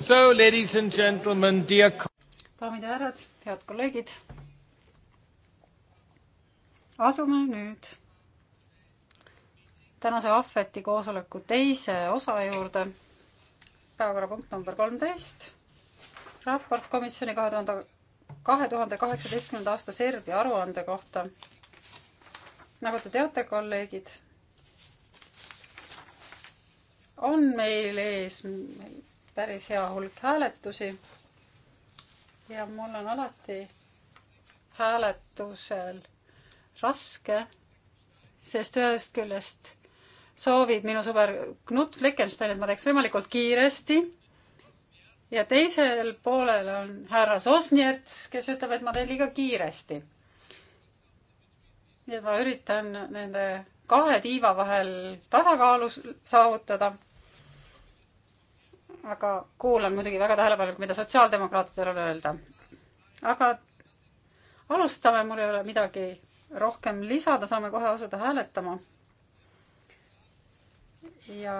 So, ladies and gentlemen, dear daamid ja härrad, head kolleegid. asume nüüd tänase ahveti koosoleku teise osa juurde. päevakorrapunkt number kolmteist. raport komisjoni kahe tuhande, kahe tuhande kaheksateistkümnenda aasta Serbia aruande kohta. nagu te teate, kolleegid, on meil ees meil päris hea hulk hääletusi. ja mul on alati hääletusel raske, sest ühest küljest soovib minu sõber Knut Fleckenstein, et ma teeks võimalikult kiiresti. ja teisel poolel on härra Sosnjerts, kes ütleb, et ma teen liiga kiiresti. nii et ma üritan nende kahe tiiva vahel tasakaalu saavutada aga kuulan muidugi väga tähelepanelikult, mida sotsiaaldemokraatidel on öelda. aga alustame, mul ei ole midagi rohkem lisada, saame kohe asuda hääletama. ja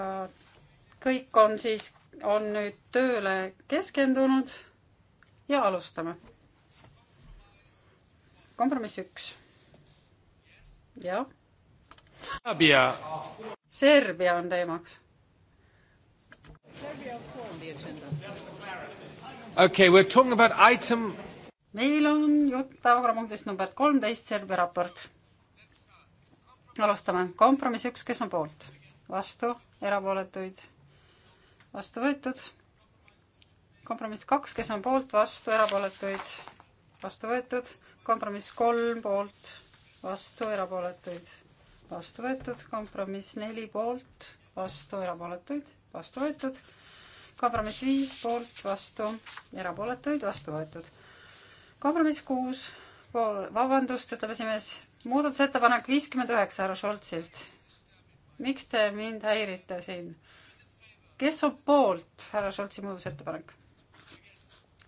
kõik on siis, on nüüd tööle keskendunud ja alustame. kompromiss üks. jah. Serbia on teemaks okei okay,, we are talking about item. meil on jutt päevakorrapunktist number kolmteist, Serbia raport. alustame, kompromiss üks, kes on poolt, vastu, erapooletuid, vastu võetud. kompromiss kaks, kes on poolt, vastu, erapooletuid, vastu võetud. kompromiss kolm, poolt, vastu, erapooletuid, vastu võetud. kompromiss neli, poolt, vastu, erapooletuid vastu võetud. kompromiss viis poolt, vastu, erapooletuid, vastu võetud. kompromiss kuus, pool, vabandust, ütleb esimees, muudatusettepanek viiskümmend üheksa härra Šoltsilt. miks te mind häirite siin? kes on poolt härra Šoltsi muudatusettepanek?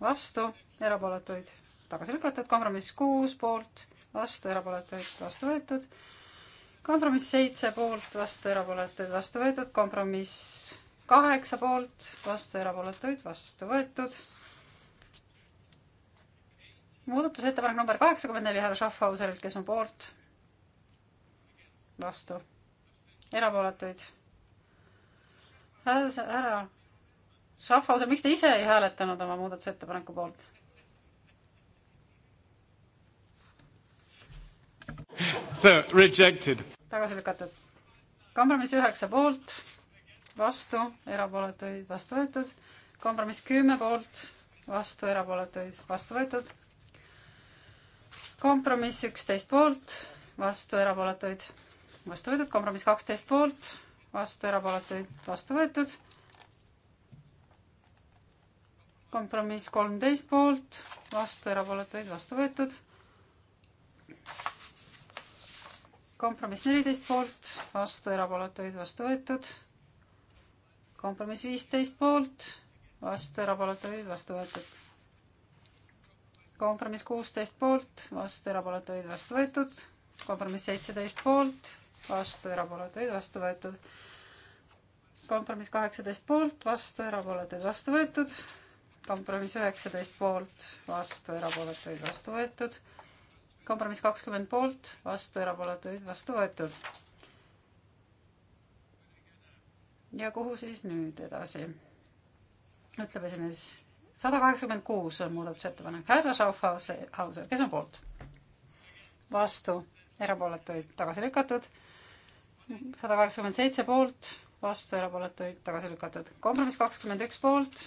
vastu, erapooletuid, tagasi lükatud, kompromiss kuus poolt, vastu, erapooletuid, vastu võetud kompromiss seitse poolt, vastu erapooletuid, vastu võetud, kompromiss kaheksa poolt, vastu erapooletuid, vastu võetud. muudatusettepanek number kaheksakümmend neli härra Schaffhauserilt, kes on poolt, vastu, erapooletuid. härra Schaffhauser, miks te ise ei hääletanud oma muudatusettepaneku poolt? So rejected. tagasi lükatud. kompromiss üheksa poolt vastu, erapooletuid vastu võetud. kompromiss kümme poolt, vastu, erapooletuid vastu võetud. kompromiss üksteist poolt, vastu, erapooletuid vastu võetud. kompromiss kaksteist poolt, vastu, erapooletuid vastu võetud. kompromiss kolmteist poolt, vastu, erapooletuid vastu võetud kompromiss neliteist poolt, vastu erapooletuid, vastu võetud kompromiss viisteist poolt, vastu, erapooletuid, vastu võetud. kompromiss kuusteist poolt, vastu, erapooletuid, vastu võetud. kompromiss seitseteist poolt, vastu, erapooletuid, vastu võetud. kompromiss kaheksateist poolt, vastu, erapooletuid, vastu võetud. kompromiss üheksateist poolt, vastu, erapooletuid, vastu võetud. kompromiss kakskümmend poolt, vastu, erapooletuid, vastu võetud ja kuhu siis nüüd edasi? ütleb esimees. sada kaheksakümmend kuus on muudatusettepanek. härra Schaffhauser, kes on poolt? vastu, erapooletuid tagasi lükatud. sada kaheksakümmend seitse poolt, vastu, erapooletuid tagasi lükatud. kompromiss kakskümmend üks poolt,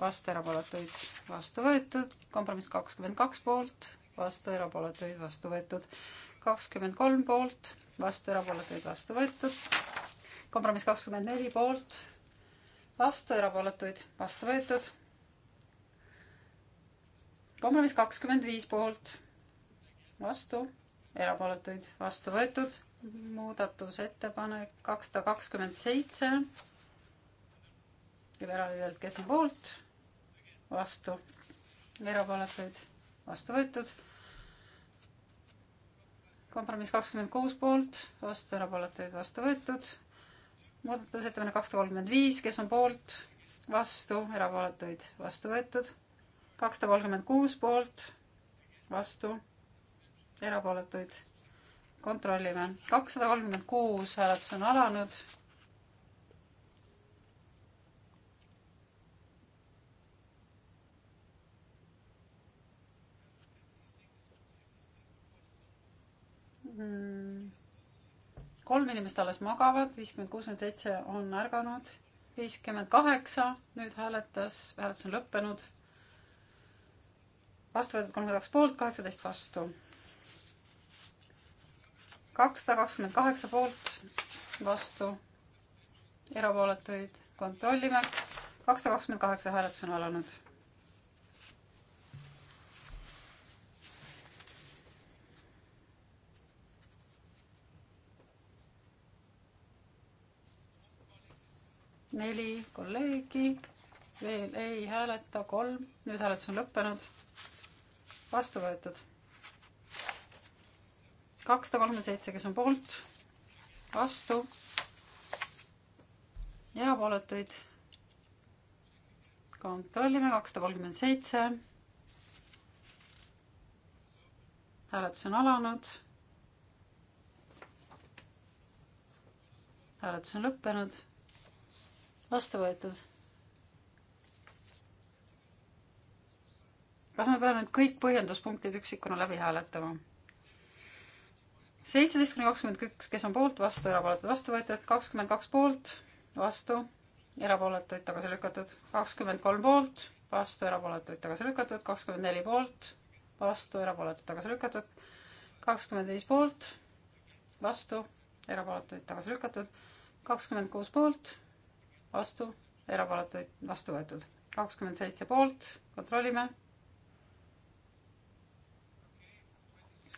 vastu, erapooletuid vastu võetud. kompromiss kakskümmend kaks poolt, vastu, erapooletuid vastu võetud. kakskümmend kolm poolt, vastu, erapooletuid vastu võetud kompromiss kakskümmend neli poolt, vastu, erapooletuid vastu võetud. kompromiss kakskümmend viis poolt, vastu, erapooletuid vastu võetud. muudatusettepanek kakssada kakskümmend seitse. liberaalidelt, kes on poolt, vastu, erapooletuid vastu võetud kompromiss kakskümmend kuus poolt, vastu erapooletuid vastu võetud muudatusettepanek kakssada kolmkümmend viis, kes on poolt, vastu, erapooletuid vastu võetud. kakssada kolmkümmend kuus poolt, vastu, erapooletuid kontrollime. kakssada kolmkümmend kuus hääletus on alanud kolm inimest alles magavad, viiskümmend, kuuskümmend seitse on ärganud, viiskümmend kaheksa nüüd hääletas, hääletus on lõppenud. vastu võetud kolmkümmend kaks poolt, kaheksateist vastu. kakssada kakskümmend kaheksa poolt, vastu, erapooletuid kontrollime. kakssada kakskümmend kaheksa hääletus on alanud neli kolleegi veel ei hääleta, kolm, nüüd hääletus on lõppenud, vastu võetud. kakssada kolmkümmend seitse, kes on poolt, vastu, erapooletuid. kontrollime, kakssada kolmkümmend seitse. hääletus on alanud. hääletus on lõppenud vastu võetud. kas ma pean nüüd kõik põhjenduspunktid üksikuna läbi hääletama? seitseteist kuni kakskümmend üks, kes on poolt, vastu, erapooletud, vastu võetud, kakskümmend kaks poolt, vastu, erapooletuid tagasi lükatud, kakskümmend kolm poolt, vastu, erapooletuid tagasi lükatud, kakskümmend neli poolt, vastu, erapooletuid tagasi lükatud, kakskümmend viis poolt, vastu, erapooletuid tagasi lükatud, kakskümmend kuus poolt vastu, erapooletuid vastu võetud. kakskümmend seitse poolt, kontrollime.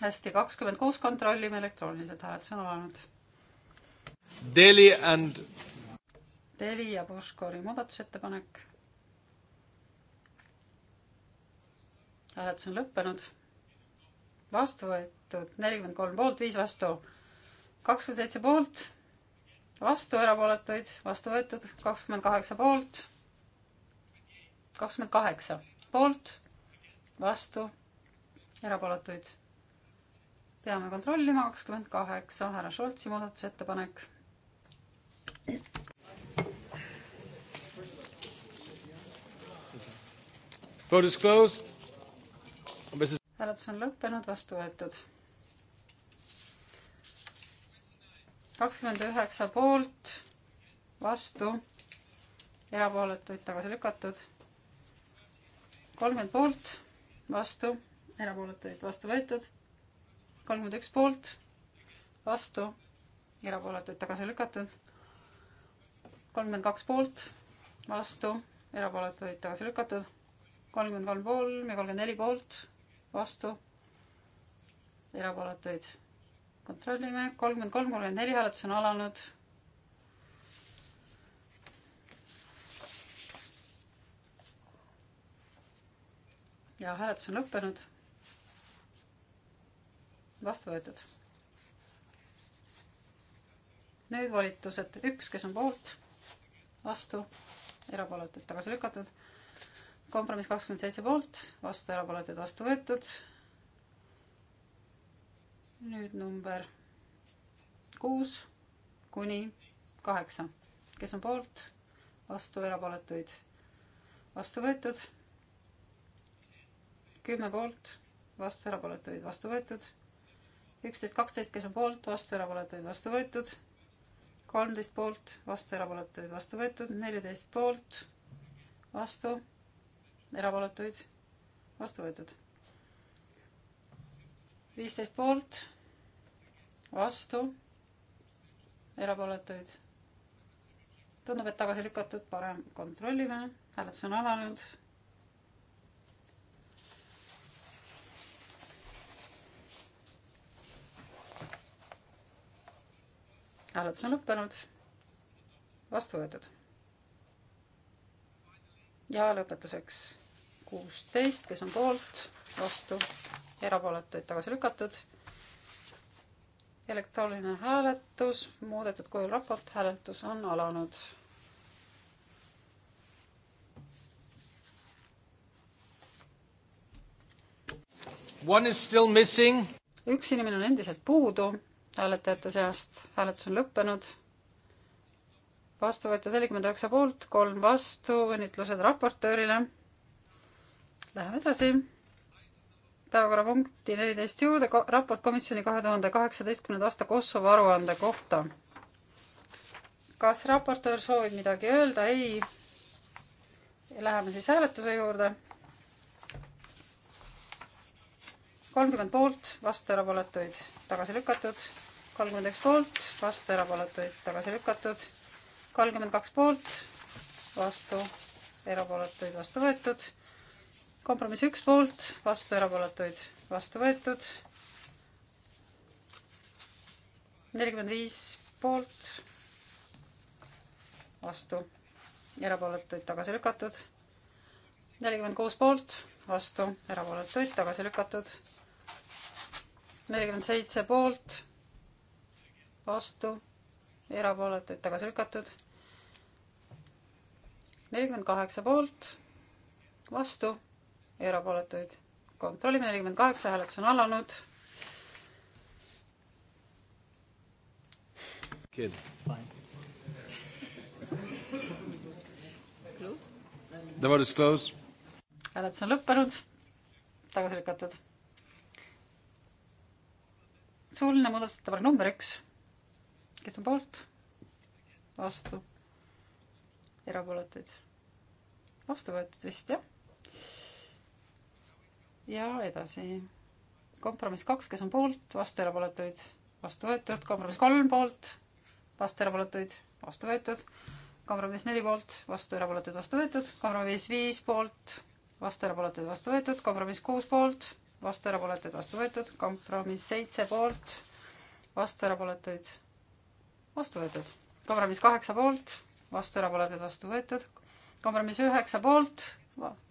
hästi, kakskümmend kuus kontrollime elektrooniliselt, hääletus on alanud. Deli and. Deli ja Puškori muudatusettepanek. hääletus on lõppenud. vastu võetud nelikümmend kolm poolt, viis vastu, kakskümmend seitse poolt vastu, erapooletuid vastu võetud kakskümmend kaheksa poolt, kakskümmend kaheksa poolt, vastu, erapooletuid. peame kontrollima, kakskümmend kaheksa, härra Šoltsi muudatusettepanek. hääletus on lõppenud, vastu võetud kakskümmend üheksa poolt, vastu, erapooletuid tagasi lükatud. kolmkümmend poolt, vastu, erapooletuid vastu võetud. kolmkümmend üks poolt, vastu, erapooletuid tagasi lükatud. kolmkümmend kaks poolt, vastu, erapooletuid tagasi lükatud. kolmkümmend kolm pool ja kolmkümmend neli poolt, vastu, erapooletuid kontrollime, kolmkümmend kolm, kolmkümmend neli hääletus on alanud. ja hääletus on lõppenud. vastu võetud. nüüd volitused, üks, kes on poolt, vastu, erapooletud, tagasi lükatud. kompromiss kakskümmend seitse poolt, vastu, erapooletud, vastu võetud nüüd number kuus kuni kaheksa, kes on poolt, vastu, erapooletuid, vastu võetud. kümme poolt, vastu, erapooletuid, vastu võetud. üksteist, kaksteist, kes on poolt, vastu, erapooletuid, vastu võetud. kolmteist poolt, vastu, erapooletuid, vastu võetud. neliteist poolt, vastu, erapooletuid, vastu võetud viisteist poolt, vastu, erapooletuid. tundub, et tagasi lükatud, parem kontrollime, hääletus on alanud. hääletus on lõppenud, vastu võetud. ja lõpetuseks kuusteist, kes on poolt, vastu erapooletuid tagasi lükatud. elektrooniline hääletus, muudetud kujul raport, hääletus on alanud. One is still missing. üks inimene on endiselt puudu hääletajate seast, hääletus on lõppenud. vastu võetud nelikümmend üheksa poolt, kolm vastu, õnnitlused raportöörile. Läheme edasi päevakorrapunkti neliteist juurde, raport komisjoni kahe tuhande kaheksateistkümnenda aasta Kosovo aruande kohta. kas raportöör soovib midagi öelda? ei. Läheme siis hääletuse juurde. kolmkümmend poolt, vastu erapooletuid, tagasi lükatud. kolmkümmend üks poolt, vastu erapooletuid, tagasi lükatud. kolmkümmend kaks poolt, vastu erapooletuid, vastu võetud kompromiss üks poolt, vastu erapooletuid, vastu võetud. nelikümmend viis poolt, vastu, erapooletuid tagasi lükatud. nelikümmend kuus poolt, vastu, erapooletuid tagasi lükatud. nelikümmend seitse poolt, vastu, erapooletuid tagasi lükatud nelikümmend kaheksa poolt, vastu, erapooletuid. kontrollime nelikümmend kaheksa, hääletus on alanud. Good. The vote is closed. hääletus on lõppenud, tagasi lükatud. suuline muudatusettepanek number üks. kes on poolt? vastu. erapooletuid? vastu võetud vist jah ja edasi. kompromiss kaks, kes on poolt, vastu erapooletuid, vastu võetud, kompromiss kolm poolt, vastu erapooletuid, vastu võetud, kompromiss neli poolt, vastu erapooletuid, vastu võetud, kompromiss viis poolt, vastu erapooletuid, vastu võetud, kompromiss kuus poolt, vastu erapooletuid, vastu võetud, kompromiss seitse poolt, vastu erapooletuid, vastu võetud, kompromiss kaheksa poolt, vastu erapooletuid, vastu võetud, kompromiss üheksa poolt,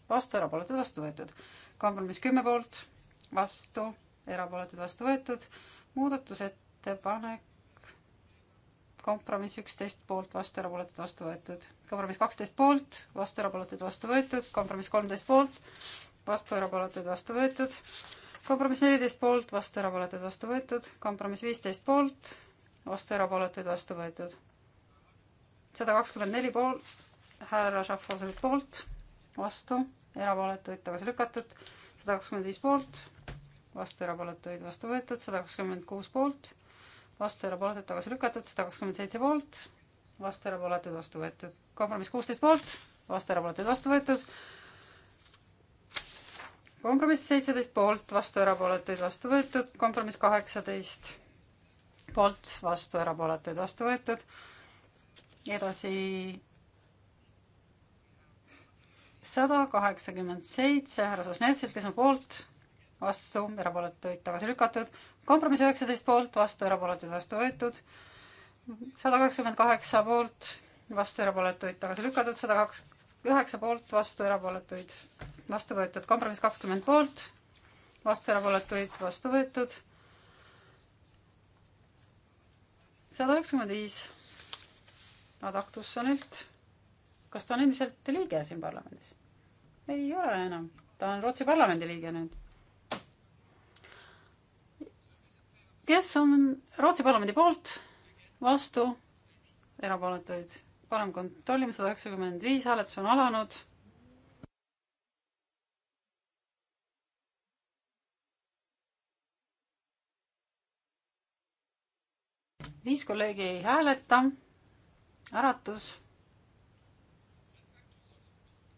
vastu erapooletuid, vastu võetud kompromiss kümme poolt, vastu, erapooletud, vastu võetud, muudatusettepanek kompromiss üksteist poolt, vastu, erapooletud, vastu võetud. kompromiss kaksteist poolt, vastu, erapooletud, vastu võetud, kompromiss kolmteist poolt, vastu, erapooletud, vastu võetud, kompromiss neliteist poolt, vastu, erapooletud, vastu võetud, kompromiss viisteist poolt, vastu, erapooletud, vastu võetud. sada kakskümmend neli poolt, härra Šafosel poolt, vastu erapooletuid tagasi lükatud, sada kakskümmend viis poolt, vastu erapooletuid vastu võetud, sada kakskümmend kuus poolt, vastu erapooletuid tagasi lükatud, sada kakskümmend seitse poolt, vastu erapooletuid vastu võetud, kompromiss kuusteist poolt, vastu erapooletuid vastu võetud, kompromiss seitseteist poolt, vastu erapooletuid vastu võetud, kompromiss kaheksateist poolt, vastu erapooletuid vastu võetud, edasi sada kaheksakümmend seitse härra Sosnertsilt, kes on poolt, vastu, erapooletuid tagasi lükatud. kompromiss üheksateist poolt, vastu, erapooletuid vastu võetud. sada kakskümmend kaheksa poolt, vastu, erapooletuid tagasi lükatud, sada kaks, üheksa poolt, vastu, erapooletuid vastu võetud. kompromiss kakskümmend poolt, vastu, erapooletuid vastu võetud. sada üheksakümmend viis Adaktussonilt kas ta on endiselt liige siin parlamendis? ei ole enam, ta on Rootsi parlamendi liige nüüd. kes on Rootsi parlamendi poolt, vastu, erapooletuid? parem kontrollime, sada üheksakümmend viis hääletus on alanud viis kolleegi ei hääleta. äratus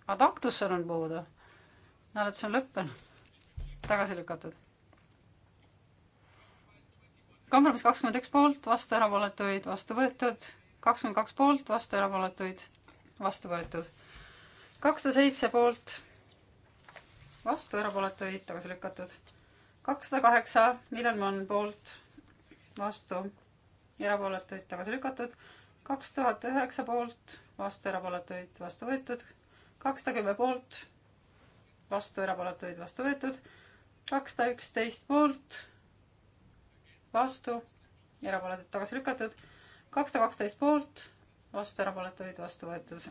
aga taktusson on puudu. hääletus on lõppenud. tagasi lükatud. kompromiss kakskümmend üks poolt, vastu erapooletuid, vastu võetud. kakskümmend kaks poolt, vastu erapooletuid, vastu võetud. kakssada seitse poolt, vastu erapooletuid, tagasi lükatud. kakssada kaheksa, Millenmann poolt, vastu erapooletuid, tagasi lükatud. kaks tuhat üheksa poolt, vastu erapooletuid, vastu võetud kakssada kümme poolt, vastu erapooletuid vastu võetud, kakssada üksteist poolt, vastu, erapooletud tagasi lükatud, kakssada kaksteist poolt, vastu erapooletuid vastu võetud,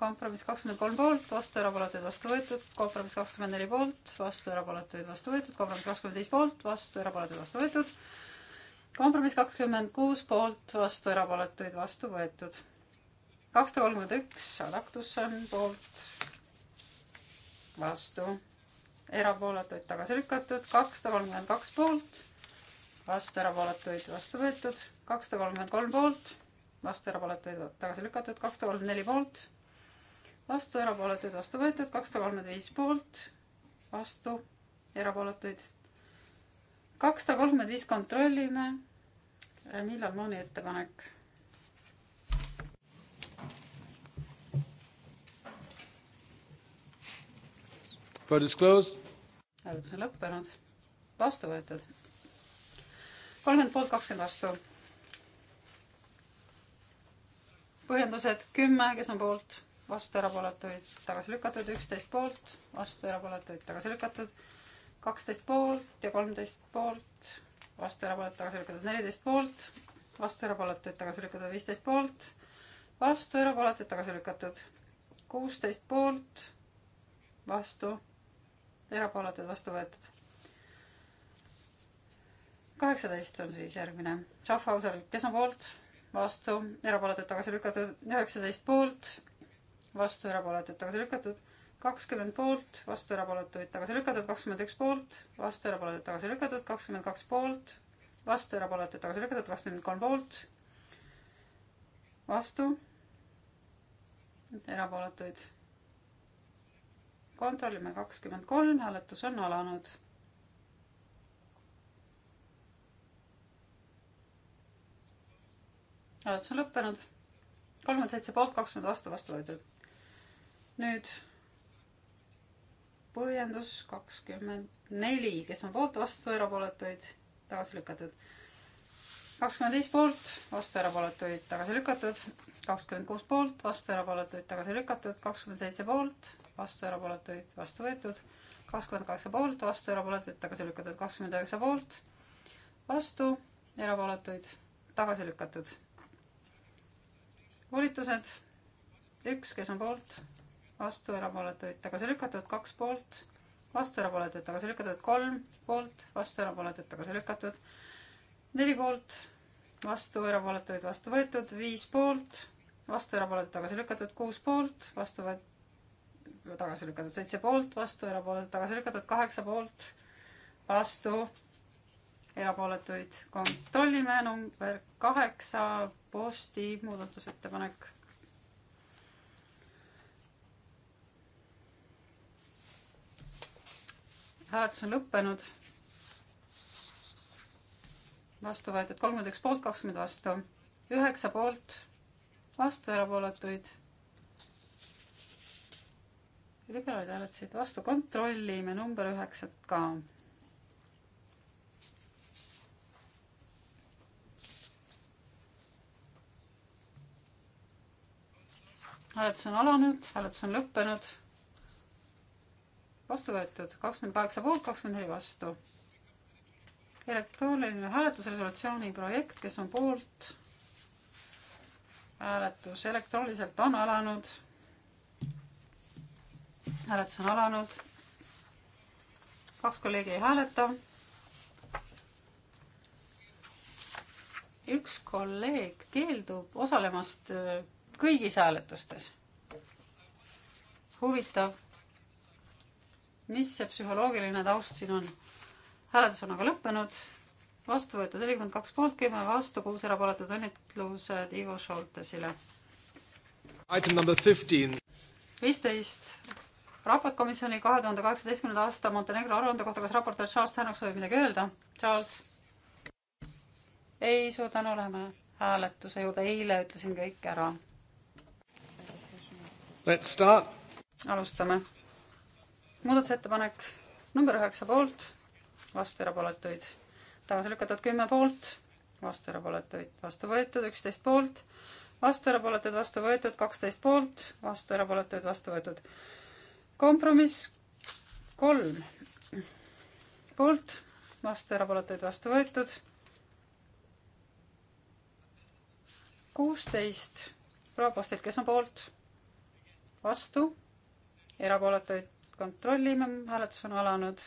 kompromiss kakskümmend kolm poolt, vastu erapooletuid vastu võetud, kompromiss kakskümmend neli poolt, vastu erapooletuid vastu võetud, kompromiss kakskümmend viis poolt, vastu erapooletuid vastu võetud, kompromiss kakskümmend kuus poolt, vastu erapooletuid vastu võetud kakssada kolmkümmend üks Adaktusson poolt, vastu, erapooletuid tagasi lükatud, kakssada kolmkümmend kaks poolt, vastu, erapooletuid vastu võetud, kakssada kolmkümmend kolm poolt, vastu, erapooletuid tagasi lükatud, kakssada kolmkümmend neli poolt, vastu, erapooletuid vastu võetud, kakssada kolmkümmend viis poolt, vastu, erapooletuid. kakssada kolmkümmend viis kontrollime, millal Mooni ettepanek Vote is closed. hääletus on lõppenud. vastu võetud. kolmkümmend poolt, kakskümmend vastu. põhjendused kümme, kes on poolt, vastu, erapooletuid, tagasi lükatud, üksteist poolt, vastu, erapooletuid, tagasi lükatud, kaksteist poolt ja kolmteist poolt, vastu, erapooletuid, tagasi lükatud, neliteist poolt, vastu, erapooletuid, tagasi lükatud, viisteist poolt, vastu, erapooletuid, tagasi lükatud, kuusteist poolt, vastu erapooletud, vastu võetud. kaheksateist on siis järgmine. Schaffhauser, kes on poolt, vastu, erapooletud, tagasi lükatud, üheksateist poolt, vastu, erapooletud, tagasi lükatud, kakskümmend poolt, vastu, erapooletuid, tagasi lükatud, kakskümmend üks poolt, vastu, erapooletuid, tagasi lükatud, kakskümmend kaks poolt, vastu, erapooletuid, tagasi lükatud, kakskümmend kolm poolt, vastu, erapooletuid kontrollime kakskümmend kolm, hääletus on alanud. hääletus on lõppenud. kolmkümmend seitse poolt, kakskümmend vastu, vastu võetud. nüüd põhjendus kakskümmend neli, kes on poolt, vastu, erapooletuid, tagasi lükatud. kakskümmend viis poolt, vastu, erapooletuid, tagasi lükatud kakskümmend kuus poolt, vastu erapooletuid tagasi lükatud, kakskümmend seitse poolt, vastu erapooletuid vastu võetud, kakskümmend kaheksa poolt, vastu erapooletuid tagasi lükatud, kakskümmend üheksa poolt, vastu erapooletuid tagasi lükatud. volitused, üks, kes on poolt, vastu erapooletuid tagasi lükatud, kaks poolt, vastu erapooletuid tagasi lükatud, kolm poolt, vastu erapooletuid tagasi lükatud, neli poolt, vastu erapooletuid vastu võetud, viis poolt vastu, erapooletud, tagasi lükatud, kuus poolt, vastu võet-, tagasi lükatud, seitse poolt, vastu, erapooletud, tagasi lükatud, kaheksa poolt, vastu, erapooletuid kontrollime, number kaheksa, posti muudatusettepanek. hääletus on lõppenud vastu võetud kolmkümmend üks poolt, kakskümmend vastu, üheksa poolt, vastu, erapooletuid. liberaalid hääletasid vastu, kontrollime number üheksat ka. hääletus on alanud, hääletus on lõppenud. vastu võetud kakskümmend kaheksa poolt, kakskümmend neli vastu. elektrooniline hääletus, resolutsiooni projekt, kes on poolt hääletus elektrooniliselt on alanud. hääletus on alanud. kaks kolleegi ei hääleta. üks kolleeg keeldub osalemast kõigis hääletustes. huvitav, mis see psühholoogiline taust siin on? hääletus on aga lõppenud vastu võetud nelikümmend kaks poolt, kümme vastu, kuus erapooletut, õnnitlused Ivo Šoltesile. viisteist, raport komisjoni kahe tuhande kaheksateistkümnenda aasta Montenegro aruande kohta, kas raportöör Charles Tänak soovib midagi öelda? Charles? ei, suur tänu, läheme hääletuse juurde, eile ütlesin kõik ära. Let's start. alustame. muudatusettepanek number üheksa poolt, vastu erapooletuid tagasi lükatud kümme poolt, vastu erapooletuid vastu võetud, üksteist poolt, vastu erapooletuid vastu võetud, kaksteist poolt, vastu erapooletuid vastu võetud. kompromiss kolm poolt, vastu erapooletuid vastu võetud. kuusteist raportit, kes on poolt, vastu, erapooletuid kontrollime, hääletus on alanud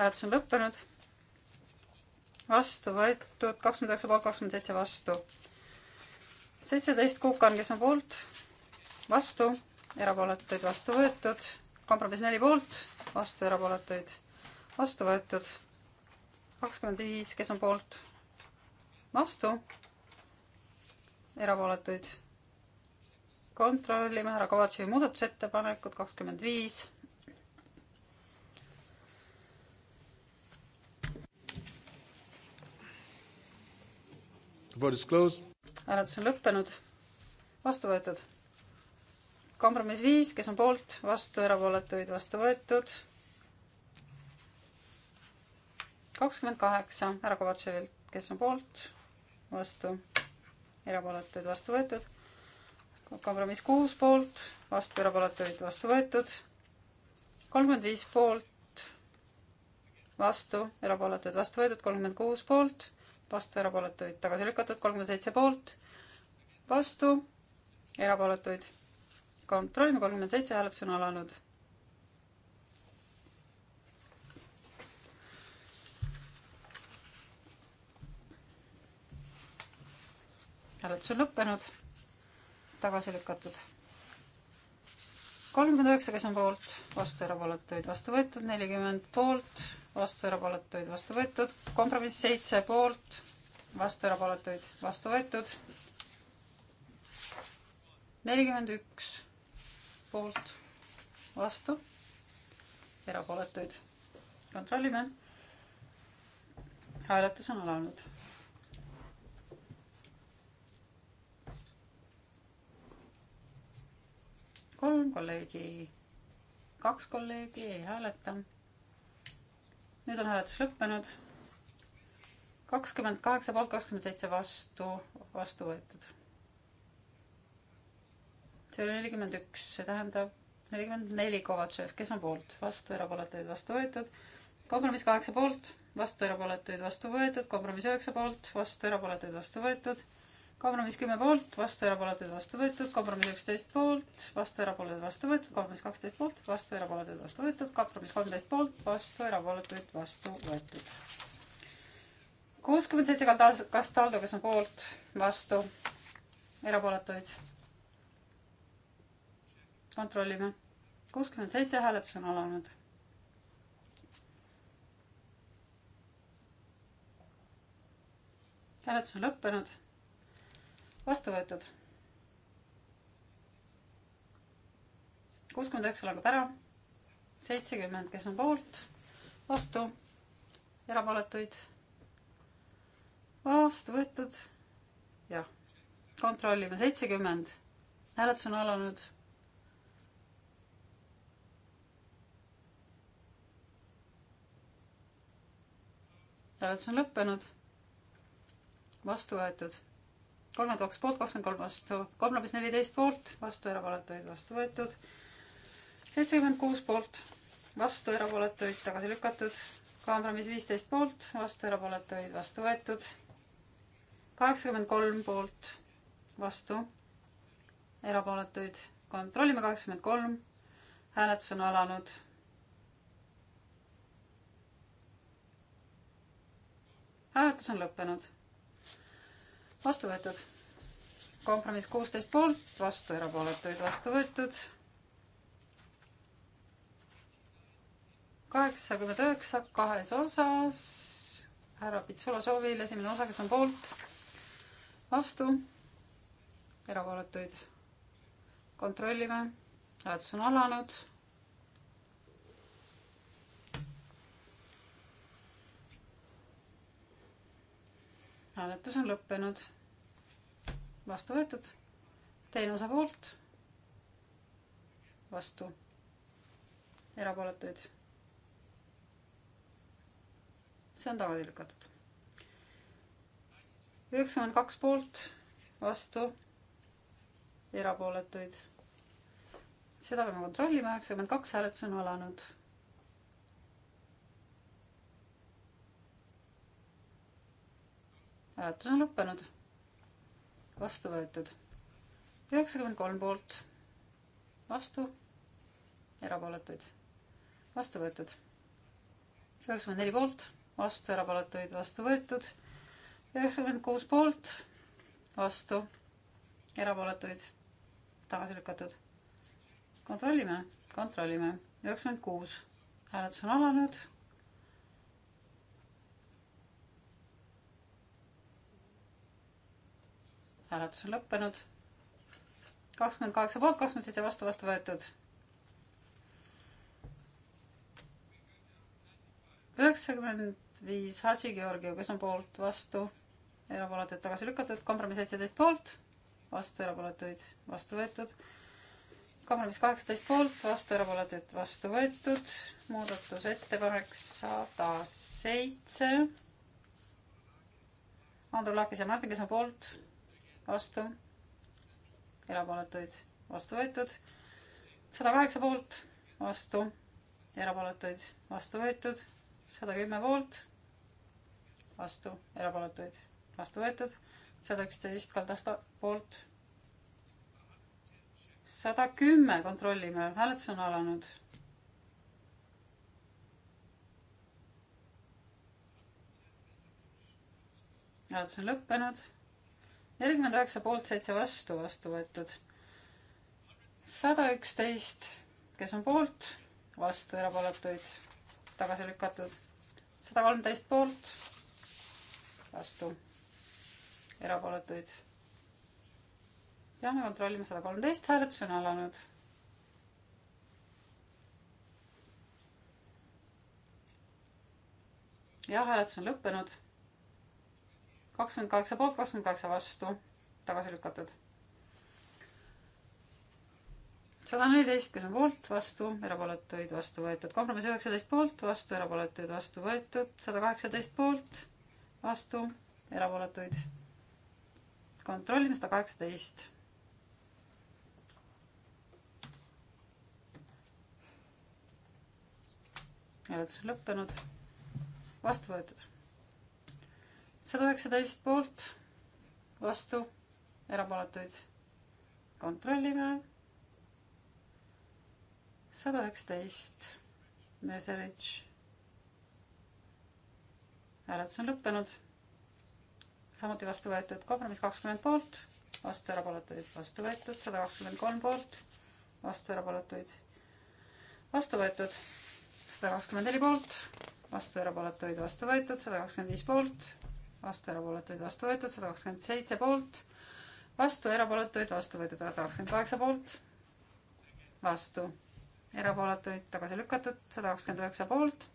hääletus on lõppenud. vastu võetud kakskümmend üheksa poolt, kakskümmend seitse vastu. seitseteist Kukan, kes on poolt, vastu, erapooletuid vastu võetud, kompromiss neli poolt, vastu erapooletuid vastu võetud. kakskümmend viis, kes on poolt, vastu, erapooletuid kontrollime härra Kovatševi muudatusettepanekut kakskümmend viis hääletus on lõppenud, vastu võetud. kompromiss viis, kes on poolt, vastu, erapooletuid, vastu võetud. kakskümmend kaheksa härra Kovatševilt, kes on poolt, vastu, erapooletuid, vastu võetud. kompromiss kuus poolt, vastu, erapooletuid, vastu võetud. kolmkümmend viis poolt, vastu, erapooletuid, vastu võetud, kolmkümmend kuus poolt vastu, erapooletuid tagasi lükatud, kolmkümmend seitse poolt, vastu, erapooletuid. kontrollime, kolmkümmend seitse, hääletus on alanud. hääletus on lõppenud, tagasi lükatud kolmkümmend üheksa, kes on poolt, vastu erapooletuid, vastu võetud nelikümmend poolt, vastu, erapooletuid vastu võetud, kompromiss seitse poolt, vastu, erapooletuid vastu võetud, nelikümmend üks poolt, vastu, erapooletuid kontrollime. hääletus on alanud. kolm kolleegi, kaks kolleegi ei hääleta nüüd on hääletus lõppenud. kakskümmend kaheksa poolt, kakskümmend seitse vastu, vastu võetud. see oli nelikümmend üks, see tähendab nelikümmend neli Kovatšev, kes on poolt, vastu, erapooletuid, vastu võetud. kompromiss kaheksa poolt, vastu, erapooletuid, vastu võetud, kompromiss üheksa poolt, vastu, erapooletuid, vastu võetud kompromiss kümme poolt, vastu, erapooletud, vastu võetud, kompromiss üksteist poolt, vastu, erapooletud, vastu võetud, kompromiss kaksteist poolt, vastu, erapooletud, vastu võetud, kompromiss kolmteist poolt, vastu, erapooletud, vastu võetud. kuuskümmend seitse Kastaldo, kes on poolt, vastu, erapooletuid. kontrollime. kuuskümmend seitse hääletus on alanud hääletus on lõppenud vastu võetud. kuuskümmend üheksa langeb ära, seitsekümmend, kes on poolt, vastu, erapooletuid, vastu võetud, jah, kontrollime, seitsekümmend, hääletus on alanud hääletus on lõppenud, vastu võetud kolmkümmend kaks poolt, kakskümmend kolm vastu, kompromiss neliteist poolt, vastu erapooletuid, vastu võetud. seitsekümmend kuus poolt, vastu erapooletuid, tagasi lükatud. kompromiss viisteist poolt, vastu erapooletuid, vastu võetud. kaheksakümmend kolm poolt, vastu erapooletuid, kontrollime kaheksakümmend kolm. hääletus on alanud hääletus on lõppenud vastu võetud. kompromiss kuusteist poolt, vastu erapooletuid, vastu võetud. kaheksakümmend üheksa kahes osas. härra Pitsula soovil esimene osa, kes on poolt, vastu, erapooletuid kontrollime. hääletus on alanud hääletus on lõppenud. vastu võetud. teine osa poolt. vastu. erapooletuid. see on tagasi lükatud. üheksakümmend kaks poolt, vastu, erapooletuid. seda peame kontrollima, üheksakümmend kaks hääletus on alanud hääletus on lõppenud. vastu võetud üheksakümmend kolm poolt, vastu, erapooletuid, vastu võetud. üheksakümmend neli poolt, vastu, erapooletuid, vastu võetud. üheksakümmend kuus poolt, vastu, erapooletuid, tagasi lükatud. kontrollime, kontrollime, üheksakümmend kuus, hääletus on alanud hääletus on lõppenud. kakskümmend kaheksa poolt, kakskümmend seitse vastu, vastu võetud. üheksakümmend viis Hadži Georgiev, kes on poolt, vastu, erapooletuid tagasi lükatud, kompromiss seitseteist poolt, vastu, erapooletuid vastu võetud. kompromiss kaheksateist poolt, vastu, erapooletuid vastu võetud. muudatusettepanek sada seitse Andrus Laakis ja Martin, kes on poolt, vastu, erapooletuid vastu võetud, sada kaheksa poolt, vastu, erapooletuid vastu võetud, sada kümme poolt, vastu, erapooletuid vastu võetud, sada üksteist kaldasta poolt, sada kümme kontrollime, hääletus on alanud hääletus on lõppenud nelikümmend üheksa poolt, seitse vastu, vastu võetud. sada üksteist, kes on poolt, vastu, erapooletuid, tagasi lükatud. sada kolmteist poolt, vastu, erapooletuid. peame kontrollima sada kolmteist, hääletus on alanud jah, hääletus on lõppenud kakskümmend kaheksa poolt, kakskümmend kaheksa vastu, tagasi lükatud. sada neliteist, kes on poolt, vastu, erapooletuid, vastu võetud, kompromiss üheksateist poolt, vastu, erapooletuid, vastu võetud, sada kaheksateist poolt, vastu, erapooletuid. kontrollime sada kaheksateist hääletus on lõppenud, vastu võetud sada üheksateist poolt, vastu, erapooletuid kontrollime. sada üheksateist, Meserich. hääletus on lõppenud. samuti vastu võetud kompromiss kakskümmend poolt, vastu erapooletuid vastu võetud, sada kakskümmend kolm poolt, vastu erapooletuid vastu võetud, sada kakskümmend neli poolt, vastu erapooletuid vastu võetud, sada kakskümmend viis poolt vastu, erapooletuid vastu võetud, sada kakskümmend seitse poolt, vastu, erapooletuid vastu võetud, sada kakskümmend kaheksa poolt, vastu, erapooletuid tagasi lükatud, sada kakskümmend üheksa poolt,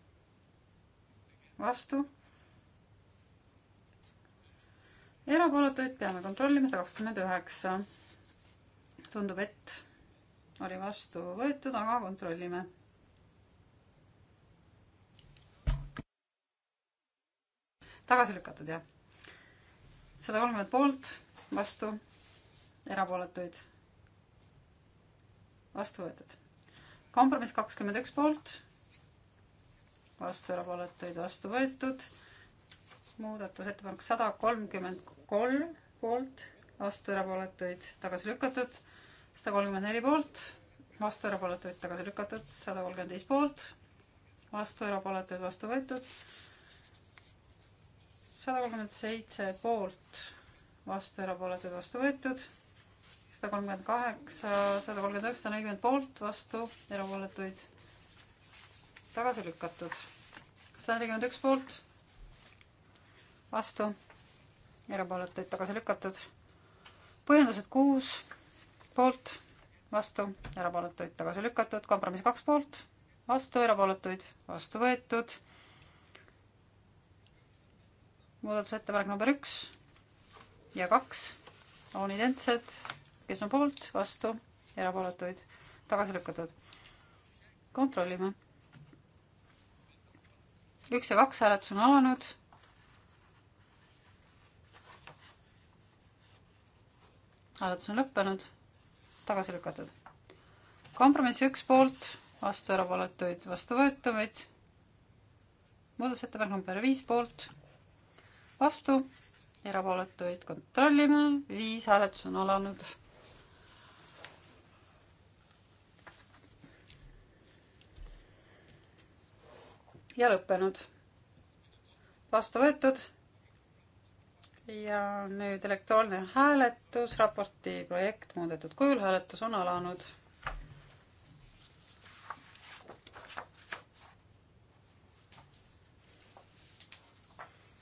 vastu, erapooletuid peame kontrollima, sada kakskümmend üheksa. tundub, et oli vastu võetud, aga kontrollime tagasi lükatud, jah. sada kolmkümmend poolt, vastu, erapooletuid, vastu võetud. kompromiss kakskümmend üks poolt, vastu, erapooletuid, vastu võetud. muudatusettepanek sada kolmkümmend kolm poolt, vastu, erapooletuid, tagasi lükatud. sada kolmkümmend neli poolt, vastu, erapooletuid, tagasi lükatud. sada kolmkümmend viis poolt, vastu, erapooletuid, vastu võetud sada kolmkümmend seitse poolt, vastu, erapooletud, vastu võetud. sada kolmkümmend kaheksa, sada kolmkümmend üheksa, sada nelikümmend poolt, vastu, erapooletuid tagasi lükatud. sada nelikümmend üks poolt, vastu, erapooletuid tagasi lükatud. põhjendused kuus poolt, vastu, erapooletuid tagasi lükatud, kompromiss kaks poolt, vastu, erapooletuid, vastu võetud muudatusettepanek number üks ja kaks on identsed, kes on poolt, vastu, erapooletuid, tagasi lükatud. kontrollime. üks ja kaks hääletus on alanud. hääletus on lõppenud, tagasi lükatud. kompromiss üks poolt, vastu erapooletuid, vastu võetavaid. muudatusettepanek number viis poolt, vastu, erapooletuid kontrollime, viis hääletus on alanud. ja lõppenud. vastu võetud. ja nüüd elektrooniline hääletus, raporti projekt muudetud kujul, hääletus on alanud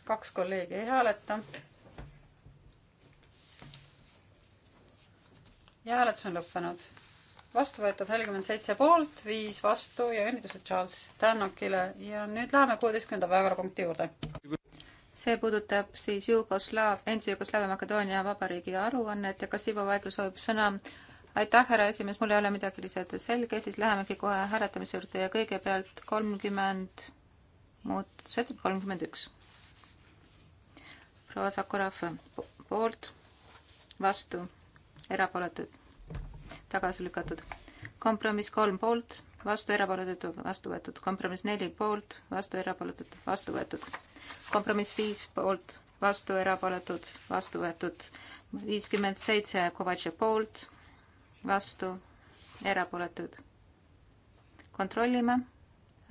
kaks kolleegi ei hääleta. ja hääletus on lõppenud. vastu võetud nelikümmend seitse poolt, viis vastu ja õnnitlused Charles Tannokile ja nüüd läheme kuueteistkümnenda päevakorrapunkti juurde. see puudutab siis Jugoslaav, endise Jugoslaavia Makedoonia Vabariigi aruannet ja kas Ivo Vaigla soovib sõna? aitäh, härra esimees, mul ei ole midagi lisada, selge, siis lähemegi kohe hääletamise juurde ja kõigepealt kolmkümmend muudatusettepanek kolmkümmend üks proua Sakurov poolt, vastu, erapooletud, tagasi lükatud. kompromiss kolm poolt, vastu, erapooletud, vastu võetud. kompromiss neli poolt, vastu, erapooletud, vastu võetud. kompromiss viis poolt, vastu, erapooletud, vastu võetud. viiskümmend seitse Kovatši poolt, vastu, erapooletud. kontrollime,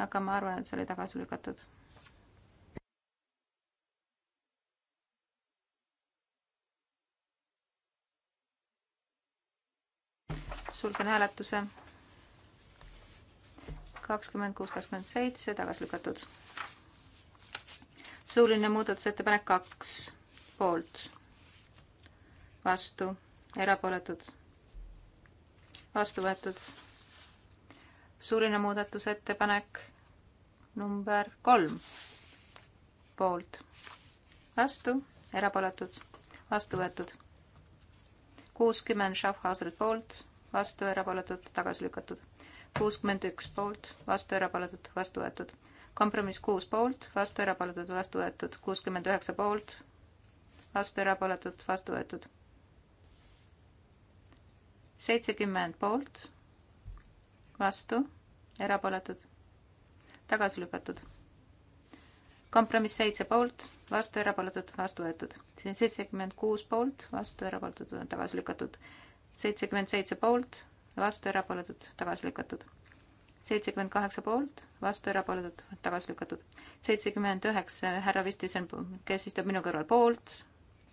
aga ma arvan, et see oli tagasi lükatud sulgen hääletuse. kakskümmend kuus, kakskümmend seitse, tagasi lükatud. suuline muudatusettepanek kaks, poolt, vastu, erapooletud, vastu võetud. suuline muudatusettepanek number kolm, poolt, vastu, erapooletud, vastu võetud kuuskümmend Schaffhauseri poolt, vastu, erapooletud, tagasi lükatud. kuuskümmend üks poolt, vastu, erapooletud, vastu võetud. kompromiss kuus poolt, vastu, erapooletud, vastu võetud. kuuskümmend üheksa poolt, vastu, erapooletud, vastu võetud. seitsekümmend poolt, vastu, erapooletud, tagasi lükatud kompromiss seitse poolt, vastu erapooletud, vastu võetud. seitsekümmend kuus poolt, vastu erapooletud, tagasi lükatud seitsekümmend seitse poolt, vastu, erapooletud, tagasi lükatud. seitsekümmend kaheksa poolt, vastu, erapooletud, tagasi lükatud. seitsekümmend üheksa, härra Vistisen, kes istub minu kõrval, poolt,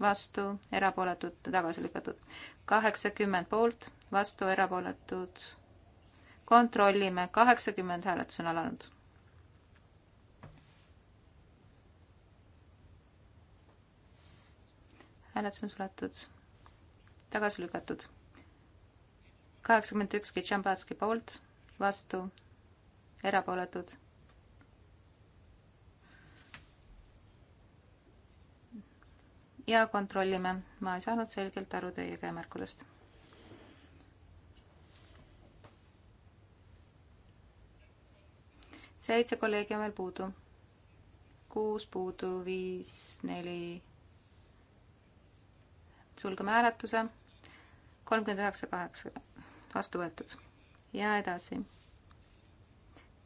vastu, erapooletud, tagasi lükatud. kaheksakümmend poolt, vastu, erapooletud. kontrollime, kaheksakümmend hääletus on alanud hääletus on suletud, tagasi lükatud kaheksakümmend üks Kitšambatski poolt, vastu, erapooletud. ja kontrollime, ma ei saanud selgelt aru teie käemärkudest. seitse kolleegi on veel puudu. kuus puudu, viis, neli. sulgeme hääletuse. kolmkümmend üheksa, kaheksa vastu võetud. ja edasi.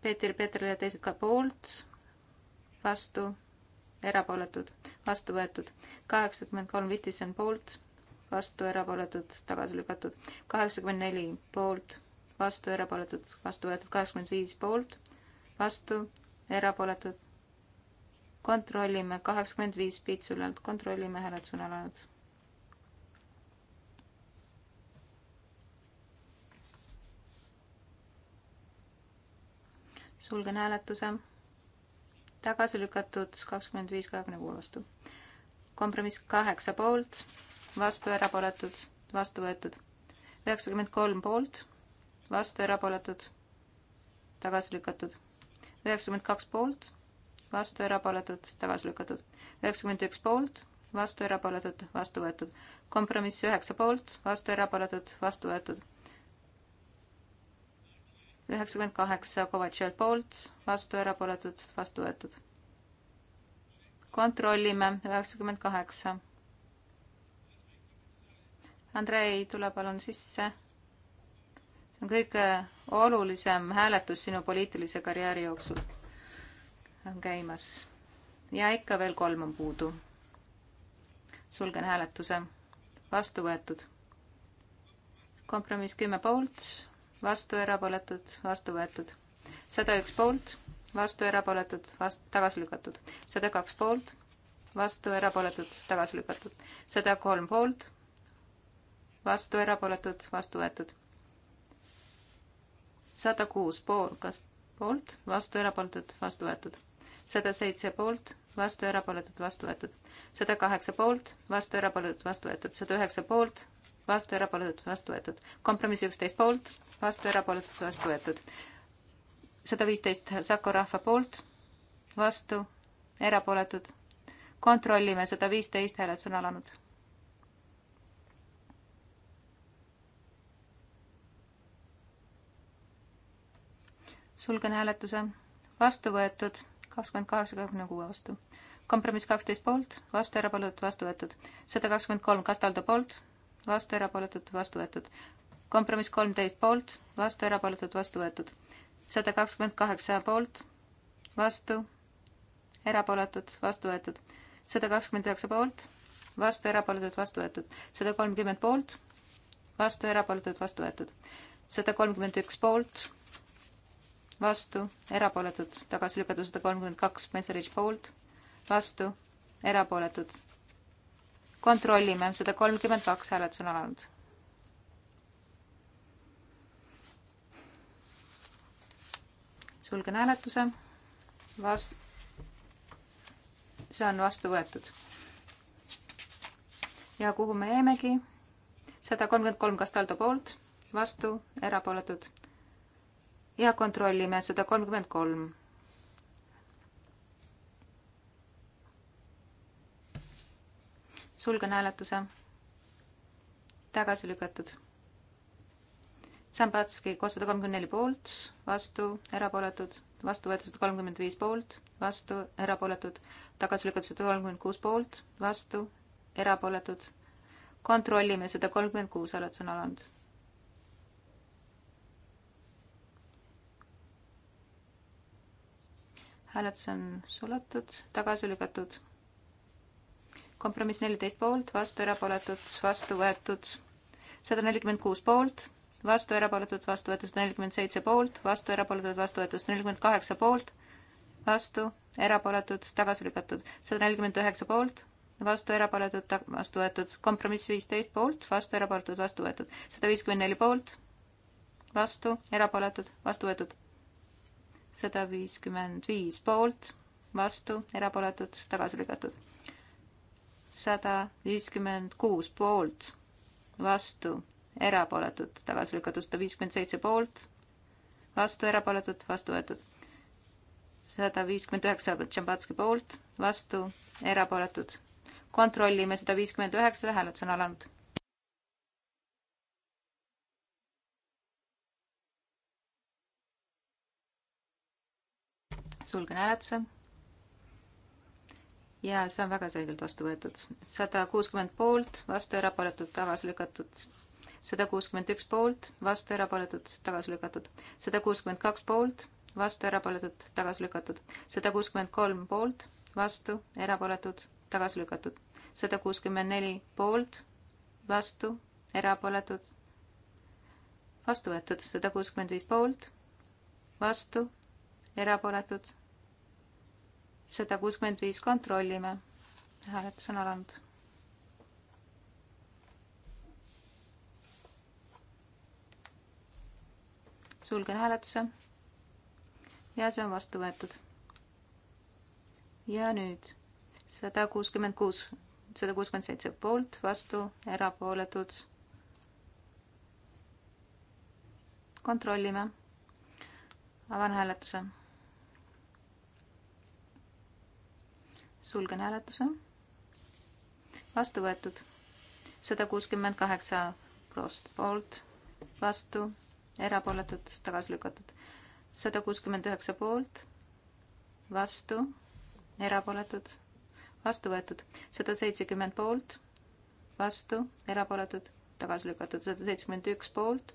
Peeter Peetrile ja teised ka poolt, vastu, erapooletud, vastu võetud. kaheksakümmend kolm Vistisen poolt, vastu, erapooletud, tagasi lükatud. kaheksakümmend neli poolt, vastu, erapooletud, vastu võetud. kaheksakümmend viis poolt, vastu, erapooletud. kontrollime kaheksakümmend viis Piitsulalt, kontrollime hääletusena olnud sulgen hääletuse. tagasi lükatud kakskümmend viis, kahekümne kuue vastu. kompromiss kaheksa poolt, vastu erapooletud, vastu võetud. üheksakümmend kolm poolt, vastu erapooletud, tagasi lükatud. üheksakümmend kaks poolt, vastu erapooletud, tagasi lükatud. üheksakümmend üks poolt, vastu erapooletud, vastu võetud. kompromiss üheksa poolt, vastu erapooletud, vastu võetud üheksakümmend kaheksa Kovatšev poolt, vastu erapooletud, vastu võetud. kontrollime, üheksakümmend kaheksa. Andrei, tule palun sisse. see on kõige olulisem hääletus sinu poliitilise karjääri jooksul. on käimas. ja ikka veel kolm on puudu. sulgen hääletuse. vastu võetud. kompromiss kümme poolt vastu, erapooletud, vastu võetud. sada üks poolt, vastu, erapooletud, vastu, tagasi lükatud. sada kaks poolt, vastu, erapooletud, tagasi lükatud. sada kolm poolt, vastu, erapooletud, vastu võetud. sada kuus pool, kas poolt, vastu, erapooletud, vastu võetud. sada seitse poolt vastu, erapooletud, vastu võetud. sada kaheksa poolt, vastu, erapooletud, vastu võetud. sada üheksa poolt, vastu, erapooletud, vastu võetud. kompromiss üksteist poolt, vastu, erapooletud, vastu võetud. sada viisteist Saku rahva poolt, vastu, erapooletud. kontrollime, sada viisteist hääletus on alanud. sulgen hääletuse. vastu võetud, kakskümmend kaheksa, kahekümne kuue vastu. kompromiss kaksteist poolt, vastu, erapooletud, vastu võetud. sada kakskümmend kolm Kastaldo poolt vastu, erapooletud, vastu võetud. kompromiss kolmteist poolt, vastu, erapooletud, vastu võetud. sada kakskümmend kaheksa poolt, vastu, erapooletud, vastu võetud. sada kakskümmend üheksa poolt, vastu, erapooletud, vastu võetud. sada kolmkümmend poolt, vastu, erapooletud, vastu võetud. sada kolmkümmend üks poolt, vastu, erapooletud, tagasi lükatud sada kolmkümmend kaks, Messerich poolt, vastu, erapooletud kontrollime, sada kolmkümmend kaks hääletus on alanud. sulgen hääletuse. Vas-, see on vastu võetud. ja kuhu me jäimegi? sada kolmkümmend kolm Kastaldo poolt, vastu, erapooletud. ja kontrollime sada kolmkümmend kolm sulgen hääletuse. tagasi lükatud. Sambatski kolmsada kolmkümmend neli poolt, vastu, erapooletud, vastu võetud sada kolmkümmend viis poolt, vastu, erapooletud, tagasi lükatud sada kolmkümmend kuus poolt, vastu, erapooletud. kontrollime seda kolmkümmend kuus hääletus on alanud. hääletus on suletud, tagasi lükatud kompromiss neliteist poolt, vastu erapooletud, vastu võetud sada nelikümmend kuus poolt, vastu erapooletud, vastu võetud sada nelikümmend seitse poolt, vastu erapooletud, vastu võetud sada nelikümmend kaheksa poolt, vastu erapooletud, tagasi lükatud sada nelikümmend üheksa poolt, vastu erapooletud, vastu võetud kompromiss viisteist poolt, vastu erapooletud, vastu võetud sada viiskümmend neli poolt, vastu erapooletud, vastu võetud sada viiskümmend viis poolt, vastu erapooletud, tagasi lükatud sada viiskümmend kuus poolt, vastu, erapooletud, tagasi lükatud sada viiskümmend seitse poolt, vastu, erapooletud, vastu võetud. sada viiskümmend üheksa Tšambatski poolt, vastu, erapooletud. kontrollime sada viiskümmend üheksa, hääletus on alanud. sulgen hääletuse ja see on väga selgelt vastu võetud. sada kuuskümmend poolt, vastu erapooletud, tagasi lükatud. sada kuuskümmend üks poolt, vastu erapooletud, tagasi lükatud. sada kuuskümmend kaks poolt, vastu erapooletud, tagasi lükatud. sada kuuskümmend kolm poolt, vastu erapooletud, tagasi lükatud. sada kuuskümmend neli poolt, vastu erapooletud, vastu võetud. sada kuuskümmend viis poolt, vastu erapooletud sada kuuskümmend viis kontrollime. hääletus on alanud. sulgen hääletuse. ja see on vastu võetud. ja nüüd sada kuuskümmend kuus, sada kuuskümmend seitse poolt, vastu, erapooletud. kontrollime. avan hääletuse sulgen hääletuse. vastu võetud sada kuuskümmend kaheksa prost poolt, vastu, erapooletud, tagasi lükatud. sada kuuskümmend üheksa poolt, vastu, erapooletud, vastu võetud. sada seitsekümmend poolt, vastu, erapooletud, tagasi lükatud. sada seitsekümmend üks poolt,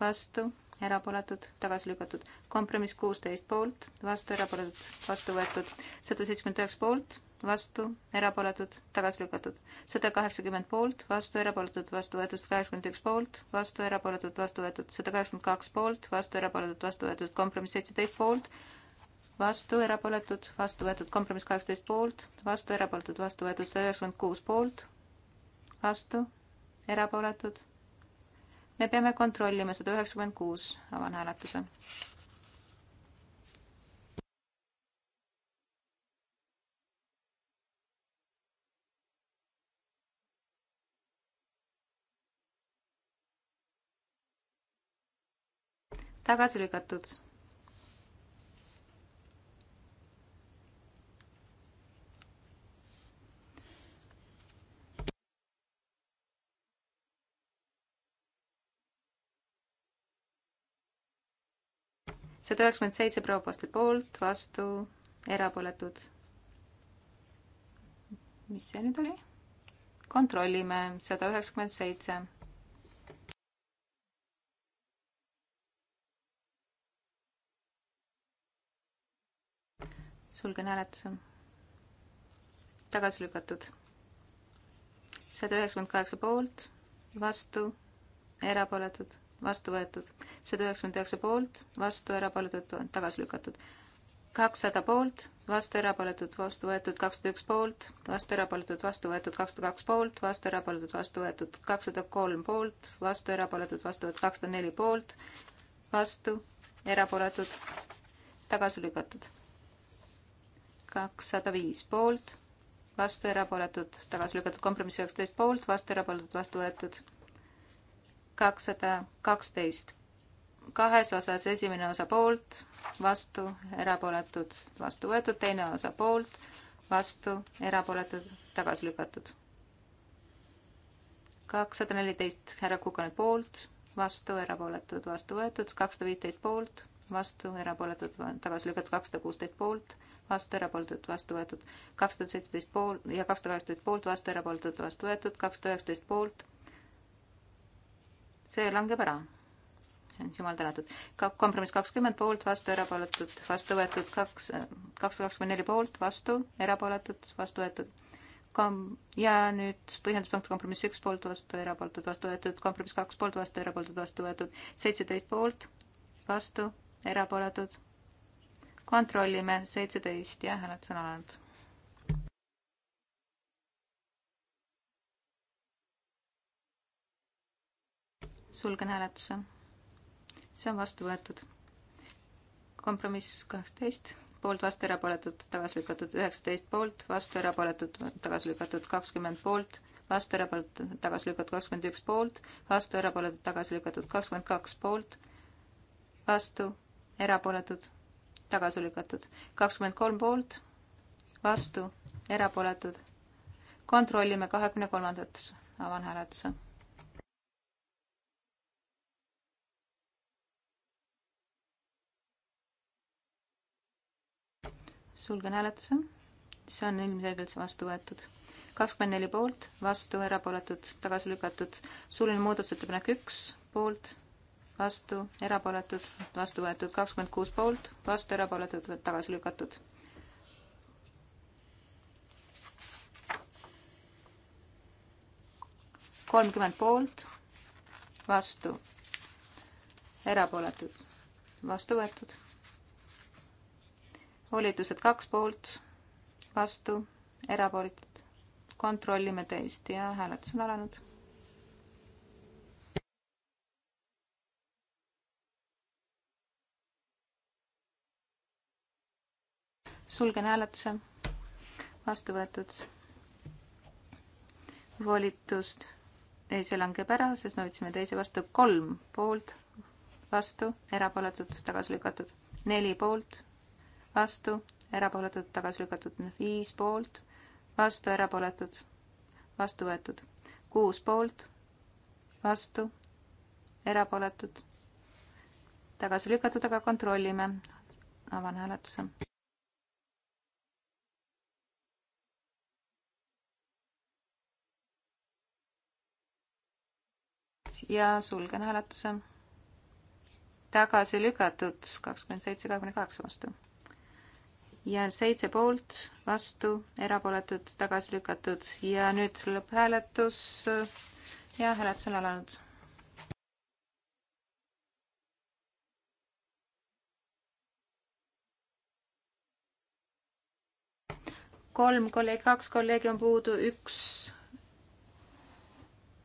vastu erapooletud, tagasi lükatud. kompromiss kuusteist poolt, vastu, erapooletud, vastu võetud. sada seitsekümmend üheksa poolt, vastu, erapooletud, tagasi lükatud. sada kaheksakümmend poolt, vastu, erapooletud, vastu võetud. sada kaheksakümmend üks poolt, vastu, erapooletud, vastu võetud. sada kaheksakümmend kaks poolt, vastu, erapooletud, vastu võetud. kompromiss seitseteist poolt vastu, erapooletud, vastu võetud kompromiss kaheksateist poolt, vastu erapooletud, vastu võetud sada üheksakümmend kuus poolt, vastu erapooletud, me peame kontrollima sada üheksakümmend kuus, avan hääletuse. tagasi lükatud sada üheksakümmend seitse proua Postel poolt, vastu, erapooletud. mis see nüüd oli? kontrollime, sada üheksakümmend seitse. sulgen hääletuse. tagasi lükatud. sada üheksakümmend kaheksa poolt, vastu, erapooletud vastu võetud, sada üheksakümmend üheksa poolt, vastu erapooletud, tagasi lükatud. kakssada poolt, vastu erapooletud, vastu võetud, kakssada üks poolt, vastu erapooletud, vastu võetud, kakssada kaks poolt, vastu erapooletud, vastu võetud, kakssada kolm poolt, vastu erapooletud, vastu võetud, kakssada neli poolt, vastu erapooletud, tagasi lükatud. kakssada viis poolt, vastu erapooletud, tagasi lükatud, kompromiss üheksateist poolt, vastu erapooletud, vastu võetud kakssada kaksteist. kahes osas esimene osa poolt, vastu, erapooletud, vastu võetud, teine osa poolt, vastu, erapooletud, tagasi lükatud. kakssada neliteist härra Kukani poolt, vastu, erapooletud, vastu võetud, kakssada viisteist poolt, vastu, erapooletud, tagasi lükatud, kakssada kuusteist poolt, vastu, erapooletud, vastu võetud, kakssada seitseteist pool ja kakssada kaheksateist poolt, vastu, erapooletud, vastu võetud, kakssada üheksateist poolt see langeb ära. jumal tänatud. kompromiss kakskümmend poolt, vastu, erapooletud, vastu võetud kaks, kakssada kakskümmend neli poolt, vastu, erapooletud, vastu võetud. Kom-, ja nüüd põhjenduspunkt kompromiss üks poolt, vastu, erapooletud, vastu võetud, kompromiss kaks poolt, vastu, erapooletud, vastu võetud, seitseteist poolt, vastu, erapooletud. kontrollime, seitseteist, jah, hääletus on alanud sulgen hääletuse. see on vastu võetud. kompromiss kaksteist, poolt, vastu, erapooletud, tagasi lükatud, üheksateist poolt, vastu, erapooletud, tagasi lükatud, kakskümmend poolt, vastu, erapooletud, tagasi lükatud, kakskümmend üks poolt, vastu, erapooletud, tagasi lükatud, kakskümmend kaks poolt, vastu, erapooletud, tagasi lükatud, kakskümmend kolm poolt, vastu, erapooletud kontrollime kahekümne kolmandat, avan hääletuse. sulgen hääletuse. see on ilmselgelt vastu võetud. kakskümmend neli poolt, vastu, erapooletud, tagasi lükatud. suuline muudatusettepanek üks, poolt, vastu, erapooletud, vastu võetud. kakskümmend kuus poolt, vastu, erapooletud, tagasi lükatud. kolmkümmend poolt, vastu, erapooletud, vastu võetud volitused kaks poolt, vastu, erapooletud. kontrollime teist ja hääletus on alanud. sulgen hääletuse. vastu võetud. volitust, ei, see langeb ära, sest me võtsime teise vastu kolm poolt, vastu, erapooletud, tagasi lükatud, neli poolt vastu, erapooletud, tagasi lükatud. viis poolt, vastu, erapooletud, vastu võetud. kuus poolt, vastu, erapooletud, tagasi lükatud, aga kontrollime. avan hääletuse. ja sulgen hääletuse tagasi lükatud kakskümmend seitse, kahekümne kaheksa vastu ja seitse poolt, vastu, erapooletud, tagasi lükatud ja nüüd lõpphääletus ja hääletus on alanud. kolm kolleegi, kaks kolleegi on puudu, üks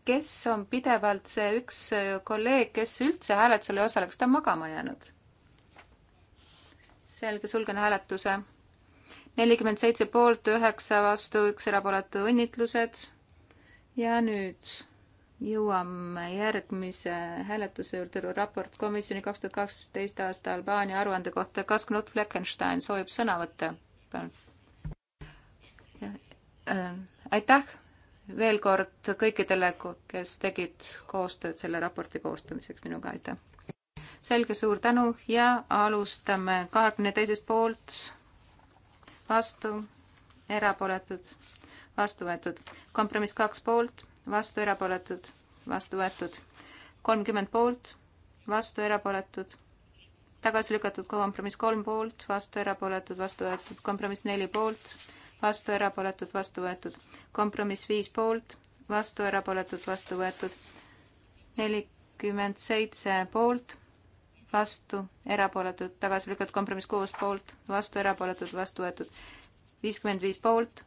kes on pidevalt see üks kolleeg, kes üldse hääletusel ei osale, kas ta on magama jäänud? selge, sulgen hääletuse. nelikümmend seitse poolt, üheksa vastu, üks erapooletu, õnnitlused. ja nüüd jõuame järgmise hääletuse juurde, raport komisjoni kaks tuhat kaksteist aasta Albaania aruande kohta. kas Knut Fleckenstein soovib sõna võtta? Äh, aitäh veel kord kõikidele, kes tegid koostööd selle raporti koostamiseks minuga, aitäh! selge, suur tänu ja alustame kahekümne teisest poolt, vastu, erapooletud, vastu võetud. kompromiss kaks poolt, vastu, erapooletud, vastu võetud. kolmkümmend poolt, vastu, erapooletud, tagasi lükatud kompromiss kolm poolt, vastu, erapooletud, vastu võetud. kompromiss neli poolt, vastu, erapooletud, vastu võetud. kompromiss viis poolt, vastu, erapooletud, vastu võetud. nelikümmend seitse poolt vastu, erapooletud, tagasi lükatud, kompromiss kuus poolt, vastu, erapooletud, vastu võetud. viiskümmend viis poolt,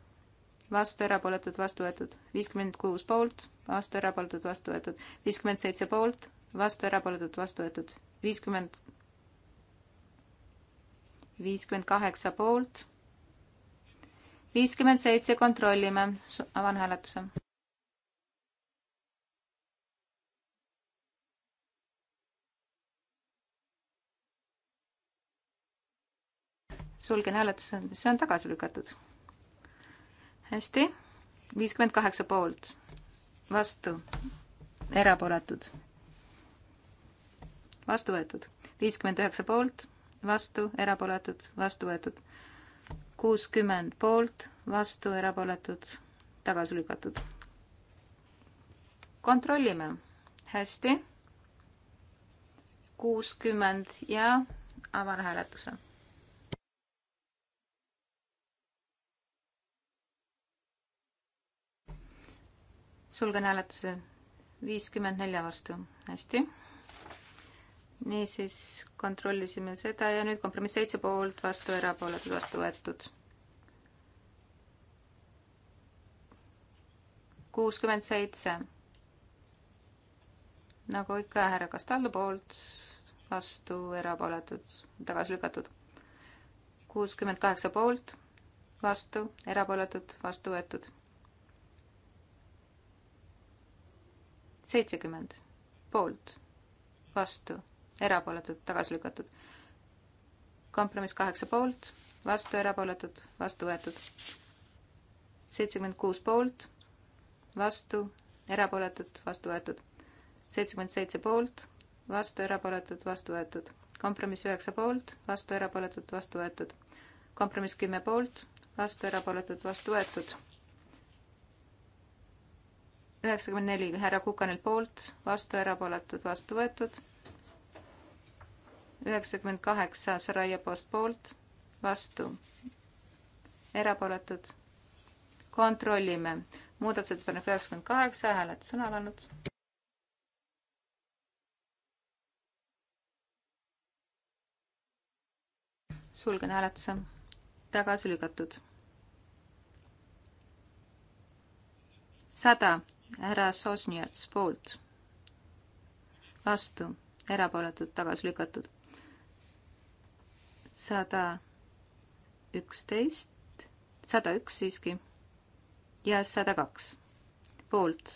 vastu, erapooletud, vastu võetud. viiskümmend kuus poolt, vastu, erapooletud, vastu võetud. viiskümmend seitse poolt, vastu, erapooletud, vastu võetud. viiskümmend, viiskümmend kaheksa poolt, viiskümmend seitse, kontrollime, avan hääletuse. sulgen hääletuse, see on tagasi lükatud. hästi, viiskümmend kaheksa poolt, vastu, erapooletud, vastu võetud, viiskümmend üheksa poolt, vastu, erapooletud, vastu võetud, kuuskümmend poolt, vastu, erapooletud, tagasi lükatud. kontrollime, hästi, kuuskümmend ja avan hääletuse sulgen hääletuse viiskümmend nelja vastu. hästi. niisiis kontrollisime seda ja nüüd kompromiss seitse poolt, vastu, erapooletud, vastu võetud. kuuskümmend seitse. nagu ikka, härra Castaldo poolt, vastu, erapooletud, tagasi lükatud. kuuskümmend kaheksa poolt, vastu, erapooletud, vastu võetud seitsekümmend poolt, vastu, erapooletud, tagasi lükatud. kompromiss kaheksa poolt, vastu, erapooletud, vastu võetud. seitsekümmend kuus poolt, vastu, erapooletud, vastu võetud. seitsekümmend seitse poolt, vastu, erapooletud, vastu võetud. kompromiss üheksa poolt, vastu, erapooletud, vastu võetud. kompromiss kümme poolt, vastu, erapooletud, vastu võetud üheksakümmend neli härra Kukanilt poolt, vastu erapooletud, vastu võetud. üheksakümmend kaheksa Soraya Post poolt, vastu erapooletud. kontrollime, muudatusettepanek üheksakümmend kaheksa, hääletus on alanud. sulgen hääletuse, tagasi lükatud. sada härra Sosnjärts poolt, vastu, erapooletud, tagasi lükatud. sada üksteist, sada üks siiski ja sada kaks poolt,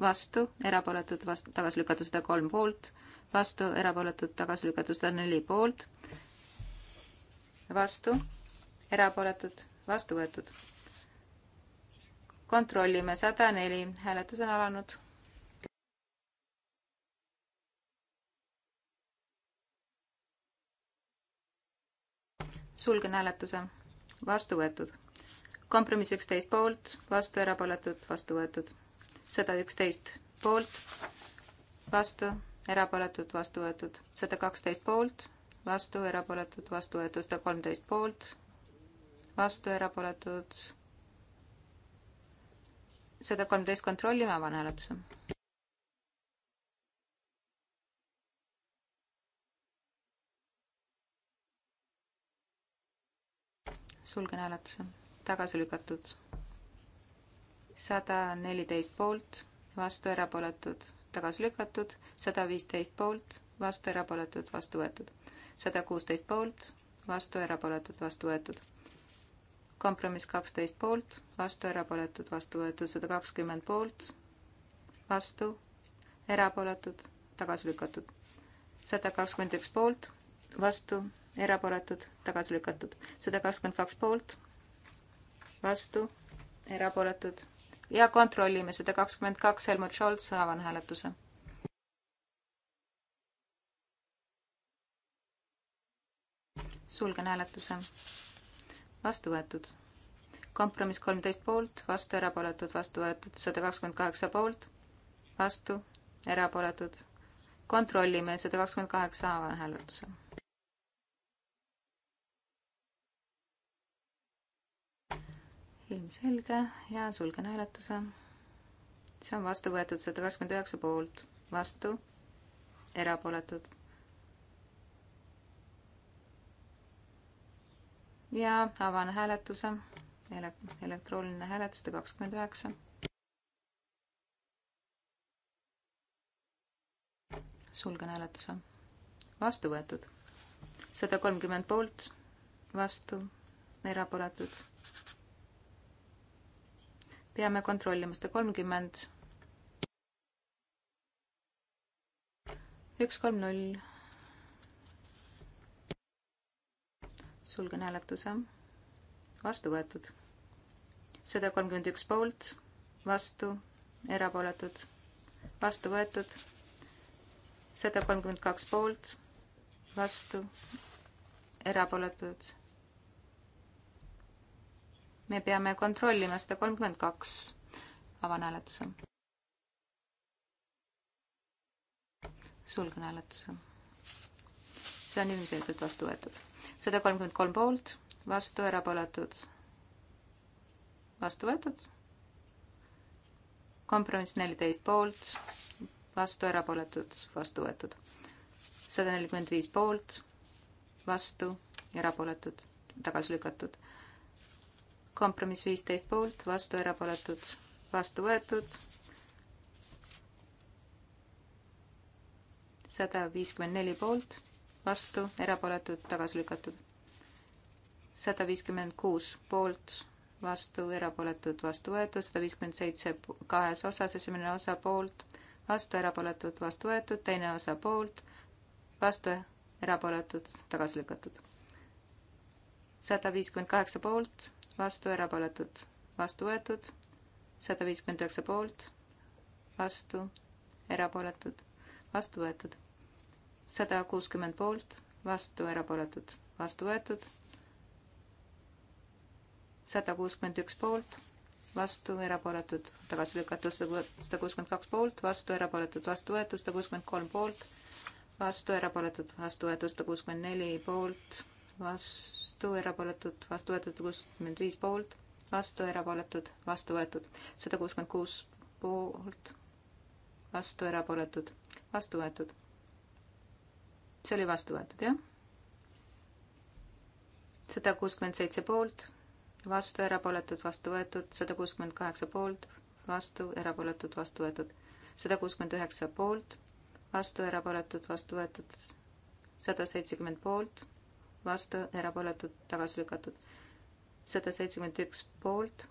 vastu, erapooletud, vastu, tagasi lükatud, sada kolm poolt, vastu, erapooletud, tagasi lükatud, sada neli poolt, vastu, erapooletud, vastu võetud kontrollime, sada neli, hääletus on alanud. sulgen hääletuse, vastu võetud. kompromiss üksteist poolt, vastu erapooletud, vastu võetud. sada üksteist poolt, vastu, erapooletud, vastu võetud. sada kaksteist poolt, vastu, erapooletud, vastu võetud. sada kolmteist poolt, vastu, erapooletud sada kolmteist kontrollime, avan hääletuse. sulgen hääletuse, tagasi lükatud. sada neliteist poolt, vastu erapooletud, tagasi lükatud, sada viisteist poolt, vastu erapooletud, vastu võetud. sada kuusteist poolt, vastu erapooletud, vastu võetud kompromiss kaksteist poolt, vastu, erapooletud, vastu võetud sada kakskümmend poolt, vastu, erapooletud, tagasi lükatud. sada kakskümmend üks poolt, vastu, erapooletud, tagasi lükatud. sada kakskümmend kaks poolt, vastu, erapooletud ja kontrollime sada kakskümmend kaks, Helmut Scholz, avan hääletuse. sulgen hääletuse vastu võetud. kompromiss kolmteist poolt, vastu erapooletud, vastu võetud sada kakskümmend kaheksa poolt, vastu erapooletud. kontrollime sada kakskümmend kaheksa avan hääletuse. ilmselge ja sulgen hääletuse. see on vastu võetud sada kakskümmend üheksa poolt, vastu erapooletud ja avan hääletuse Ele, elektrooniline hääletus, ta kakskümmend üheksa. sulgen hääletuse. vastu võetud. sada kolmkümmend poolt, vastu, erapooletud. peame kontrollima sada kolmkümmend. üks, kolm, null sulgen hääletuse. vastu võetud. sada kolmkümmend üks poolt, vastu, erapooletud, vastu võetud. sada kolmkümmend kaks poolt, vastu, erapooletud. me peame kontrollima sada kolmkümmend kaks. avan hääletuse. sulgen hääletuse. see on ilmselgelt vastu võetud sada kolmkümmend kolm poolt, vastu erapooletud, vastu võetud. kompromiss neliteist poolt, vastu erapooletud, vastu võetud. sada nelikümmend viis poolt, vastu erapooletud, tagasi lükatud. kompromiss viisteist poolt, vastu erapooletud, vastu võetud. sada viiskümmend neli poolt vastu, erapooletud, tagasi lükatud. sada viiskümmend kuus poolt, vastu, erapooletud, vastu võetud, sada viiskümmend seitse kahes osas, esimene osa poolt, vastu, erapooletud, vastu võetud, teine osa poolt, vastu, erapooletud, tagasi lükatud. sada viiskümmend kaheksa poolt, vastu, erapooletud, vastu võetud, sada viiskümmend üheksa poolt, vastu, erapooletud, vastu võetud sada kuuskümmend poolt, vastu, erapooletud, vastu võetud. sada kuuskümmend üks poolt, vastu, erapooletud, tagasi lükatud, sada kuuskümmend kaks poolt, vastu, erapooletud, vastu võetud, sada kuuskümmend kolm poolt, vastu, erapooletud, vastu võetud, sada kuuskümmend neli poolt, vastu, erapooletud, vastu võetud, sada kuuskümmend viis poolt, vastu, erapooletud, vastu võetud, sada kuuskümmend kuus poolt, vastu, erapooletud, vastu võetud see oli vastu võetud, jah? sada kuuskümmend seitse poolt, vastu, erapooletud, vastu võetud, sada kuuskümmend kaheksa poolt, vastu, erapooletud, vastu võetud, sada kuuskümmend üheksa poolt, vastu, erapooletud, vastu võetud, sada seitsekümmend poolt, vastu, erapooletud, tagasi lükatud, sada seitsekümmend üks poolt,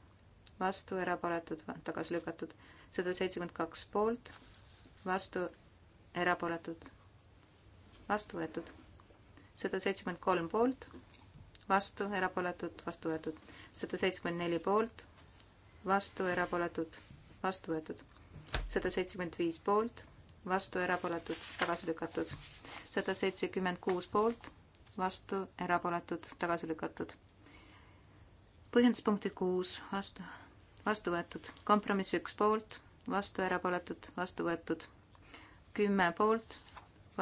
vastu, erapooletud, tagasi lükatud, sada seitsekümmend kaks poolt, vastu, erapooletud vastu võetud. sada seitsekümmend kolm poolt, vastu, erapooletud, vastu võetud. sada seitsekümmend neli poolt, vastu, erapooletud, vastu võetud. sada seitsekümmend viis poolt, vastu, erapooletud, tagasi lükatud. sada seitsekümmend kuus poolt, vastu, erapooletud, tagasi lükatud. põhjenduspunktid kuus, vastu, vastu võetud. kompromiss üks poolt, vastu, erapooletud, vastu võetud kümme poolt,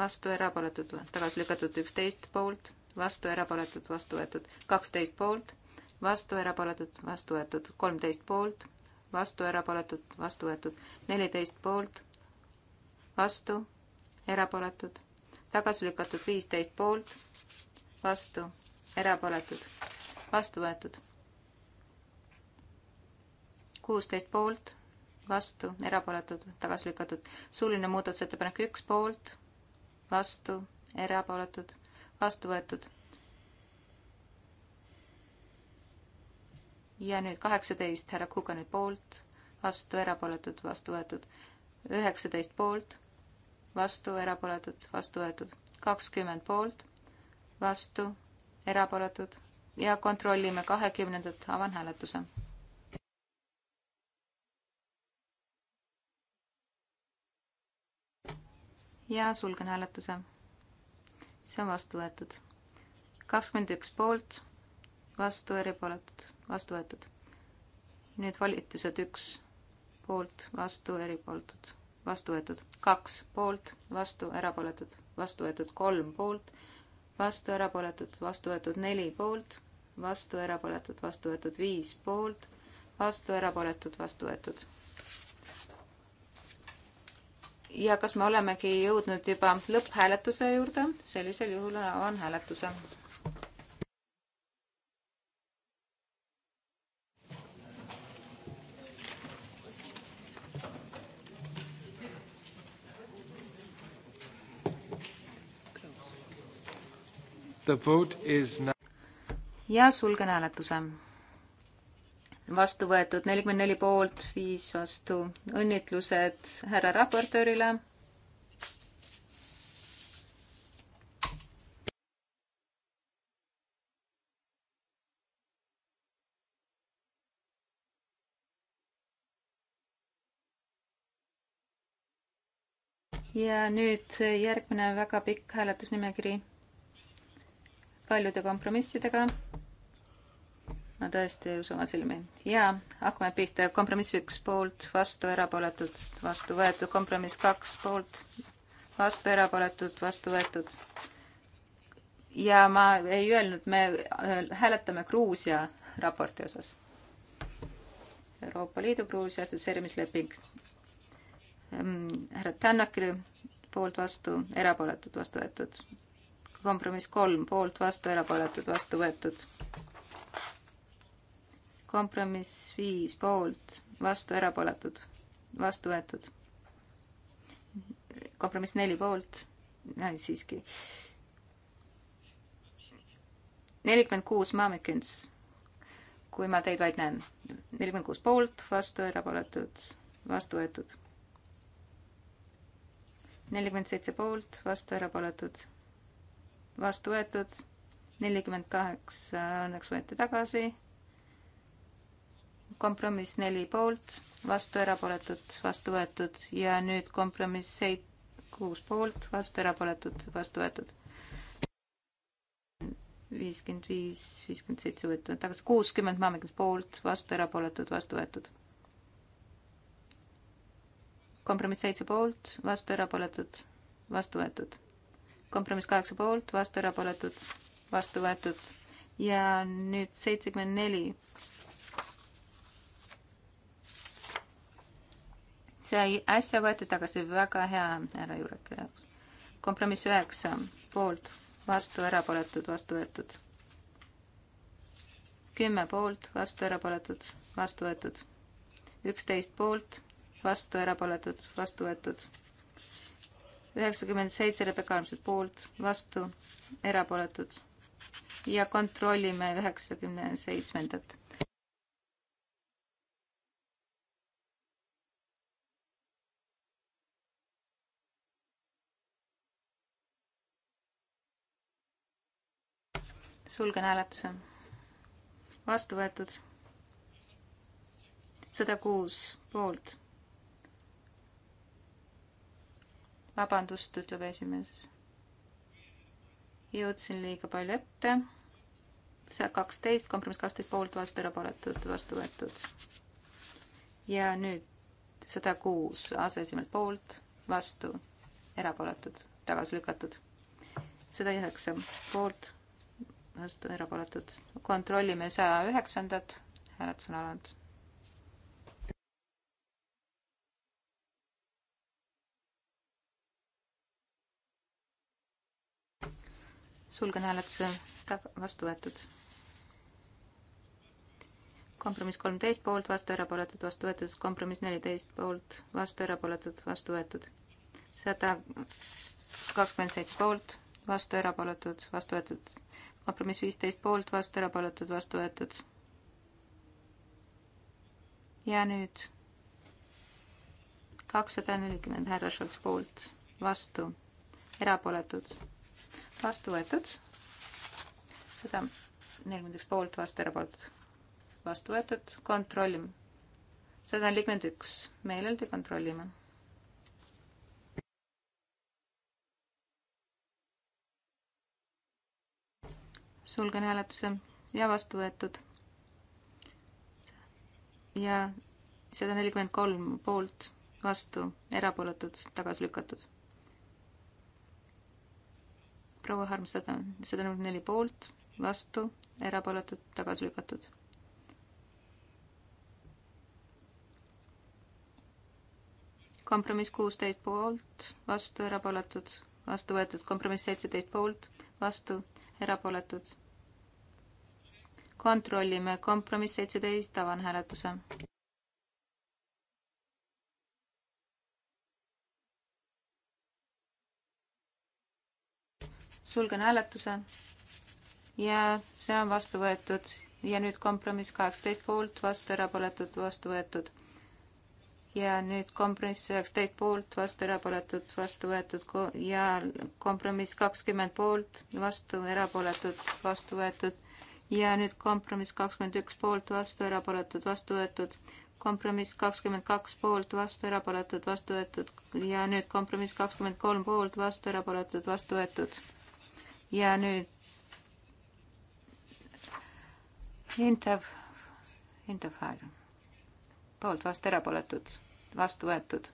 vastu, erapooletud, tagasi lükatud üksteist poolt, vastu, erapooletud, vastu võetud kaksteist poolt, vastu, erapooletud, vastu võetud kolmteist poolt, vastu, erapooletud, vastu võetud neliteist poolt, vastu, erapooletud, tagasi lükatud viisteist poolt, vastu, erapooletud, vastu võetud kuusteist poolt, vastu, erapooletud, tagasi lükatud. suuline muudatusettepanek üks poolt, vastu, erapooletud, vastu võetud. ja nüüd kaheksateist, härra Kukanit poolt, vastu, erapooletud, vastu võetud. üheksateist poolt, vastu, erapooletud, vastu võetud. kakskümmend poolt, vastu, erapooletud ja kontrollime kahekümnendat, avan hääletuse ja sulgen hääletuse. see on vastu võetud. kakskümmend üks poolt, vastu, eripooletud, vastu võetud. nüüd volitused üks poolt, vastu, eripooletud, vastu võetud. kaks poolt, vastu, erapooletud, vastu võetud. kolm poolt, vastu, erapooletud, vastu võetud. neli poolt, vastu, erapooletud, vastu võetud. viis poolt, vastu, erapooletud, vastu võetud ja kas me olemegi jõudnud juba lõpphääletuse juurde, sellisel juhul avan hääletuse. ja sulgen hääletuse vastu võetud nelikümmend neli poolt, viis vastu. õnnitlused härra raportöörile. ja nüüd järgmine väga pikk hääletusnimekiri paljude kompromissidega ma tõesti ei usu oma silmi. jaa, hakkame pihta. kompromiss üks poolt, vastu erapooletud, vastu võetud. kompromiss kaks poolt, vastu erapooletud, vastu võetud. ja ma ei öelnud, me äh, hääletame Gruusia raporti osas. Euroopa Liidu Gruusia assotsieerimisleping ähm, härra Tännakile poolt vastu, erapooletud vastu võetud. kompromiss kolm poolt vastu, erapooletud vastu võetud kompromiss viis poolt, vastu erapooletud, vastu võetud. kompromiss neli poolt, siiski. nelikümmend kuus Maamikins, kui ma teid vaid näen. nelikümmend kuus poolt, vastu erapooletud, vastu võetud. nelikümmend seitse poolt, vastu erapooletud, vastu võetud. nelikümmend kaheksa õnneks võeti tagasi kompromiss neli poolt, vastu erapooletud, vastu võetud ja nüüd kompromiss seit-, kuus poolt, vastu erapooletud, vastu võetud. viiskümmend viis, viiskümmend seitse võetud tagasi, kuuskümmend maamikest poolt, vastu erapooletud, vastu võetud. kompromiss seitse poolt, vastu erapooletud, vastu võetud. kompromiss kaheksa poolt, vastu erapooletud, vastu võetud ja nüüd seitsekümmend neli see äsja võeti tagasi, väga hea, härra Jurek. kompromiss üheksa, poolt, vastu, erapooletud, vastu võetud. kümme poolt, vastu, erapooletud, vastu võetud. üksteist poolt, vastu, erapooletud, vastu võetud. üheksakümmend seitse Rebecca Armsad poolt, vastu, erapooletud ja kontrollime üheksakümne seitsmendat sulgen hääletuse. vastu võetud. sada kuus poolt. vabandust, ütleb esimees. jõudsin liiga palju ette. kaksteist, kompromiss kaksteist poolt, vastu erapooletud, vastu võetud. ja nüüd sada kuus aseesimehelt poolt, vastu erapooletud, tagasi lükatud. sada üheksa poolt vastu erapooletud. kontrollime saja üheksandat, hääletus on alanud. sulgen hääletuse, vastu võetud kompromiss kolmteist poolt, vastu erapooletud, vastu võetud, kompromiss neliteist poolt, vastu erapooletud, vastu võetud. sada kakskümmend seitse poolt, vastu erapooletud, vastu võetud, kompromiss viisteist poolt, vastu, erapooletud, vastu võetud. ja nüüd kakssada nelikümmend härra Šolts poolt, vastu, erapooletud, vastu võetud, sada nelikümmend üks poolt, vastu, erapooletud, vastu võetud, kontrollime. sada nelikümmend üks, meeleldi kontrollime sulgen hääletuse ja vastu võetud. ja sada nelikümmend kolm poolt, vastu, erapooletud, tagasi lükatud. proua Harm sada, sada nelikümmend neli poolt, vastu, erapooletud, tagasi lükatud kompromiss kuusteist poolt, vastu erapooletud, vastu võetud kompromiss seitseteist poolt, vastu erapooletud, kontrollime kompromiss seitseteist, avan hääletuse. sulgen hääletuse ja see on vastu võetud ja nüüd kompromiss kaheksateist poolt, vastu erapooletud, vastu võetud. ja nüüd kompromiss üheksateist poolt, vastu erapooletud, vastu võetud ja kompromiss kakskümmend poolt, vastu erapooletud, vastu võetud ja nüüd kompromiss kakskümmend üks poolt, vastu, erapooletud, vastu võetud. kompromiss kakskümmend kaks poolt, vastu, erapooletud, vastu võetud ja nüüd kompromiss kakskümmend kolm poolt, vastu, erapooletud, vastu võetud. ja nüüd Intev, Intev hääl. poolt, vastu, erapooletud, vastu võetud.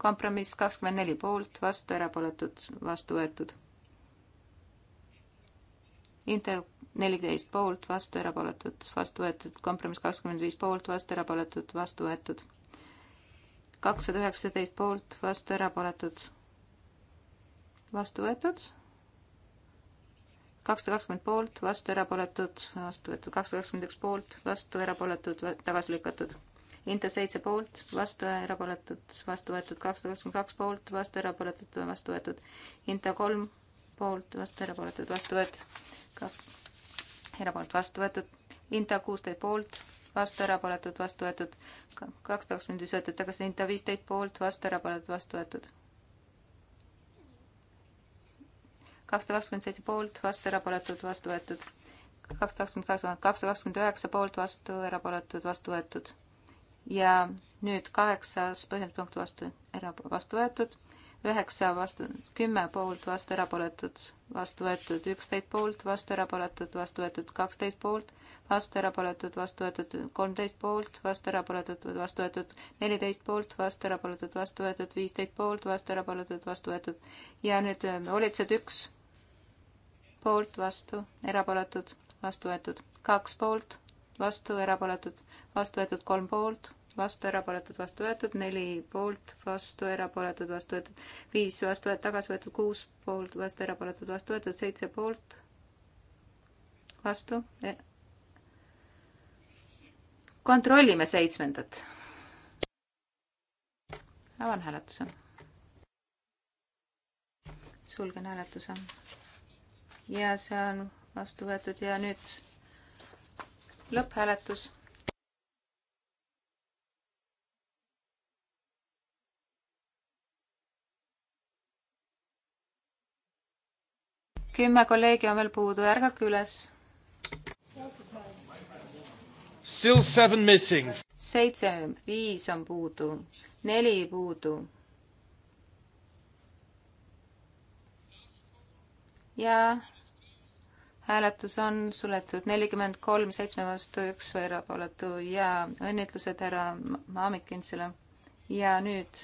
kompromiss kakskümmend neli poolt, vastu, erapooletud, vastu võetud Inter neliteist poolt, vastu, erapooletud, vastu võetud, kompromiss kakskümmend viis poolt, vastu, erapooletud, vastu võetud. kakssada üheksateist poolt, vastu, erapooletud, vastu võetud. kakssada kakskümmend poolt, vastu, erapooletud, vastu võetud, kakssada kakskümmend üks poolt, vastu, erapooletud, tagasi lükatud. Inter seitse poolt, vastu, erapooletud, vastu võetud, kakssada kakskümmend kaks poolt, vastu, erapooletud, vastu võetud. Inter kolm poolt, vastu, erapooletud, vastu võetud erapoolt vastu võetud, Inta kuusteist poolt, vastu erapooletud, vastu võetud, kaks kakskümmend viis võetud tagasi, Inta viisteist poolt, vastu erapooletud, vastu võetud. kakssada kakskümmend seitse poolt, vastu erapooletud, vastu võetud. kakssada kakskümmend kaheksa, kakssada kakskümmend üheksa poolt, vastu erapooletud, vastu võetud. ja nüüd kaheksas põhjenduspunkt vastu, era-, vastu võetud üheksa vastu, kümme poolt vastu erapooletud, vastu võetud üksteist poolt, vastu erapooletud, vastu võetud kaksteist poolt, vastu erapooletud, vastu võetud kolmteist poolt, vastu erapooletud, vastu võetud neliteist poolt, vastu erapooletud, vastu võetud viisteist poolt, vastu erapooletud, vastu võetud ja nüüd hoolitsejad ähm, üks poolt, vastu, erapooletud, vastu võetud kaks poolt, vastu, erapooletud, vastu võetud kolm poolt vastu, erapooletud, vastu võetud, neli poolt, vastu, erapooletud, vastu võetud, viis vastu võetud, tagasi võetud, kuus poolt, vastu, erapooletud, vastu võetud, seitse poolt, vastu. E-, kontrollime seitsmendat. avan hääletuse. sulgen hääletuse. ja see on vastu võetud ja nüüd lõpphääletus kümme kolleegi on veel puudu, ärgake üles. Still seven missing. seitse, viis on puudu, neli puudu. ja hääletus on suletud nelikümmend kolm, seitsme vastu üks või erapooletu ja õnnitlused härra Maamikinsile. ja nüüd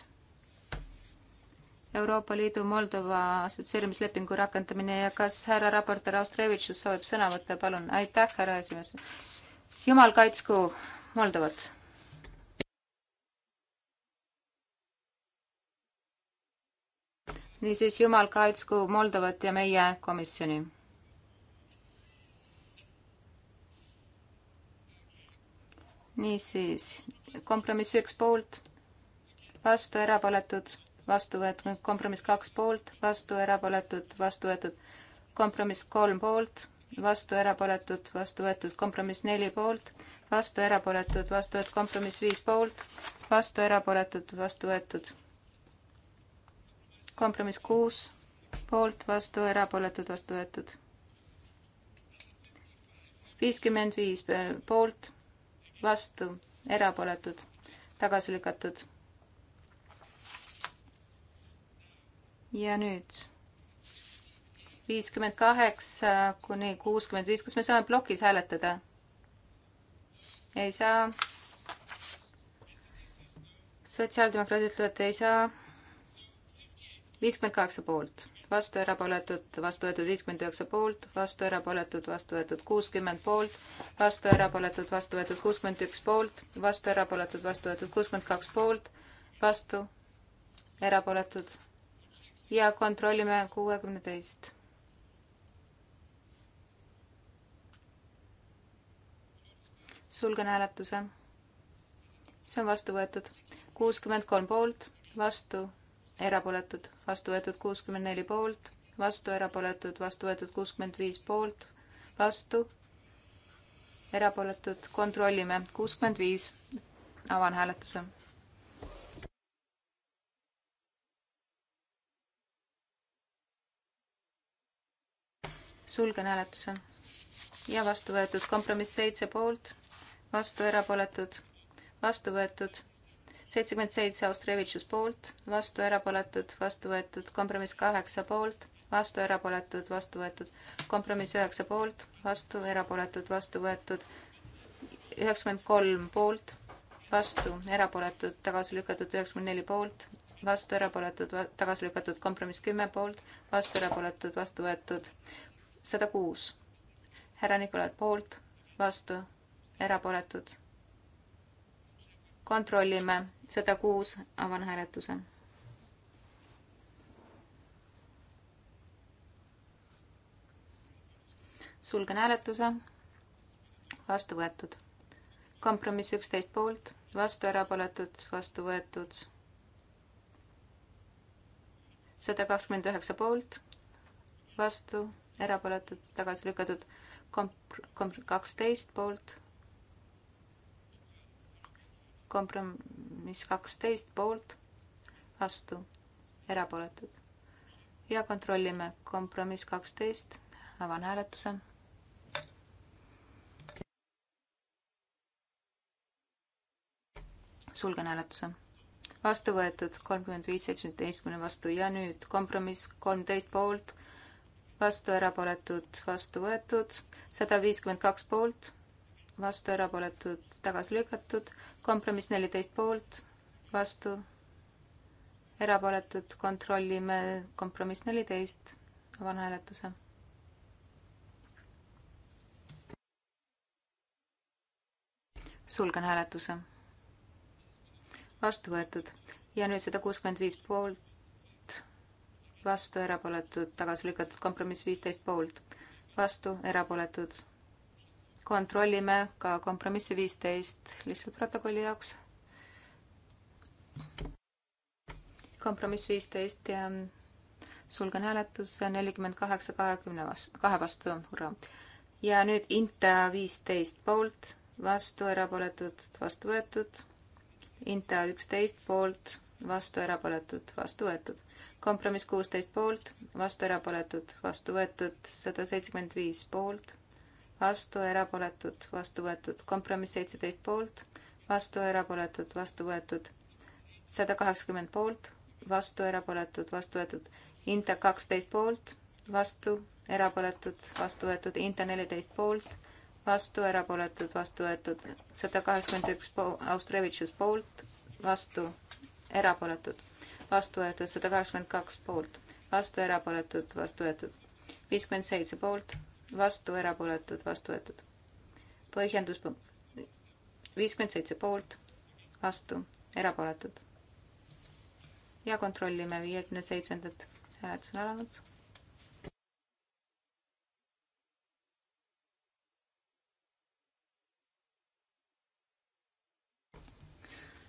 Euroopa Liidu Moldova assotsieerimislepingu rakendamine ja kas härra raportöör Austrevitšus soovib sõna võtta, palun. aitäh, härra esimees. jumal kaitsku Moldovat. niisiis, jumal kaitsku Moldovat ja meie komisjoni. niisiis, kompromiss üks poolt, vastu erapooletud vastu võetud, kompromiss kaks poolt, vastu erapooletud, vastu võetud, kompromiss kolm poolt, vastu erapooletud, vastu võetud, kompromiss neli poolt, vastu erapooletud, vastu võetud, kompromiss viis poolt, vastu erapooletud, vastu võetud, kompromiss kuus poolt, vastu erapooletud, vastu võetud, viiskümmend viis poolt, vastu erapooletud, tagasi lükatud ja nüüd viiskümmend kaheksa kuni kuuskümmend viis, kas me saame plokis hääletada? ei saa. sotsiaaldemokraadid ütlevad, ei saa. viiskümmend kaheksa poolt, vastu erapooletud, vastu võetud viiskümmend üheksa poolt, vastu erapooletud, vastu võetud kuuskümmend poolt, vastu erapooletud, vastu võetud kuuskümmend üks poolt, vastu erapooletud, vastu võetud kuuskümmend kaks poolt, vastu erapooletud ja kontrollime kuuekümne teist. sulgen hääletuse. see on vastu võetud. kuuskümmend kolm poolt, vastu, erapooletud, vastu võetud kuuskümmend neli poolt, vastu, erapooletud, vastu võetud kuuskümmend viis poolt, vastu, erapooletud, kontrollime, kuuskümmend viis. avan hääletuse sulgen hääletuse ja vastu võetud kompromiss seitse poolt, vastu erapooletud, vastu võetud seitsekümmend seitse Austrevitšus poolt, vastu erapooletud, vastu võetud kompromiss kaheksa poolt, vastu erapooletud, vastu võetud kompromiss üheksa poolt, vastu erapooletud, vastu võetud üheksakümmend kolm poolt, vastu erapooletud, tagasi lükatud üheksakümmend neli poolt, vastu erapooletud, tagasi lükatud kompromiss kümme poolt, vastu erapooletud, vastu võetud sada kuus. härra Nikolai poolt, vastu, erapooletud. kontrollime, sada kuus, avan hääletuse. sulgen hääletuse. vastu võetud. kompromiss üksteist poolt, vastu erapooletud, vastu võetud sada kakskümmend üheksa poolt, vastu, erapooletud, tagasi lükatud. komp-, komp-, kaksteist poolt. kompromiss kaksteist poolt, vastu, erapooletud. ja kontrollime kompromiss kaksteist, avan hääletuse. sulgen hääletuse vastu võetud kolmkümmend viis seitsmeteistkümne vastu ja nüüd kompromiss kolmteist poolt vastu, erapooletud, vastu võetud, sada viiskümmend kaks poolt, vastu, erapooletud, tagasi lükatud, kompromiss neliteist poolt, vastu, erapooletud, kontrollime kompromiss neliteist, avan hääletuse sulgen hääletuse. vastu võetud ja nüüd sada kuuskümmend viis poolt, vastu, erapooletud, tagasi lükatud, kompromiss viisteist poolt, vastu, erapooletud. kontrollime ka kompromissi viisteist lihtsalt protokolli jaoks. kompromiss viisteist ja sulgen hääletuse nelikümmend kaheksa, kahekümne vastu, kahe vastu, hurraa. ja nüüd Inta viisteist poolt, vastu, erapooletud, vastu võetud. Inta üksteist poolt, vastu, erapooletud, vastu võetud kompromiss kuusteist poolt, vastu erapooletud, vastu võetud sada seitsekümmend viis poolt, vastu erapooletud, vastu võetud, kompromiss seitseteist poolt, vastu erapooletud, vastu võetud sada kaheksakümmend poolt, vastu erapooletud, vastu võetud, Inta kaksteist poolt, vastu erapooletud, vastu võetud, Inta neliteist poolt vastu, erapooletud, vastu võetud sada kaheksakümmend üks Austrevitšus poolt, vastu, erapooletud vastu võetud, sada kaheksakümmend kaks poolt, vastu erapooletud, vastu võetud, viiskümmend seitse poolt, vastu erapooletud, vastu võetud. põhjendus viiskümmend seitse poolt, vastu erapooletud. ja kontrollime viiekümne seitsmendat, hääletus on alanud.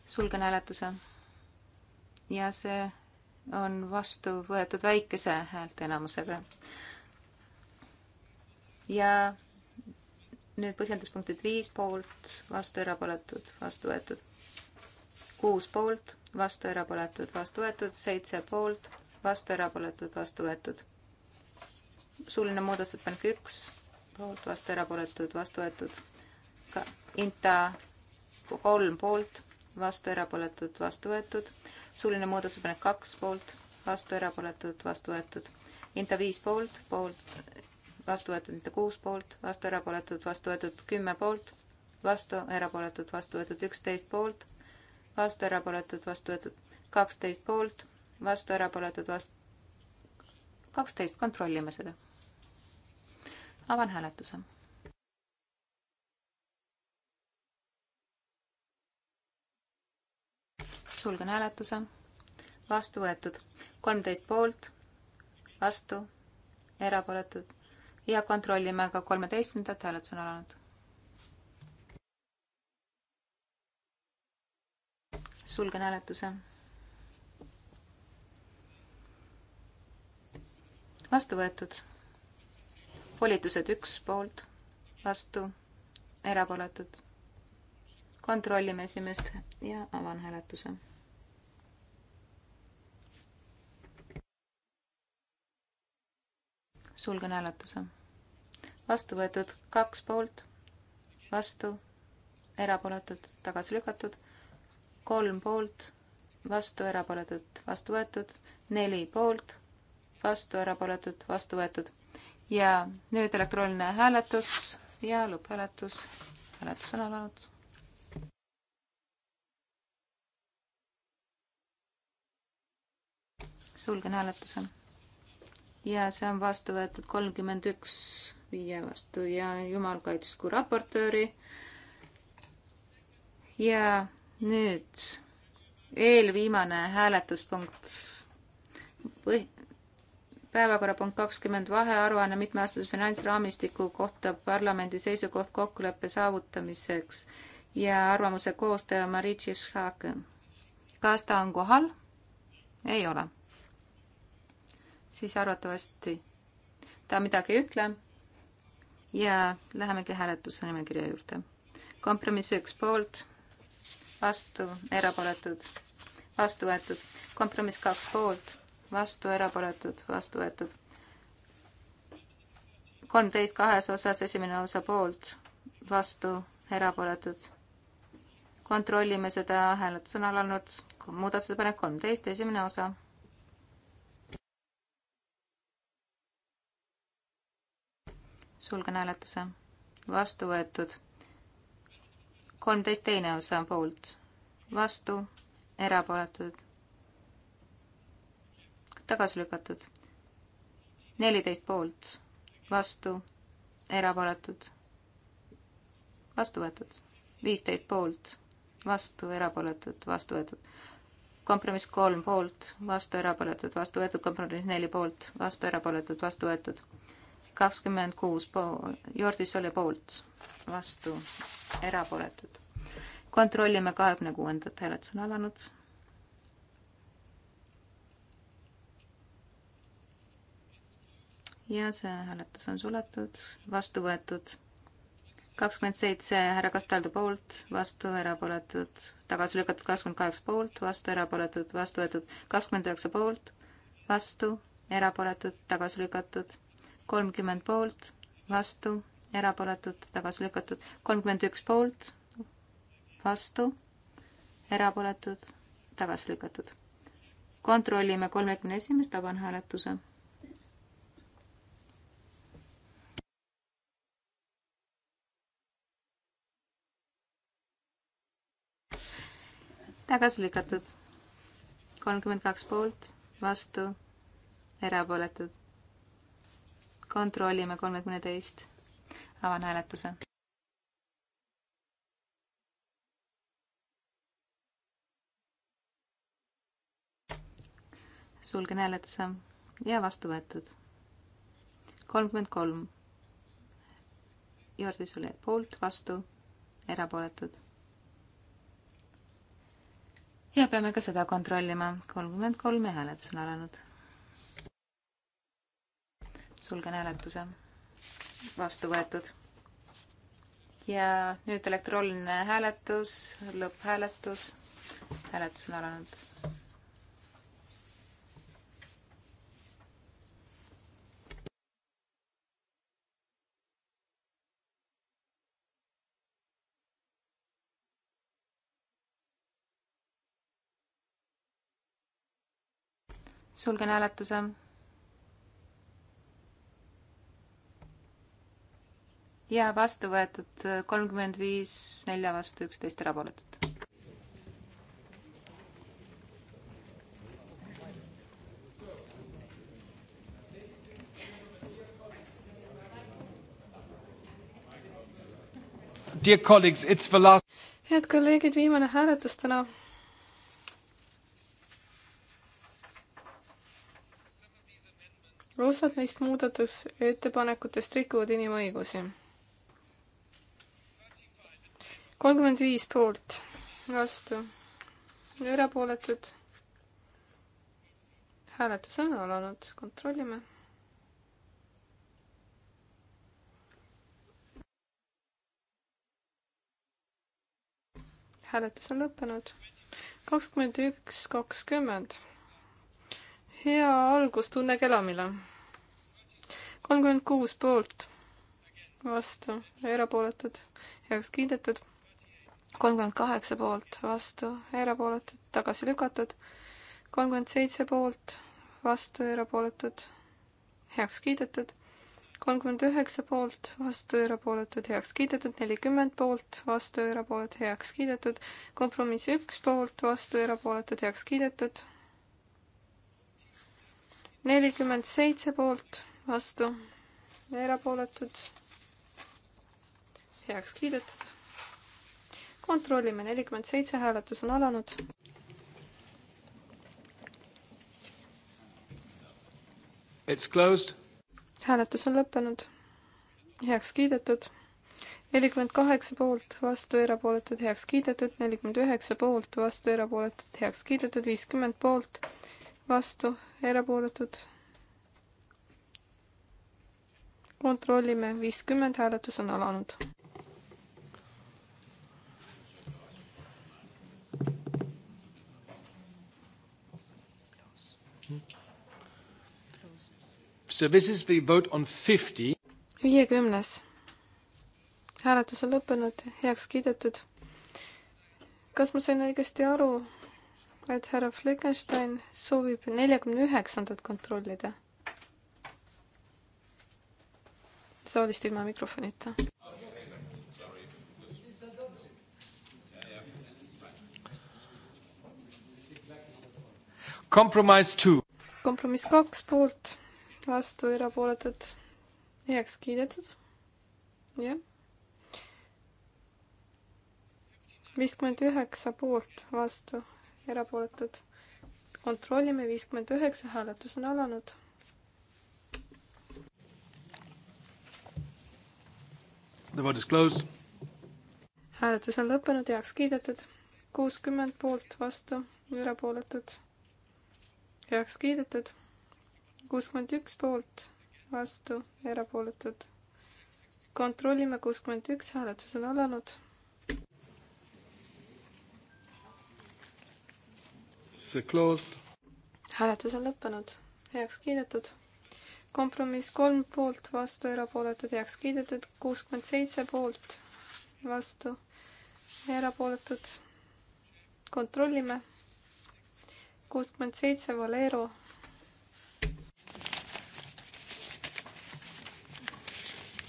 sulgen hääletuse ja see on vastu võetud väikese häälteenamusega. ja nüüd põhjenduspunktid viis poolt, vastu erapooletud, vastu võetud. kuus poolt, vastu erapooletud, vastu võetud, seitse poolt, vastu erapooletud, vastu võetud. suuline muudatusettepanek üks, poolt, vastu erapooletud, vastu võetud. Inta kolm poolt, vastu erapooletud, vastu võetud suuline muudatusepanek kaks poolt, vastu erapooletud, vastu võetud. Inta viis poolt, poolt, vastu võetud, Inta kuus poolt, vastu erapooletud, vastu võetud kümme poolt, vastu erapooletud, vastu võetud üksteist poolt, vastu erapooletud, vastu võetud kaksteist poolt, vastu erapooletud, vastu kaksteist, kontrollime seda. avan hääletuse sulgen hääletuse, vastu võetud kolmteist poolt, vastu, erapooletud ja kontrollime ka kolmeteistkümnendat, hääletus on alanud. sulgen hääletuse. vastu võetud. volitused üks poolt, vastu, erapooletud kontrollime esimest ja avan hääletuse. sulgen hääletuse. vastu võetud kaks poolt, vastu, erapooletud, tagasi lükatud, kolm poolt, vastu, erapooletud, vastu võetud, neli poolt, vastu, erapooletud, vastu võetud. ja nüüd elektrooniline hääletus ja lõpphääletus. hääletus on alanud sulgen hääletuse. ja see on vastu võetud kolmkümmend üks viie vastu ja jumal kaitsku raportööri. ja nüüd eelviimane hääletuspunkt või päevakorrapunkt kakskümmend vahearuanne mitmeaastase finantsraamistiku kohta parlamendi seisukoht kokkuleppe saavutamiseks ja arvamuse koostaja Marit Žižhak. kas ta on kohal? ei ole siis arvatavasti ta midagi ei ütle ja lähemegi hääletuse nimekirja juurde. kompromiss üks poolt, vastu, erapooletud, vastu võetud. kompromiss kaks poolt, vastu, erapooletud, vastu võetud. kolmteist kahes osas, esimene osa poolt, vastu, erapooletud. kontrollime seda, hääletus on alanud, muudatusepanek kolmteist, esimene osa sulgen hääletuse, vastu võetud. kolmteist teine osa poolt, vastu, erapooletud, tagasi lükatud. neliteist poolt, vastu, erapooletud, vastu võetud. viisteist poolt, vastu, erapooletud, vastu võetud kompromiss kolm poolt, vastu erapooletud, vastu võetud, kompromiss neli poolt, vastu erapooletud, vastu võetud kakskümmend kuus Jordis oli poolt, vastu, erapooletud. kontrollime kahekümne kuuendat, hääletus on alanud. ja see hääletus on suletud, vastu võetud. kakskümmend seitse härra Kastaldu poolt, vastu, erapooletud, tagasi lükatud kakskümmend kaheksa poolt, vastu, erapooletud, vastu võetud kakskümmend üheksa poolt, vastu, erapooletud, tagasi lükatud kolmkümmend poolt, vastu, erapooletud, tagasi lükatud, kolmkümmend üks poolt, vastu, erapooletud, tagasi lükatud. kontrollime kolmekümne esimest, avan hääletuse. tagasi lükatud, kolmkümmend kaks poolt, vastu, erapooletud kontrollime kolmekümne teist. avan hääletuse. sulgen hääletuse ja vastu võetud. kolmkümmend kolm. Jordi Sule poolt, vastu, erapooletud. ja peame ka seda kontrollima. kolmkümmend kolm ja hääletus on alanud sulgen hääletuse. vastu võetud. ja nüüd elektrooniline hääletus, lõpphääletus. hääletus on alanud. sulgen hääletuse ja vastu võetud kolmkümmend viis, nelja vastu üksteist erapooletut. head kolleegid, viimane hääletus täna osad neist muudatusettepanekutest rikuvad inimõigusi kolmkümmend viis poolt, vastu, erapooletud. hääletus on alanud, kontrollime. hääletus on lõppenud. kakskümmend üks, kakskümmend. hea algustunne kelamile. kolmkümmend kuus poolt, vastu, erapooletud, heaks kiidetud kolmkümmend kaheksa poolt, vastu, erapooletud, tagasi lükatud. kolmkümmend seitse poolt, vastu, erapooletud, heaks kiidetud. kolmkümmend üheksa poolt, vastu, erapooletud, heaks kiidetud. nelikümmend poolt, vastu, erapooletud, heaks kiidetud. kompromiss üks poolt, vastu, erapooletud, heaks kiidetud. nelikümmend seitse poolt, vastu, erapooletud, heaks kiidetud kontrollime, nelikümmend seitse hääletus on alanud. It's closed. hääletus on lõppenud. heaks kiidetud. nelikümmend kaheksa poolt, vastu, erapooletud, heaks kiidetud. nelikümmend üheksa poolt, vastu, erapooletud, heaks kiidetud. viiskümmend poolt, vastu, erapooletud. kontrollime, viiskümmend hääletus on alanud. So this is the vote on fifty. viiekümnes. hääletus on lõppenud, heaks kiidetud. kas ma sain õigesti aru, et härra Fleckenstein soovib neljakümne üheksandat kontrollida? saalist ilma mikrofonita. kompromiss two. kompromiss kaks poolt vastu, erapooletud, heaks kiidetud. jah. viiskümmend üheksa poolt, vastu, erapooletud. kontrollime, viiskümmend üheksa, hääletus on alanud. The vote is closed. hääletus on lõppenud, heaks kiidetud. kuuskümmend poolt, vastu, erapooletud, heaks kiidetud kuuskümmend üks poolt, vastu, erapooletud. kontrollime kuuskümmend üks, hääletus on alanud. hääletus on lõppenud, heaks kiidetud. kompromiss kolm poolt, vastu, erapooletud, heaks kiidetud, kuuskümmend seitse poolt, vastu, erapooletud. kontrollime. kuuskümmend seitse, Valero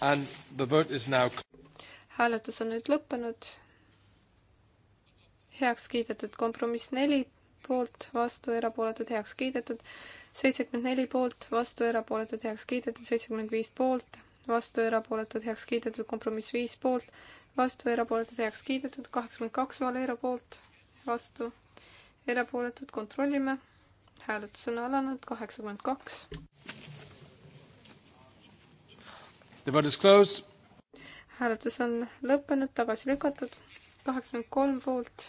And the vote is now... hääletus on nüüd lõppenud. heaks kiidetud kompromiss neli poolt, vastu, erapooletud, heaks kiidetud. seitsekümmend neli poolt, vastu, erapooletud, heaks kiidetud, seitsekümmend viis poolt, vastu, erapooletud, heaks kiidetud, kompromiss viis poolt, vastu, erapooletud, heaks kiidetud, kaheksakümmend kaks Valera poolt, vastu, erapooletud, kontrollime. hääletus on alanud, kaheksakümmend kaks hääletus on lõppenud, tagasi lükatud, kaheksakümmend kolm poolt,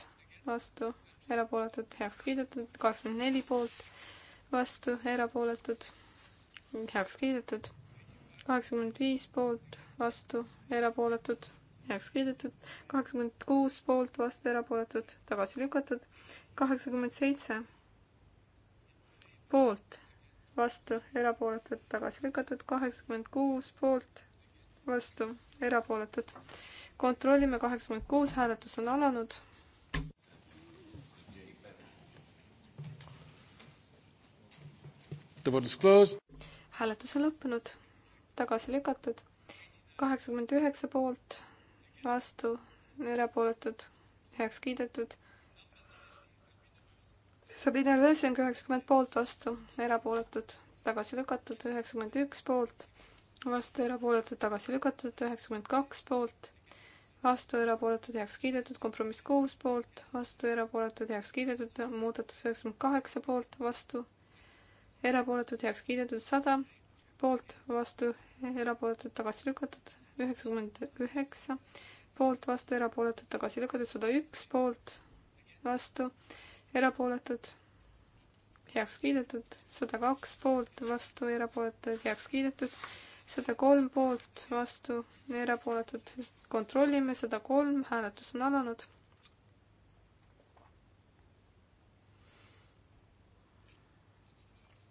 vastu, erapooletud, heaks kiidetud, kaheksakümmend neli poolt, vastu, erapooletud, heaks kiidetud, kaheksakümmend viis poolt, vastu, erapooletud, heaks kiidetud, kaheksakümmend kuus poolt, vastu, erapooletud, tagasi lükatud, kaheksakümmend seitse poolt vastu, erapooletud, tagasi lükatud, kaheksakümmend kuus poolt, vastu, erapooletud. kontrollime, kaheksakümmend kuus, hääletus on alanud. hääletus on lõppenud, tagasi lükatud, kaheksakümmend üheksa poolt, vastu, erapooletud, heaks kiidetud Sabine Lösing üheksakümmend poolt vastu, erapooletud, tagasi lükatud, üheksakümmend üks poolt, vastu erapooletud, tagasi lükatud, üheksakümmend kaks poolt, vastu erapooletud, heaks kiidetud, kompromiss kuus poolt, vastu erapooletud, heaks kiidetud, muudatus üheksakümmend kaheksa poolt, vastu erapooletud, heaks kiidetud, sada poolt, vastu erapooletud, tagasi lükatud, üheksakümmend üheksa poolt, vastu erapooletud, tagasi lükatud, sada üks poolt, vastu erapooletud, heaks kiidetud, sada kaks poolt, vastu, erapooletud, heaks kiidetud, sada kolm poolt, vastu, erapooletud, kontrollime, sada kolm, hääletus on alanud.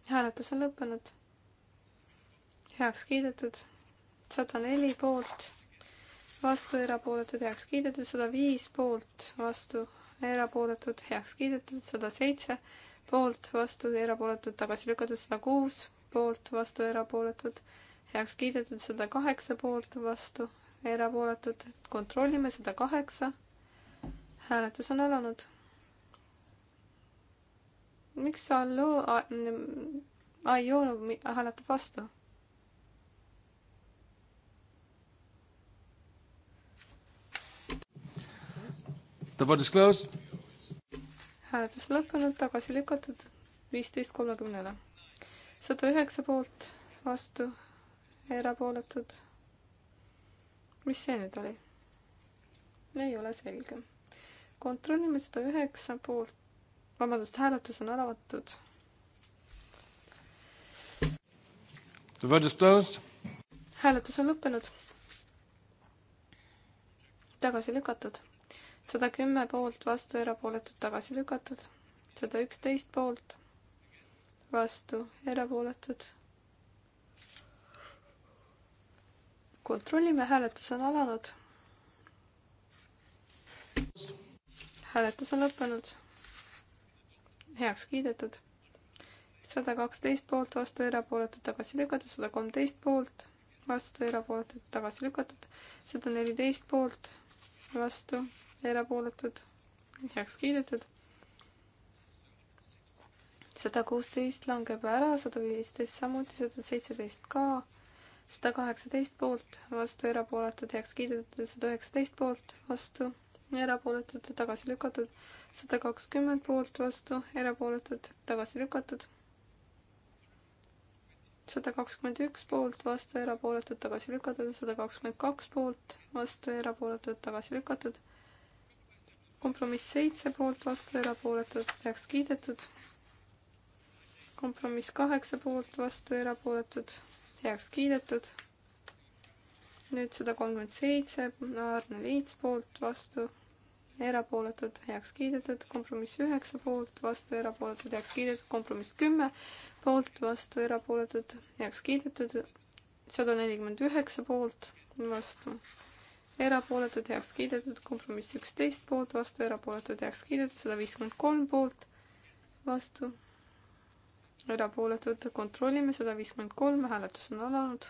hääletus on lõppenud, heaks kiidetud, sada neli poolt vastu, erapooletud heaks kiidetud, sada viis poolt, vastu, erapooletud, heaks kiidetud, sada seitse poolt, vastu, erapooletud, tagasi lükatud, sada kuus poolt, vastu, erapooletud, heaks kiidetud, sada kaheksa poolt, vastu, erapooletud. kontrollime sada kaheksa. hääletus on alanud. miks Allo Aiolo hääletab vastu? The vote is closed. hääletus lõppenud, tagasi lükatud, viisteist kolmekümnele. sada üheksa poolt, vastu, erapooletud. mis see nüüd oli? ei ole selge. kontrollime sada üheksa poolt, vabandust, hääletus on alavatud. The vote is closed. hääletus on lõppenud. tagasi lükatud sada kümme poolt, vastu, erapooletud, tagasi lükatud. sada üksteist poolt, vastu, erapooletud. kontrollime, hääletus on alanud. hääletus on lõppenud. heaks kiidetud. sada kaksteist poolt, vastu, erapooletud, tagasi lükatud, sada kolmteist poolt, vastu, erapooletud, tagasi lükatud, sada neliteist poolt, vastu erapooletud, heaks kiidetud. sada kuusteist langeb ära, sada viisteist samuti, sada seitseteist ka, sada kaheksateist poolt, vastu erapooletud, heaks kiidetud, sada üheksateist poolt, vastu erapooletud, tagasi lükatud, sada kakskümmend poolt, vastu erapooletud, tagasi lükatud sada kakskümmend üks poolt, vastu erapooletud, tagasi lükatud, sada kakskümmend kaks poolt, vastu erapooletud, tagasi lükatud, kompromiss seitse poolt, vastu, erapooletud, heaks kiidetud. kompromiss kaheksa poolt, vastu, erapooletud, heaks kiidetud. nüüd sada kolmkümmend seitse, Arne Liits poolt, vastu, erapooletud, heaks kiidetud. kompromiss üheksa poolt, vastu, erapooletud, heaks kiidetud. kompromiss kümme poolt, vastu, erapooletud, heaks kiidetud. sada nelikümmend üheksa poolt, vastu erapooletud, heaks kiidetud, kompromiss üksteist poolt, vastu, erapooletud, heaks kiidetud, sada viiskümmend kolm poolt, vastu, erapooletud, kontrollime, sada viiskümmend kolm, hääletus on alanud.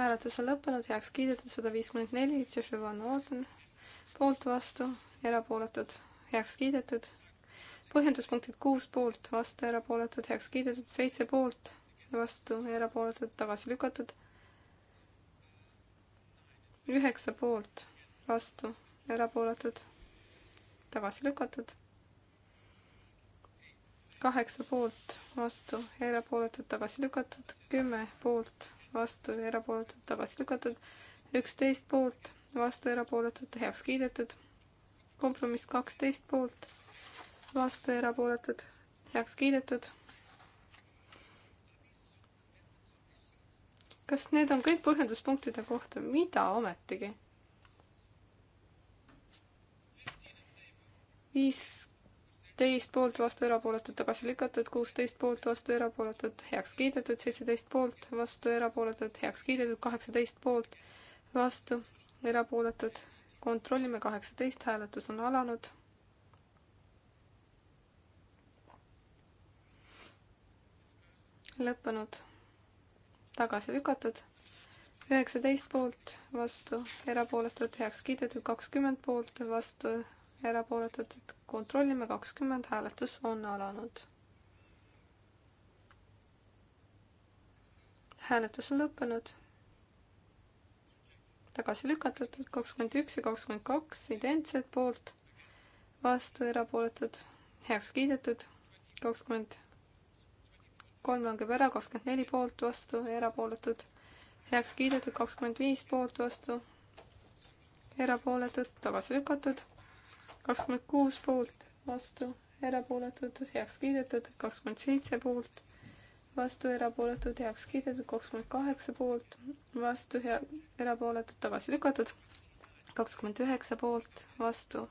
hääletus on lõppenud, heaks kiidetud, sada viiskümmend neli, poolt, vastu, erapooletud, heaks kiidetud põhjenduspunktid kuus poolt, vastu, erapooletud, heaks kiidetud, seitse poolt, vastu, erapooletud, tagasi lükatud. üheksa poolt, vastu, erapooletud, tagasi lükatud. kaheksa poolt, vastu, erapooletud, tagasi lükatud, kümme poolt, vastu, erapooletud, tagasi lükatud, üksteist poolt, vastu, erapooletud, heaks kiidetud. kompromiss kaksteist poolt vastu erapooletud, heaks kiidetud. kas need on kõik põhjenduspunktide kohta, mida ometigi? viisteist poolt vastu erapooletud, tagasi lükatud, kuusteist poolt vastu erapooletud, heaks kiidetud, seitseteist poolt vastu erapooletud, heaks kiidetud, kaheksateist poolt vastu erapooletud. kontrollime kaheksateist, hääletus on alanud lõppenud, tagasi lükatud, üheksateist poolt, vastu, erapooletud, heaks kiidetud, kakskümmend poolt, vastu, erapooletud, kontrollime kakskümmend, hääletus on alanud. hääletus on lõppenud tagasi lükatud, kakskümmend üks ja kakskümmend kaks identsed poolt, vastu erapooletud, heaks kiidetud, kakskümmend kolm langeb ära, kakskümmend neli poolt, vastu, erapooletud. heaks kiidetud, kakskümmend viis poolt, vastu, erapooletud, tagasi lükatud. kakskümmend kuus poolt, vastu, erapooletud, heaks kiidetud, kakskümmend seitse poolt vastu erapooletud heaks kiidetud, kakskümmend kaheksa poolt, vastu hea, erapooletud tagasi lükatud, kakskümmend üheksa poolt, vastu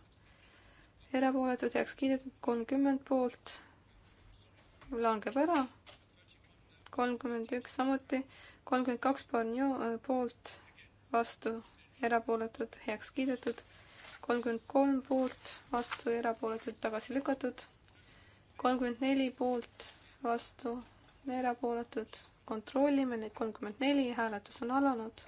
erapooletud heaks kiidetud, kolmkümmend poolt, langeb ära, kolmkümmend üks samuti, kolmkümmend kaks äh, poolt, vastu, erapooletud, heaks kiidetud, kolmkümmend kolm poolt, vastu, erapooletud, tagasi lükatud, kolmkümmend neli poolt, vastu, erapooletud, kontrollime neid kolmkümmend neli, hääletus on alanud.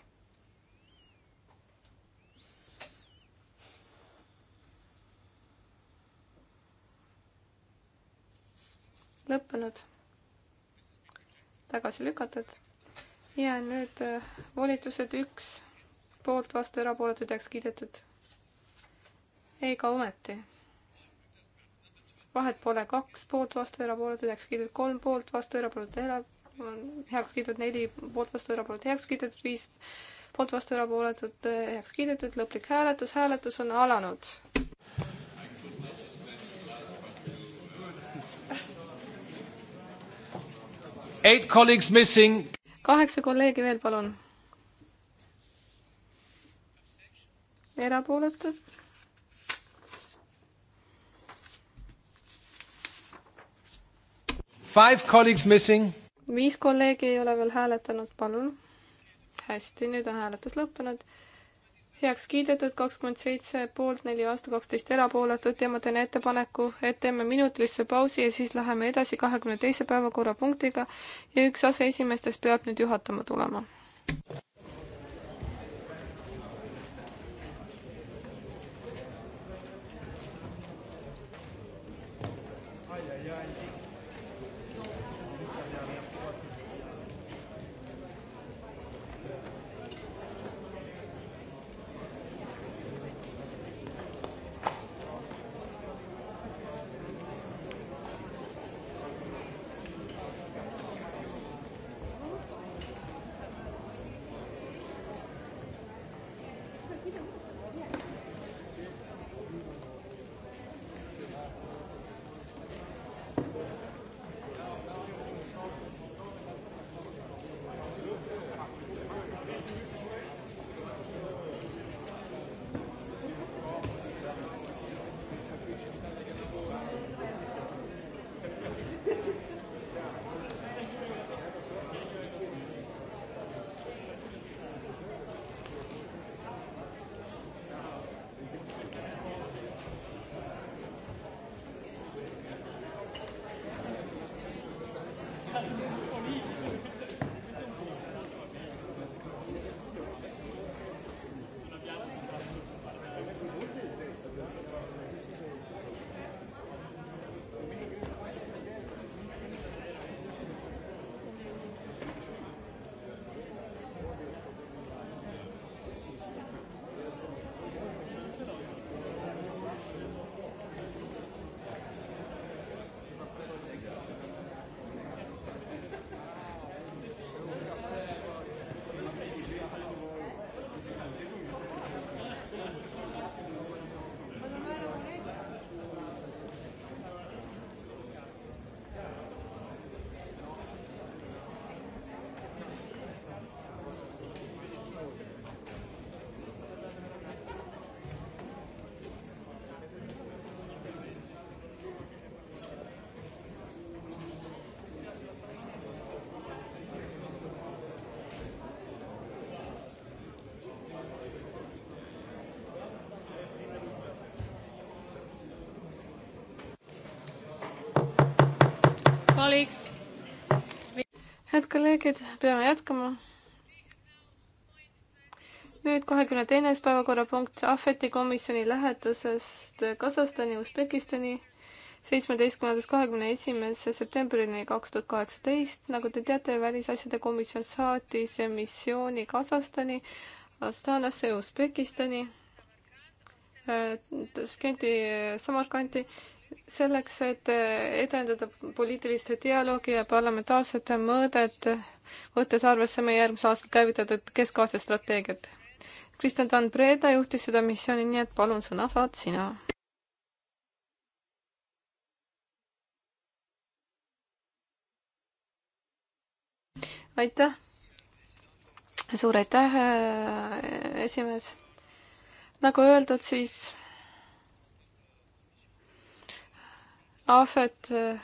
lõppenud tagasi lükatud. ja nüüd äh, volitused üks, poolt, vastu, erapooletud, heaks kiidetud. ega ometi. vahet pole kaks, poolt, vastu, erapooletud, heaks kiidetud, kolm poolt, vastu, erapooletud, heaks kiidetud, neli poolt, vastu, erapooletud, heaks kiidetud, viis poolt, vastu, erapooletud, äh, heaks kiidetud, lõplik hääletus, hääletus on alanud Eight colleagues missing. kaheksa kolleegi veel, palun. erapooletud. Five colleagues missing. viis kolleegi ei ole veel hääletanud, palun. hästi, nüüd on hääletus lõppenud heaks kiidetud, kakskümmend seitse poolt, neli vastu, kaksteist erapooletut ja ma teen ettepaneku, et teeme minutilisse pausi ja siis läheme edasi kahekümne teise päevakorrapunktiga ja üks aseesimeestest peab nüüd juhatama tulema. head kolleegid, peame jätkama. nüüd kahekümne teines päevakorrapunkt Ahveti komisjoni lähetusest Kasahstani, Usbekistani seitsmeteistkümnendast kahekümne esimese septembrini kaks tuhat kaheksateist. nagu te teate, Välisasjade komisjon saatis missiooni Kasahstani, Astanasse ja Usbekistani, äh, Taškenti, Samarkandi selleks, et edendada poliitiliste dialoogi ja parlamentaarsete mõõdet, võttes arvesse meie järgmisel aastal käivitatud keskaasa strateegiat. Kristjan Dan Breda juhtis seda missiooni, nii et palun, sõna saad sina. aitäh. suur aitäh, äh, esimees. nagu öeldud, siis Ahvet äh,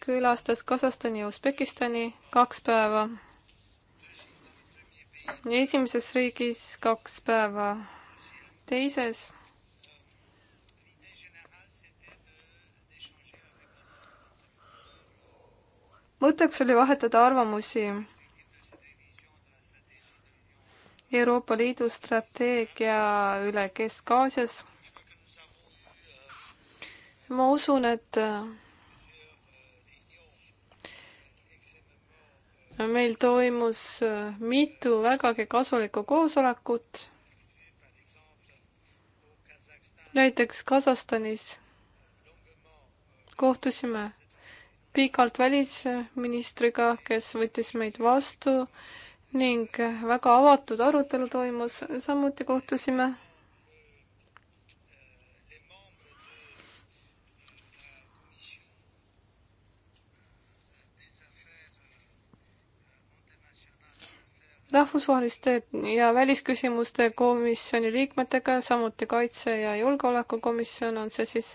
külastas Kasahstani ja Usbekistani kaks päeva. esimeses riigis kaks päeva, teises. mõtteks oli vahetada arvamusi Euroopa Liidu strateegia üle Kesk-Aasias ma usun, et äh, meil toimus äh, mitu vägagi kasulikku koosolekut. näiteks Kasahstanis kohtusime pikalt välisministriga, kes võttis meid vastu ning väga avatud arutelu toimus, samuti kohtusime rahvusvaheliste ja välisküsimuste komisjoni liikmetega, samuti kaitse- ja julgeolekukomisjon on see siis.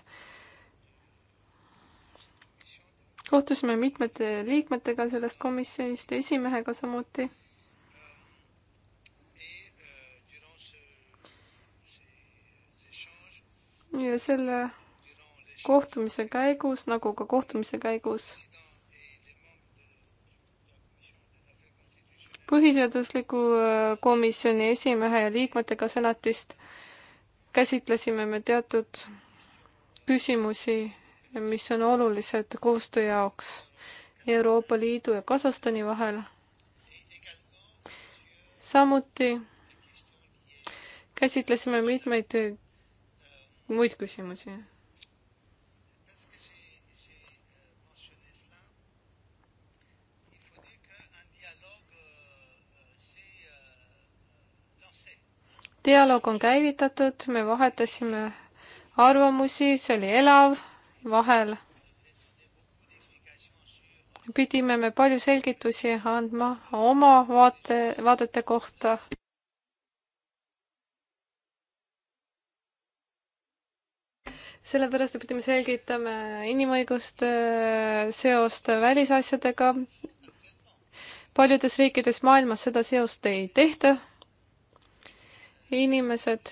kohtusime mitmete liikmetega sellest komisjonist, esimehega samuti. ja selle kohtumise käigus, nagu ka kohtumise käigus põhiseadusliku äh, komisjoni esimehe ja liikmetega senatist käsitlesime me teatud küsimusi, mis on olulised koostöö jaoks Euroopa Liidu ja Kasahstani vahel. samuti käsitlesime mitmeid muid küsimusi dialoog on käivitatud, me vahetasime arvamusi, see oli elav, vahel pidime me palju selgitusi andma oma vaate, vaadete kohta. sellepärast, et pidime selgitama inimõiguste äh, seost välisasjadega. paljudes riikides maailmas seda seost ei tehta inimesed,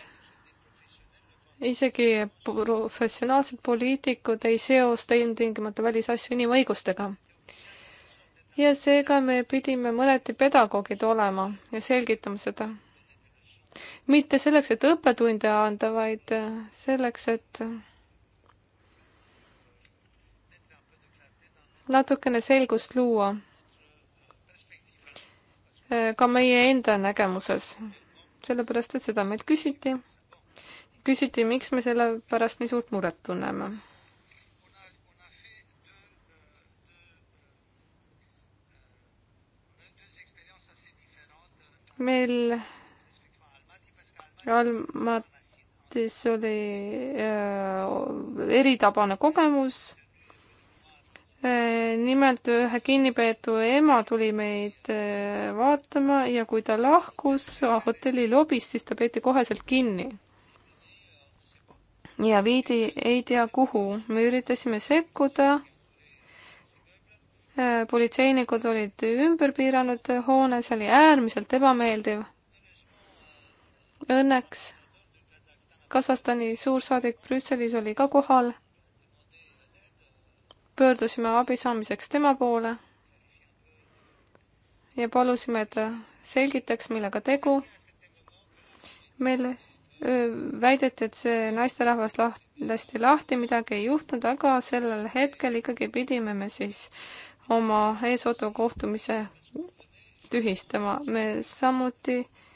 isegi professionaalsed poliitikud ei seosta ilmtingimata välisasju inimõigustega. ja seega me pidime mõneti pedagoogid olema ja selgitama seda. mitte selleks, et õppetunde anda, vaid selleks, et natukene selgust luua ka meie enda nägemuses sellepärast et seda meilt küsiti. küsiti, miks me selle pärast nii suurt muret tunneme. meil Almatis oli äh, eritabane kogemus Äh, nimelt ühe kinnipeetu ema tuli meid äh, vaatama ja kui ta lahkus hotelli lobist, siis ta peeti koheselt kinni. ja viidi ei tea kuhu, me üritasime sekkuda. Äh, politseinikud olid ümber piiranud hoone, see oli äärmiselt ebameeldiv. Õnneks Kasahstani suursaadik Brüsselis oli ka kohal pöördusime abi saamiseks tema poole ja palusime, et ta selgitaks, millega tegu. meile väideti, et see naisterahvas laht-, lasti lahti, midagi ei juhtunud, aga sellel hetkel ikkagi pidime me siis oma eesotu kohtumise tühistama. me samuti äh,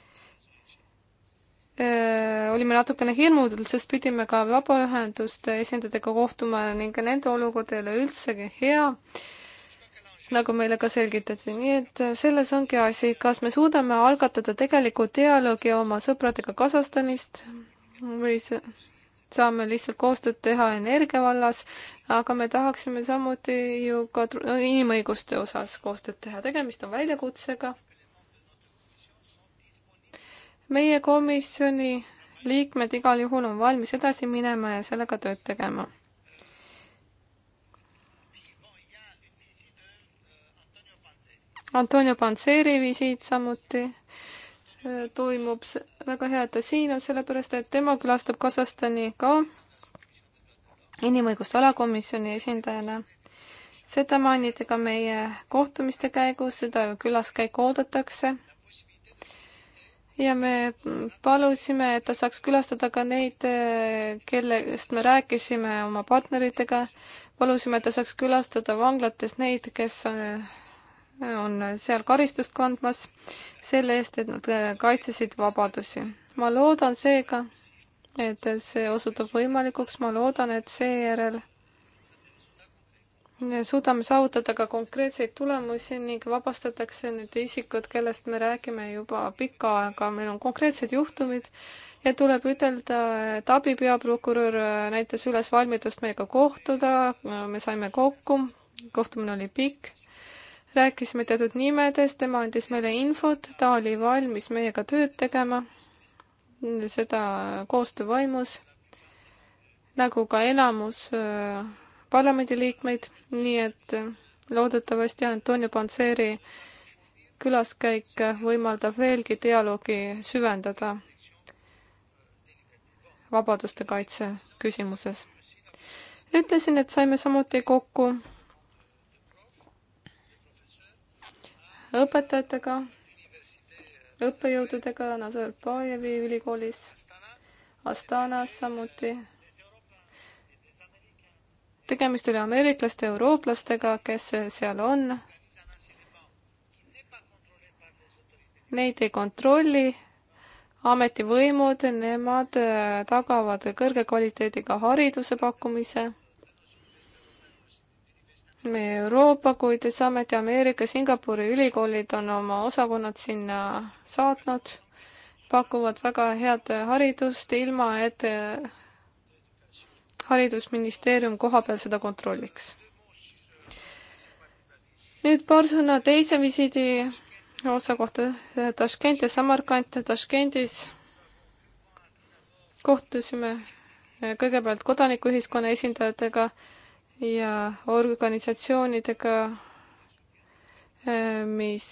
Äh, olime natukene hirmudel, sest pidime ka vabaühenduste esindajatega kohtuma ning nende olukord ei ole üldsegi hea, nagu meile ka selgitati, nii et äh, selles ongi asi, kas me suudame algatada tegeliku dialoogi oma sõpradega Kasahstanist või saame lihtsalt koostööd teha energia vallas, aga me tahaksime samuti ju ka inimõiguste osas koostööd teha, tegemist on väljakutsega meie komisjoni liikmed igal juhul on valmis edasi minema ja sellega tööd tegema. Antonio Panseri visiit samuti äh, toimub, väga hea, et ta siin on, sellepärast et tema külastab Kasahstani ka inimõiguste alakomisjoni esindajana. seda mainiti ka meie kohtumiste käigus, seda külaskäiku oodatakse ja me palusime, et ta saaks külastada ka neid, kellest me rääkisime oma partneritega. palusime, et ta saaks külastada vanglates neid, kes on, on seal karistust kandmas selle eest, et nad kaitsesid vabadusi. ma loodan seega, et see osutub võimalikuks, ma loodan, et seejärel suudame saavutada ka konkreetseid tulemusi ning vabastatakse nüüd isikud, kellest me räägime juba pikka aega, meil on konkreetsed juhtumid ja tuleb ütelda, et abipeaprokurör näitas üles valmidust meiega kohtuda, me saime kokku, kohtumine oli pikk, rääkisime teatud nimedest, tema andis meile infot, ta oli valmis meiega tööd tegema, seda koostöövaimus, nagu ka elamus parlamendiliikmeid, nii et äh, loodetavasti Antonio Panseri külaskäik võimaldab veelgi dialoogi süvendada vabaduste kaitse küsimuses. ütlesin, et saime samuti kokku õpetajatega, õppejõududega Nazarbajevi ülikoolis, Astanas samuti tegemist oli ameeriklaste, eurooplastega, kes seal on. Neid ei kontrolli ametivõimud, nemad äh, tagavad kõrge kvaliteediga hariduse pakkumise. meie Euroopa, kuid samuti Ameerika, Singapuri ülikoolid on oma osakonnad sinna saatnud, pakuvad väga head haridust, ilma et äh, haridusministeerium kohapeal seda kontrolliks. nüüd paar sõna teise visiidi osa kohta Taškent ja Samarkand. Taškendis kohtusime kõigepealt kodanikuühiskonna esindajatega ja organisatsioonidega, mis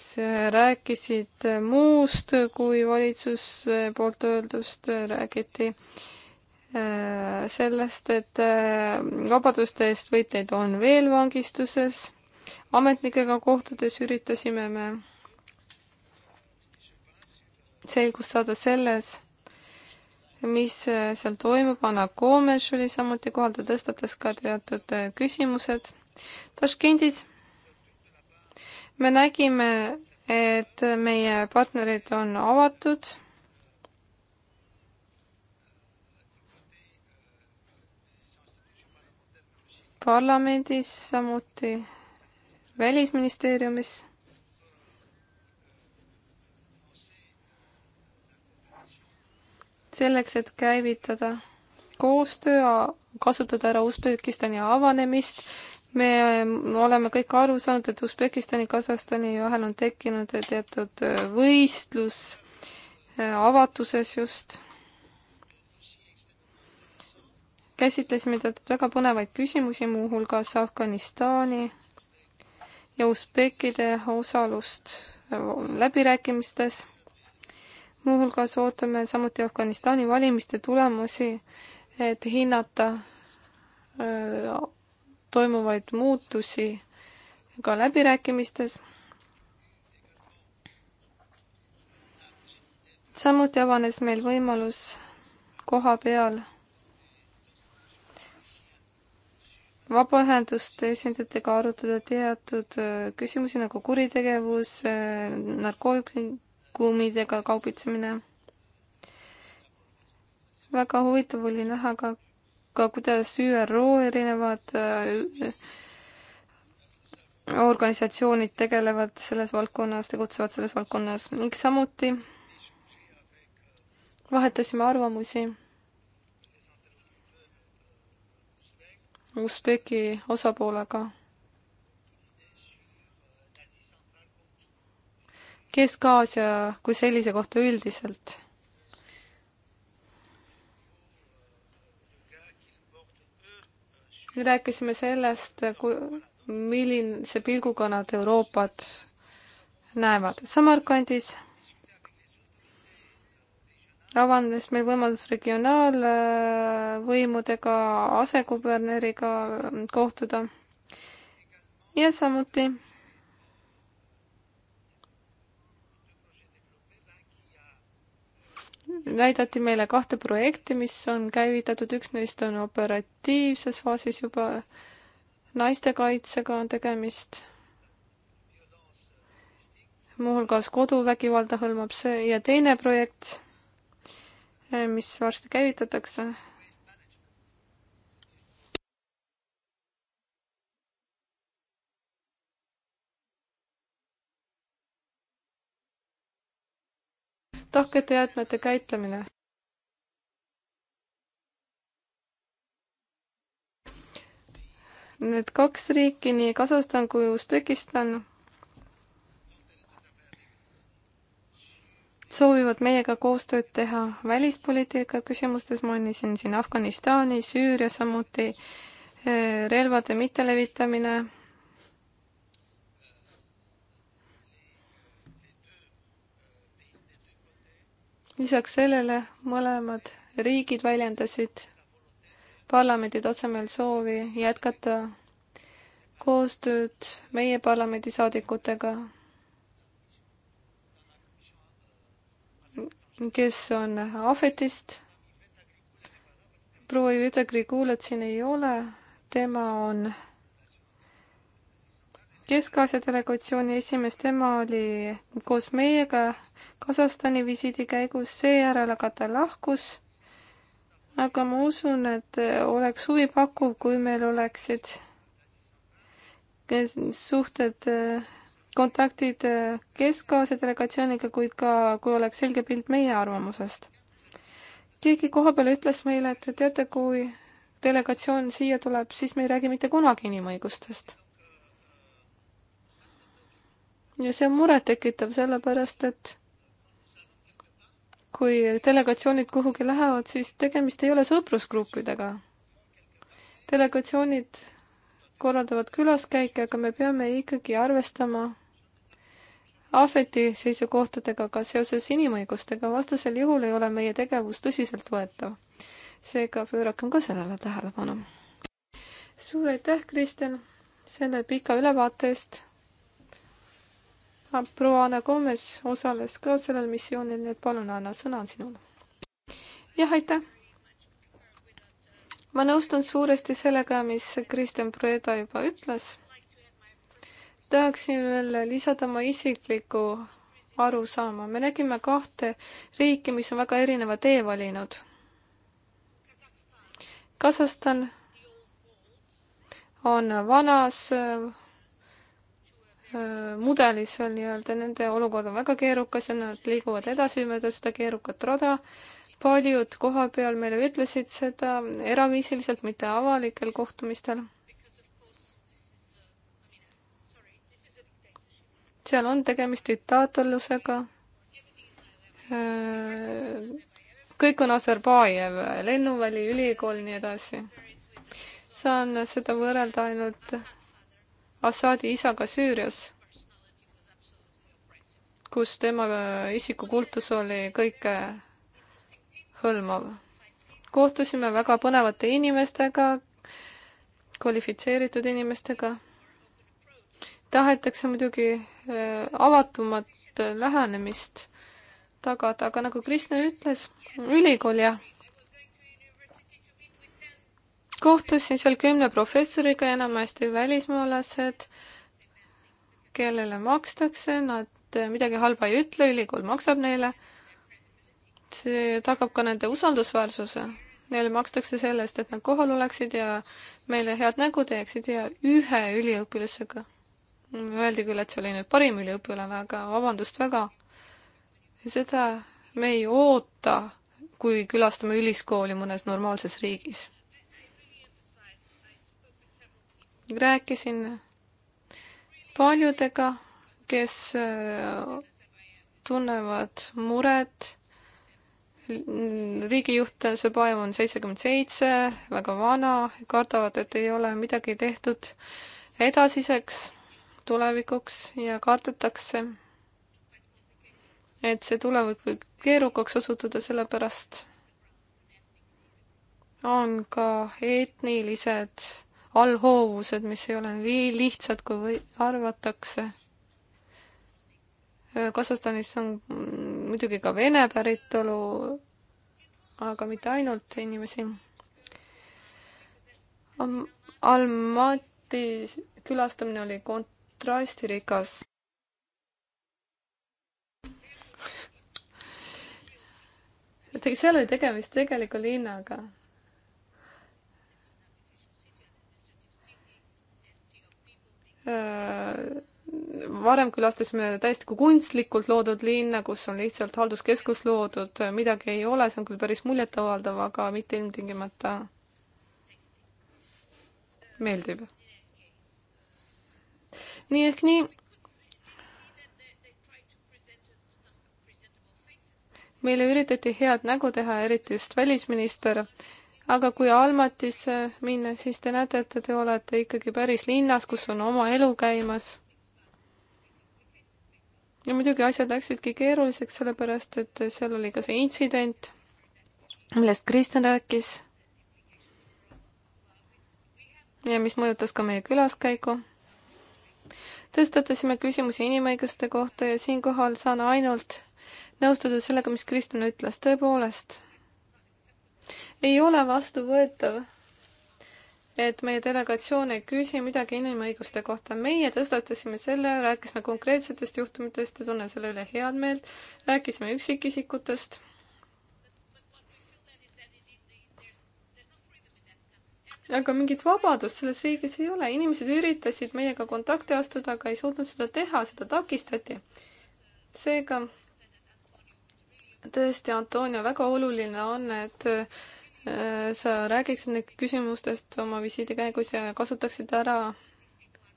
rääkisid muust kui valitsuse poolt öeldust, räägiti äh, Äh, sellest, et äh, vabaduste eest võitleid on veel vangistuses. ametnikega kohtudes üritasime me selgust saada selles, mis äh, seal toimub, Anna Koomes oli samuti kohal, ta tõstatas ka teatud küsimused. Taškendis me nägime, et meie partnerid on avatud parlamendis, samuti välisministeeriumis selleks, et käivitada koostöö, kasutada ära Usbekistani avanemist. me oleme kõik aru saanud, et Usbekistani, Kasahstani vahel on tekkinud teatud võistlus avatuses just käsitlesime teatud väga põnevaid küsimusi, muuhulgas Afganistani ja usbekide osalust äh, läbirääkimistes. muuhulgas ootame samuti Afganistani valimiste tulemusi, et hinnata äh, toimuvaid muutusi ka läbirääkimistes. samuti avanes meil võimalus koha peal vabaühenduste esindajatega arutada teatud äh, küsimusi nagu kuritegevus, äh, narkootikumidega kaubitsemine. väga huvitav oli näha ka, ka kuidas ÜRO erinevad äh, organisatsioonid tegelevad selles valdkonnas, tegutsevad selles valdkonnas ning samuti vahetasime arvamusi Usbeki osapoolega. Kesk-Aasia kui sellise kohta üldiselt. rääkisime sellest, millise pilguga nad Euroopat näevad. Samarkandis avanes meil võimalus regionaalvõimudega, asekuberneriga kohtuda. ja samuti näidati meile kahte projekti, mis on käivitatud, üks neist on operatiivses faasis juba, naistekaitsega on tegemist muuhulgas koduvägivalda hõlmab see ja teine projekt Äh, mis varsti käivitatakse. tahkete jäätmete käitlemine. Need kaks riiki, nii Kasahstan kui Usbekistan soovivad meiega koostööd teha välispoliitika küsimustes, mainisin siin Afganistani, Süüria samuti, eh, relvade mittelevitamine lisaks sellele mõlemad riigid väljendasid parlamendi tasemel soovi jätkata koostööd meie parlamendisaadikutega kes on Ahvetist. proua Jüda Grigulat siin ei ole, tema on Kesk-Aasia delegatsiooni esimees, tema oli koos meiega Kasahstani visiidi käigus, seejärel aga ta lahkus aga ma usun, et oleks huvipakkuv, kui meil oleksid suhted äh, kontaktid äh, Kesk-Aasia delegatsiooniga, kuid ka, kui oleks selge pilt meie arvamusest. keegi kohapeal ütles meile, et teate, kui delegatsioon siia tuleb, siis me ei räägi mitte kunagi inimõigustest. ja see on murettekitav, sellepärast et kui delegatsioonid kuhugi lähevad, siis tegemist ei ole sõprusgruppidega. delegatsioonid korraldavad külaskäike, aga me peame ikkagi arvestama ahveti seisukohtadega ka seoses inimõigustega, vastasel juhul ei ole meie tegevus tõsiseltvõetav. seega pöörakem ka sellele tähelepanu. suur aitäh, Kristjan, selle pika ülevaate eest. Ah, proua Anna Gomes osales ka sellel missioonil, nii et palun, Anna, sõna on sinul. jah, aitäh. ma nõustun suuresti sellega, mis Kristjan Preda juba ütles tahaksin veel lisada oma isikliku arusaama. me nägime kahte riiki, mis on väga erineva tee valinud. Kasahstan on vanas äh, mudelis veel nii-öelda, nende olukord on väga keerukas ja nad liiguvad edasi mööda seda keerukat rada. paljud koha peal meile ütlesid seda eraviisiliselt, mitte avalikel kohtumistel seal on tegemist diktaatorlusega. kõik on Aserbaiev, lennuväli, ülikool, nii edasi. saan seda võrrelda ainult Assaadi isaga Süürias, kus tema isikukultus oli kõike hõlmav. kohtusime väga põnevate inimestega, kvalifitseeritud inimestega tahetakse muidugi äh, avatumat äh, lähenemist tagada, aga nagu Kristjan ütles, ülikool jah. kohtusin seal kümne professoriga, enamasti välismaalased, kellele makstakse, nad äh, midagi halba ei ütle, ülikool maksab neile. see tagab ka nende usaldusväärsuse. Neile makstakse selle eest, et nad kohal oleksid ja meile head nägu teeksid ja ühe üliõpilasega Öeldi küll, et see oli nüüd parim üliõpilane, aga vabandust väga, seda me ei oota, kui külastame üliskooli mõnes normaalses riigis. rääkisin paljudega, kes äh, tunnevad muret. riigijuht Sõbaev on seitsekümmend seitse, väga vana, kardavad, et ei ole midagi tehtud edasiseks tulevikuks ja kardetakse, et see tulevik võib keerukaks osutuda, sellepärast on ka etnilised allhoovused, mis ei ole nii lihtsad, kui või arvatakse. Kasahstanis on muidugi ka vene päritolu, aga mitte ainult inimesi. Almati külastamine oli kont-, kontrastirikas. et seal oli tegemist tegeliku linnaga. Äh, varem külastasime täiesti kui kunstlikult loodud linna, kus on lihtsalt halduskeskus loodud, midagi ei ole, see on küll päris muljetavaldav, aga mitte ilmtingimata meeldib nii ehk nii. meile üritati head nägu teha, eriti just välisminister, aga kui Almatisse minna, siis te näete, et te olete ikkagi päris linnas, kus on oma elu käimas. ja muidugi asjad läksidki keeruliseks, sellepärast et seal oli ka see intsident, millest Kristjan rääkis ja mis mõjutas ka meie külaskäigu tõstatasime küsimusi inimõiguste kohta ja siinkohal saan ainult nõustuda sellega, mis Kristjan ütles, tõepoolest ei ole vastuvõetav, et meie delegatsioon ei küsi midagi inimõiguste kohta. meie tõstatasime selle, rääkisime konkreetsetest juhtumitest ja tunnen selle üle head meelt, rääkisime üksikisikutest aga mingit vabadust selles riigis ei ole, inimesed üritasid meiega kontakti astuda, aga ei suutnud seda teha, seda takistati. seega tõesti, Antonio, väga oluline on, et äh, sa räägiksid neid küsimustest oma visiidi käigus ja kasutaksid ära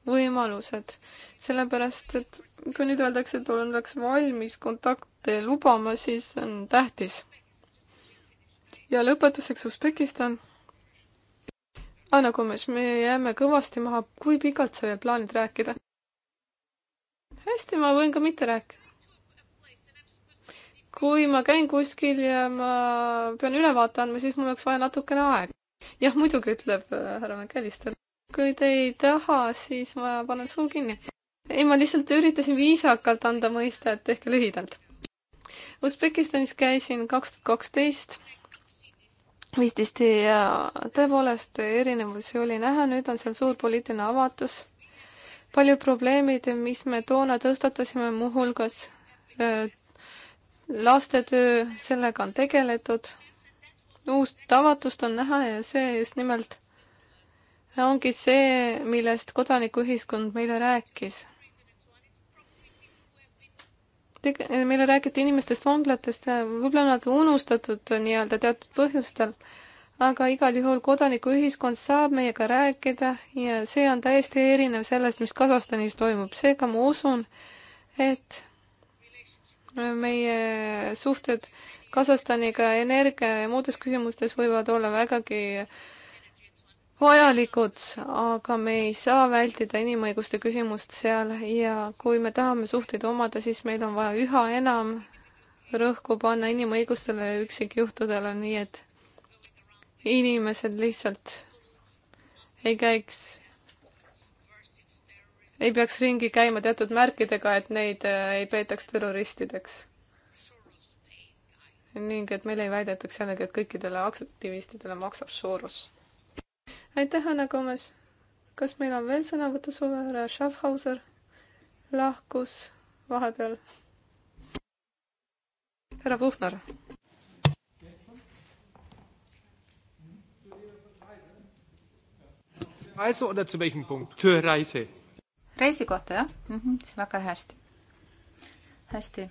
võimalused, sellepärast et kui nüüd öeldakse, et ollakse valmis kontakte lubama, siis on tähtis. ja lõpetuseks Usbekistan Anna Komes, me jääme kõvasti maha, kui pikalt sa veel plaanid rääkida? hästi, ma võin ka mitte rääkida. kui ma käin kuskil ja ma pean ülevaate andma, siis mul oleks vaja natukene aega. jah, muidugi, ütleb äh, härra McAllister. kui te ei taha, siis ma panen suu kinni. ei, ma lihtsalt üritasin viisakalt anda mõista, et tehke lühidalt. Usbekistanis käisin kaks tuhat kaksteist viisteist ja tõepoolest erinevusi oli näha, nüüd on seal suur poliitiline avatus. paljud probleemid, mis me toona tõstatasime, muuhulgas äh, lastetöö, sellega on tegeletud. uust avatust on näha ja see just nimelt ongi see, millest kodanikuühiskond meile rääkis teg-, meile räägiti inimestest vanglatest, võib-olla nad unustatud nii-öelda teatud põhjustel, aga igal juhul kodanikuühiskond saab meiega rääkida ja see on täiesti erinev sellest, mis Kasahstanis toimub, seega ma usun, et meie suhted Kasahstaniga energia ja muudes küsimustes võivad olla vägagi äh, vajalikud, aga me ei saa vältida inimõiguste küsimust seal ja kui me tahame suhteid omada, siis meil on vaja üha enam rõhku panna inimõigustele ja üksikjuhtudele, nii et inimesed lihtsalt ei käiks, ei peaks ringi käima teatud märkidega, et neid äh, ei peetaks terroristideks. ning et meile ei väidetaks jällegi, et kõikidele aktivistidele maksab Soros aitäh, Anna Komes. kas meil on veel sõnavõtusoove, härra Schaffhauser lahkus vahepeal. härra Puhnar. Reise oder zu welchem Punkt? Zur Reise. Reisi kohta, jah mm? -hmm, see väga hästi. hästi.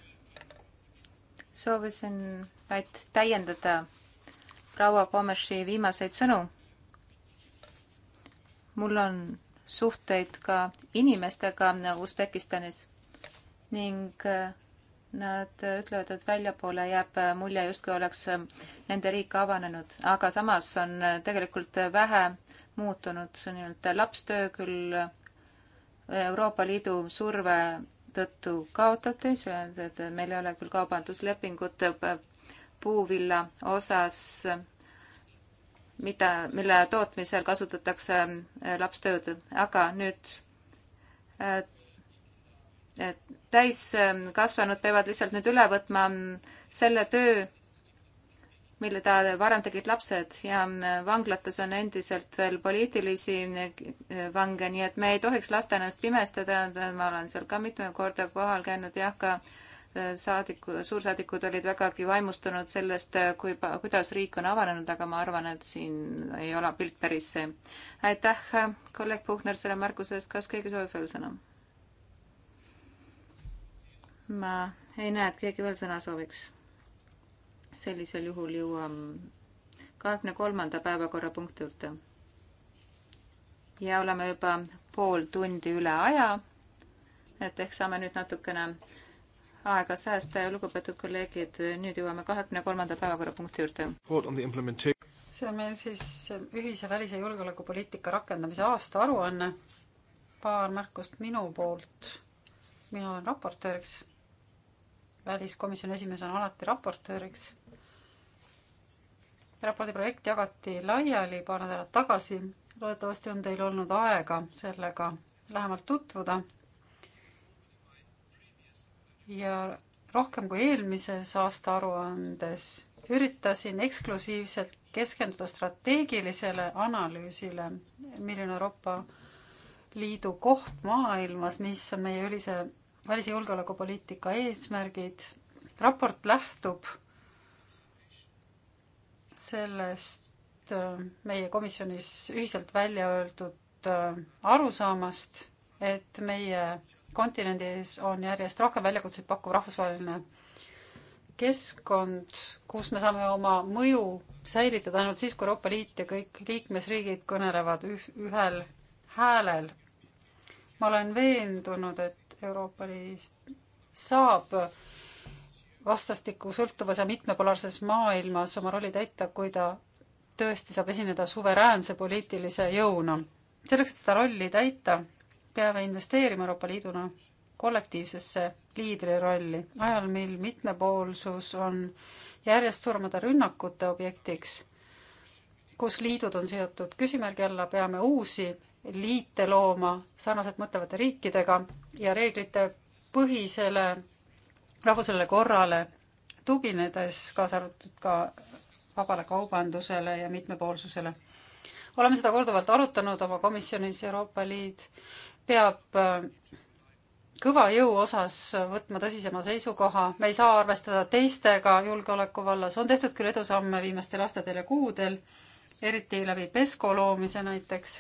soovisin vaid täiendada proua Komeši viimaseid sõnu mul on suhteid ka inimestega Usbekistanis ning äh, nad ütlevad, et väljapoole jääb mulje, justkui oleks äh, nende riik avanenud, aga samas on äh, tegelikult vähe muutunud, see on nii-öelda lapstöö küll Euroopa Liidu surve tõttu kaotati, see on, et meil ei ole küll kaubanduslepingut puuvilla osas mida, mille tootmisel kasutatakse äh, lapstööd, aga nüüd äh, täiskasvanud äh, peavad lihtsalt nüüd üle võtma mm, selle töö, mille ta varem tegid lapsed ja vanglates on endiselt veel poliitilisi vange, nii et me ei tohiks lasta ennast pimestada, ma olen seal ka mitu korda kohal käinud, jah, ka äh, saadiku, suursaadikud olid vägagi vaimustunud sellest, kui, kuidas riik on avanenud, aga ma arvan, et siin ei ole pilt päris see. aitäh, kolleeg Puhner, selle märkuse eest. kas keegi soovib veel sõna? ma ei näe, et keegi veel sõna sooviks. sellisel juhul jõuame kahekümne kolmanda päevakorrapunkti juurde. ja oleme juba pool tundi üle aja. et ehk saame nüüd natukene aega säästa ja lugupeetud kolleegid, nüüd jõuame kahekümne kolmanda päevakorrapunkti juurde. see on meil siis ühise välis- ja julgeolekupoliitika rakendamise aastaaruanne. paar märkust minu poolt. mina olen raportööriks. väliskomisjoni esimees on alati raportööriks. raporti projekt jagati laiali paar nädalat tagasi. loodetavasti on teil olnud aega sellega lähemalt tutvuda ja rohkem kui eelmises aastaaruandes üritasin eksklusiivselt keskenduda strateegilisele analüüsile, milline Euroopa Liidu koht maailmas, mis on meie ülise välis- ja julgeolekupoliitika eesmärgid. raport lähtub sellest äh, meie komisjonis ühiselt välja öeldud äh, arusaamast, et meie kontinendi ees on järjest rohkem väljakutseid pakkuv rahvusvaheline keskkond, kus me saame oma mõju säilitada ainult siis, kui Euroopa Liit ja kõik liikmesriigid kõnelevad üh-, ühel häälel. ma olen veendunud, et Euroopa Liit saab vastastikku sõltuvas ja mitmepolaarses maailmas oma rolli täita, kui ta tõesti saab esineda suveräänse poliitilise jõuna. selleks, et seda rolli täita, peame investeerima Euroopa Liiduna kollektiivsesse liidri rolli ajal, mil mitmepoolsus on järjest surmade rünnakute objektiks, kus liidud on seotud küsimärgi alla, peame uusi liite looma sarnaselt mõtlevate riikidega ja reeglite põhisele rahvusele korrale tuginedes, kaasa arvatud ka vabale kaubandusele ja mitmepoolsusele. oleme seda korduvalt arutanud oma komisjonis, Euroopa Liit peab äh, kõva jõu osas võtma tõsisema seisukoha, me ei saa arvestada teistega julgeoleku vallas, on tehtud küll edusamme viimastel aastatel ja kuudel, eriti läbi PESCO loomise näiteks,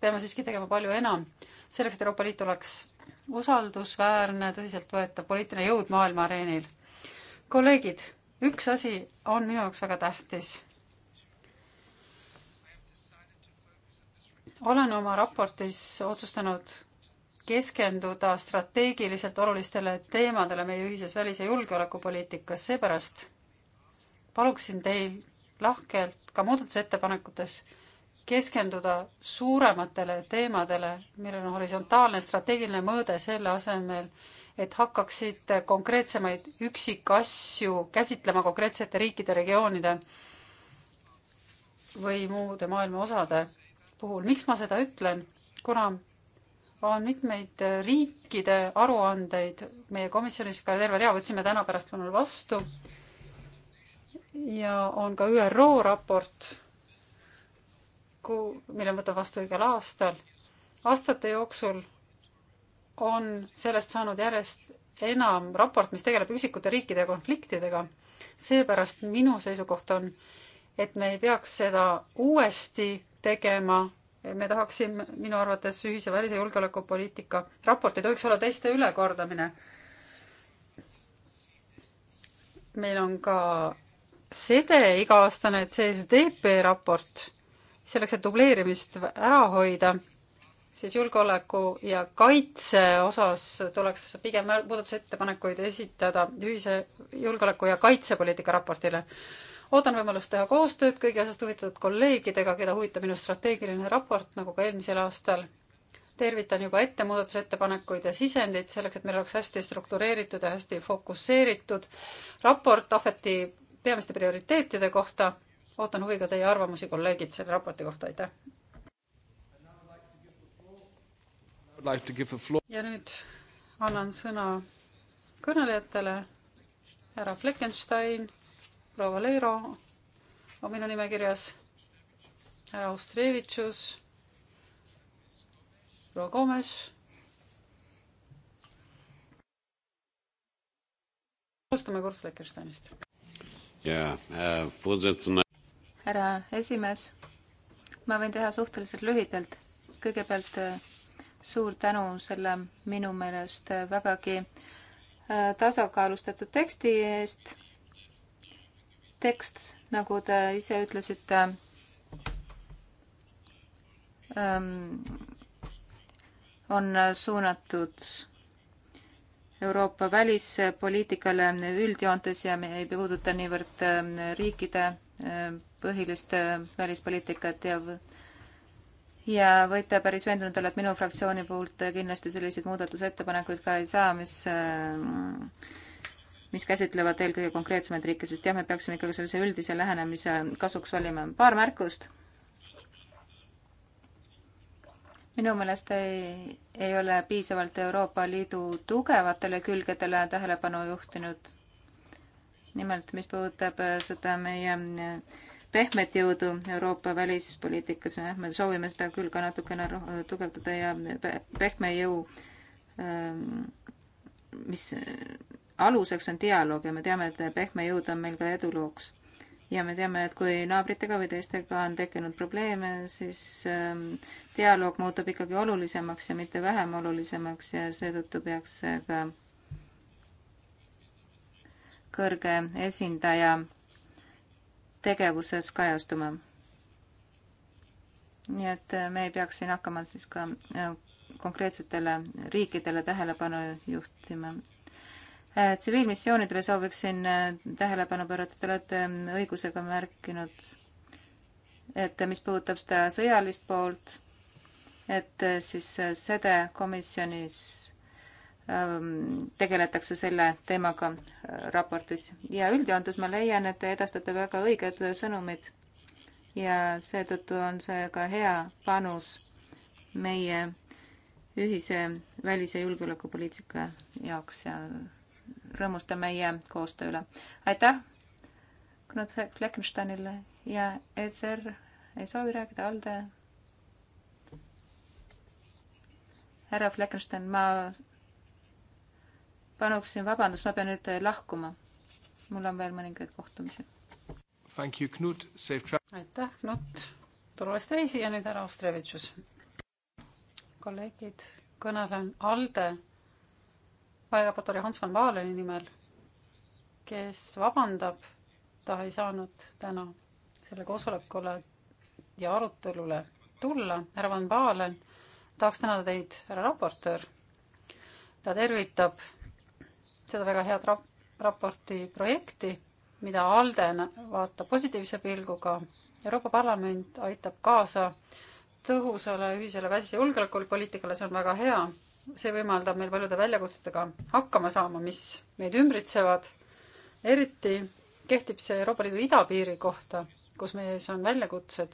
peame siiski tegema palju enam, selleks, et Euroopa Liit oleks usaldusväärne, tõsiseltvõetav poliitiline jõud maailma areenil. kolleegid, üks asi on minu jaoks väga tähtis olen oma raportis otsustanud keskenduda strateegiliselt olulistele teemadele meie ühises välis- ja julgeolekupoliitikas, seepärast paluksin teil lahkelt ka muudatusettepanekutes keskenduda suurematele teemadele, millel on horisontaalne strateegiline mõõde, selle asemel, et hakkaksid konkreetsemaid üksikasju käsitlema konkreetsete riikide, regioonide või muude maailma osade puhul. miks ma seda ütlen? kuna on mitmeid riikide aruandeid meie komisjonis ka terve rea, võtsime täna pärastlõunal vastu. ja on ka ÜRO raport, kuhu, mille ma võtan vastu igal aastal. aastate jooksul on sellest saanud järjest enam raport, mis tegeleb üksikute riikide konfliktidega. seepärast minu seisukoht on, et me ei peaks seda uuesti tegema. me tahaksime minu arvates ühise välis- ja julgeolekupoliitika raport ei tohiks olla teiste ülekordamine. meil on ka sede iga-aastane CSDP raport, selleks, et dubleerimist ära hoida, siis julgeoleku ja kaitse osas tuleks pigem muudatusettepanekuid esitada ühise julgeoleku ja kaitsepoliitika raportile ootan võimalust teha koostööd kõigi asjast huvitatud kolleegidega, keda huvitab minu strateegiline raport, nagu ka eelmisel aastal. tervitan juba ette muudatusettepanekuid ja sisendit selleks, et meil oleks hästi struktureeritud ja hästi fokusseeritud raport Ahveti peamiste prioriteetide kohta. ootan huviga teie arvamusi, kolleegid, selle raporti kohta, aitäh! ja nüüd annan sõna kõnelejatele, härra Fleckenstein proua Leiro on minu nimekirjas, härra Ustrevitšus, proua Komes alustame Kurt Fleckensteinist. jaa äh,, Vorsitzende. härra esimees, ma võin teha suhteliselt lühidalt. kõigepealt äh, suur tänu selle minu meelest vägagi äh, tasakaalustatud teksti eest tekst, nagu te ise ütlesite ähm,, on suunatud Euroopa välispoliitikale üldjoontes ja me ei puuduta niivõrd ähm, riikide ähm, põhilist äh, välispoliitikat ja ja võite päris veendunud olla, et minu fraktsiooni poolt kindlasti selliseid muudatusettepanekuid ka ei saa, mis ähm, mis käsitlevad eelkõige konkreetsemaid riike, sest jah, me peaksime ikkagi sellise üldise lähenemise kasuks valima. paar märkust. minu meelest ei, ei ole piisavalt Euroopa Liidu tugevatele külgedele tähelepanu juhtinud. nimelt, mis puudutab seda meie pehmet jõudu Euroopa välispoliitikas, jah, me soovime seda küll ka natukene tugevdada ja pehme jõu, ähm, mis aluseks on dialoog ja me teame, et pehme jõud on meil ka edulooks. ja me teame, et kui naabritega või teistega on tekkinud probleeme, siis ähm, dialoog muutub ikkagi olulisemaks ja mitte vähem olulisemaks ja seetõttu peaks ka kõrge esindaja tegevuses kajastuma. nii et äh, me ei peaks siin hakkama siis ka äh, konkreetsetele riikidele tähelepanu juhtima Äh, tsiviilmissioonidele sooviksin äh, tähelepanu pöörata, te olete ähm, õigusega märkinud, et äh, mis puudutab seda sõjalist poolt, et siis SEDE komisjonis ähm, tegeletakse selle teemaga raportis ja üldjoontes ma leian, et te edastate väga õiged sõnumid ja seetõttu on see ka hea panus meie ühise välis- ja julgeolekupoliitika jaoks ja rõõmusta meie koostöö üle. aitäh Knut Fleckensteinile ja ECR ei soovi rääkida, Alde. härra Fleckenstein, ma panuksin vabandust, ma pean nüüd lahkuma. mul on veel mõningaid kohtumisi. Thank you, Knut, safe travel. aitäh, Knut, turvalist reisi ja nüüd härra Ostrevitšus. kolleegid, kõnelen Alde variraportööri Hans van Valeni nimel, kes vabandab, ta ei saanud täna selle koosolekule ja arutelule tulla. härra van Valen, tahaks tänada teid, härra raportöör. ta tervitab seda väga head rap-, raporti projekti, mida ALDE vaatab positiivse pilguga. Euroopa Parlament aitab kaasa tõhusale ühisele välis- ja julgeolekupoliitikale, see on väga hea see võimaldab meil paljude väljakutsetega hakkama saama, mis meid ümbritsevad. eriti kehtib see Euroopa Liidu idapiiri kohta, kus meie ees on väljakutsed,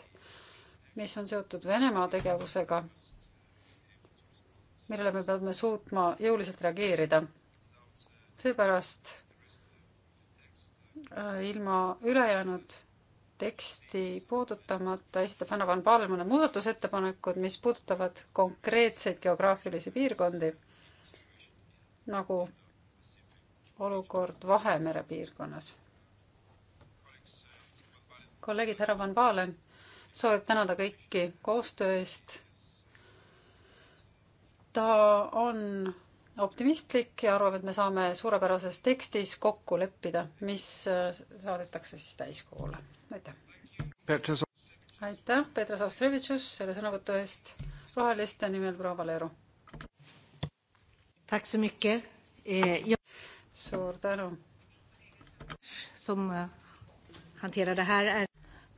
mis on seotud Venemaa tegevusega, millele me peame suutma jõuliselt reageerida. seepärast äh, ilma ülejäänud teksti puudutamata esitab Hanna Van Palm mõned muudatusettepanekud, mis puudutavad konkreetseid geograafilisi piirkondi, nagu olukord Vahemere piirkonnas. kolleegid, härra Van Palen soovib tänada kõiki koostöö eest. ta on optimistlik ja arvab, et me saame suurepärases tekstis kokku leppida, mis äh, saadetakse siis täiskogule. aitäh! aitäh, Petras Austrevitšus selle sõnavõtu eest. roheliste nimel proua Valeru. Eh, suur tänu! Eh,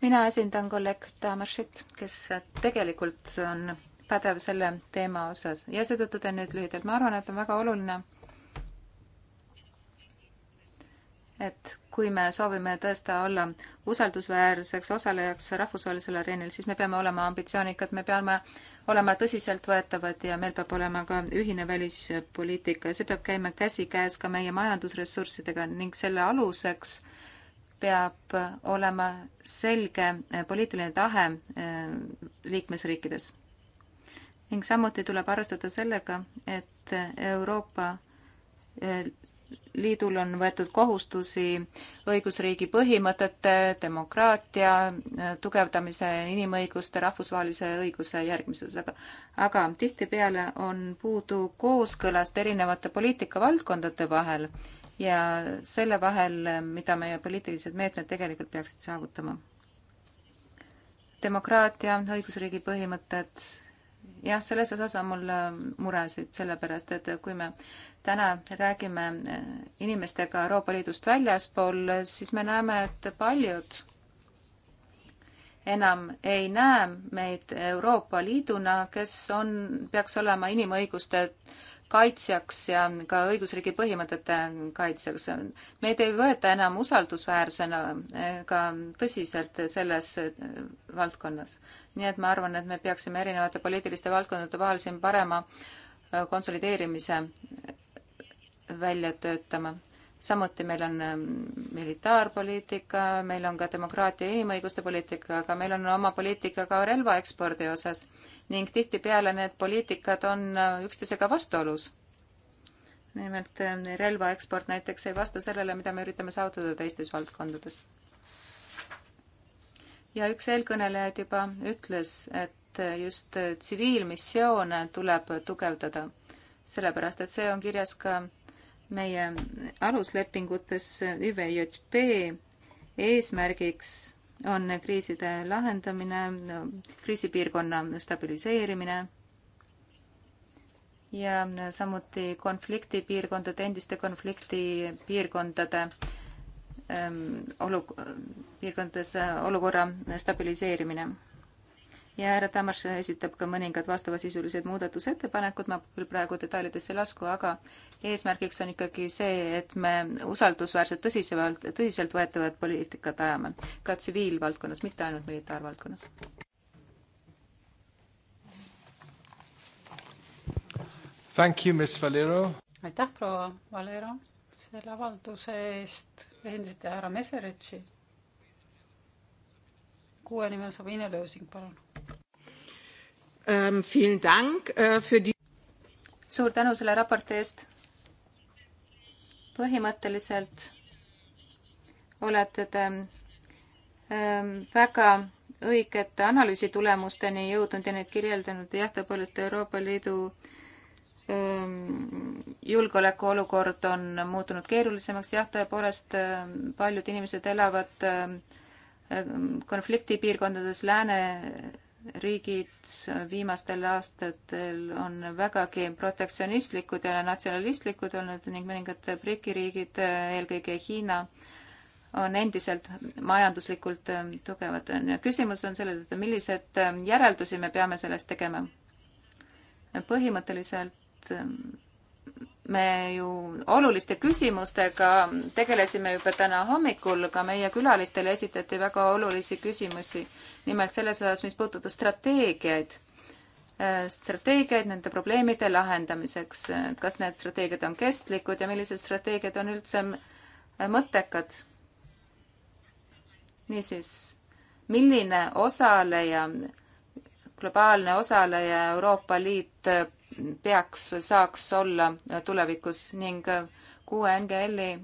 mina esindan kolleeg Tamaršit, kes tegelikult on pädev selle teema osas ja seetõttu teen nüüd lühidalt. ma arvan, et on väga oluline, et kui me soovime tõesta olla usaldusväärseks osalejaks rahvusvahelisel areenil, siis me peame olema ambitsioonikad, me peame olema tõsiseltvõetavad ja meil peab olema ka ühine välispoliitika ja see peab käima käsikäes ka meie majandusressurssidega ning selle aluseks peab olema selge poliitiline tahe eh, liikmesriikides ning samuti tuleb arvestada sellega, et Euroopa eh, Liidul on võetud kohustusi õigusriigi põhimõtete, demokraatia eh, tugevdamise, inimõiguste, rahvusvahelise õiguse järgmises, aga aga tihtipeale on puudu kooskõlast erinevate poliitikavaldkondade vahel ja selle vahel, mida meie poliitilised meetmed tegelikult peaksid saavutama. demokraatia, õigusriigi põhimõtted jah, selles osas on mul äh, muresid, sellepärast et äh, kui me täna räägime äh, inimestega Euroopa Liidust väljaspool, siis me näeme, et paljud enam ei näe meid Euroopa Liiduna, kes on, peaks olema inimõiguste äh, kaitsjaks ja ka õigusriigi põhimõtete kaitsjaks. meid ei võeta enam usaldusväärsena ega eh, tõsiselt selles eh, valdkonnas. nii et ma arvan, et me peaksime erinevate poliitiliste valdkondade vahel siin parema eh, konsolideerimise välja töötama samuti meil on militaarpoliitika, meil on ka demokraatia ja inimõiguste poliitika, aga meil on oma poliitika ka relvaekspordi osas ning tihtipeale need poliitikad on äh, üksteisega vastuolus. nimelt äh, relvaeksport näiteks ei vasta sellele, mida me üritame saavutada teistes valdkondades. ja üks eelkõnelejaid juba ütles, et äh, just tsiviilmissioone tuleb tugevdada, sellepärast et see on kirjas ka meie aluslepingutes ÜVJP eesmärgiks on kriiside lahendamine, kriisipiirkonna stabiliseerimine ja samuti konfliktipiirkondade, endiste konfliktipiirkondade ähm, olu-, piirkondades äh, olukorra stabiliseerimine ja härra Tamas esitab ka mõningad vastavasisulised muudatusettepanekud, ma küll praegu detailidesse ei lasku, aga eesmärgiks on ikkagi see, et me usaldusväärselt tõsisemalt, tõsiseltvõetavat poliitikat ajame ka tsiviilvaldkonnas, mitte ainult militaarvaldkonnas. Thank you, Miss Valero. aitäh, proua Valero, selle avalduse eest. esindasite härra Meseritši kuue nimel Sabine Lösing, palun ähm,. Dank, äh, die... suur tänu selle raporti eest. põhimõtteliselt olete te ähm, väga õigete analüüsi tulemusteni jõudnud ja neid kirjeldanud. jah, tõepoolest Euroopa Liidu ähm, julgeolekuolukord on muutunud keerulisemaks, jah, tõepoolest ähm, paljud inimesed elavad äh, Ehm, konfliktipiirkondades lääneriigid äh, viimastel aastatel on vägagi protektsionistlikud ja natsionalistlikud olnud ning mõningad BRICS-i riigid, äh, eelkõige Hiina, on endiselt majanduslikult äh, tugevad. küsimus on selles, et millised järeldusi me peame sellest tegema. põhimõtteliselt me ju oluliste küsimustega tegelesime juba täna hommikul, ka meie külalistele esitati väga olulisi küsimusi. nimelt selles osas, mis puudutas strateegiaid, äh, strateegiaid nende probleemide lahendamiseks, äh, kas need strateegiad on kestlikud ja millised strateegiad on üldse äh, mõttekad. niisiis, milline osaleja, globaalne osaleja Euroopa Liit peaks või saaks olla tulevikus ning kuue NGL-i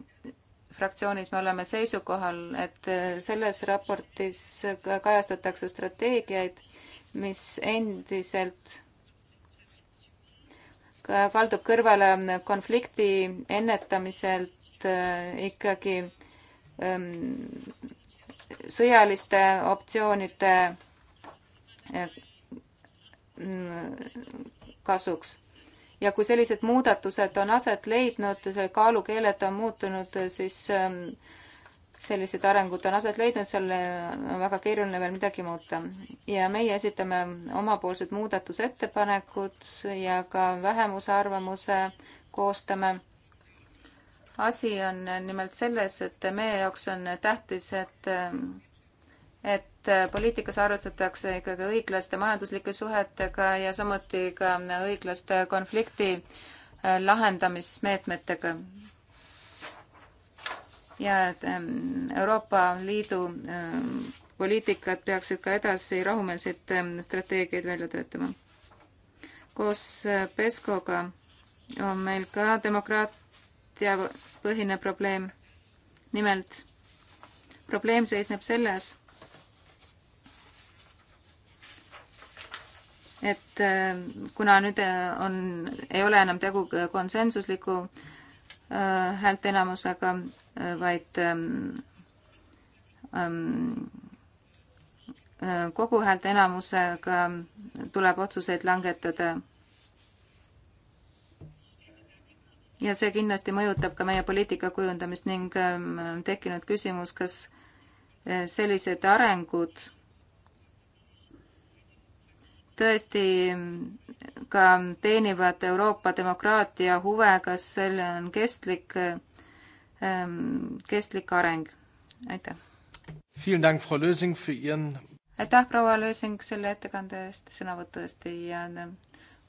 fraktsioonis me oleme seisukohal, et selles raportis kajastatakse strateegiaid, mis endiselt kaldub kõrvale konflikti ennetamiselt äh, ikkagi ähm, sõjaliste optsioonide äh, mm, kasuks. ja kui sellised muudatused on aset leidnud, see kaalukeeled on muutunud, siis ähm, sellised arengud on aset leidnud, seal on väga keeruline veel midagi muuta. ja meie esitame omapoolsed muudatusettepanekud ja ka vähemuse arvamuse koostame. asi on nimelt selles, et meie jaoks on tähtis, et, ähm, et et poliitikas arvestatakse ikkagi õiglaste majanduslike suhetega ja samuti ka õiglaste konflikti äh, lahendamismeetmetega. ja et ähm, Euroopa Liidu ähm, poliitikad peaksid ka edasi rahumeelseid ähm, strateegiaid välja töötama. koos äh, Peskoga on meil ka demokraatia põhine probleem. nimelt probleem seisneb selles, et äh, kuna nüüd äh, on, ei ole enam tegu konsensusliku äh, häälteenamusega, vaid ähm, ähm, kogu häälteenamusega tuleb otsuseid langetada. ja see kindlasti mõjutab ka meie poliitika kujundamist ning ähm, on tekkinud küsimus, kas sellised arengud tõesti ka teenivad Euroopa demokraatia huve, kas selle on kestlik, ähm, kestlik areng. aitäh. aitäh, proua Lösing, selle ettekande eest, sõnavõtu eest ja ähm,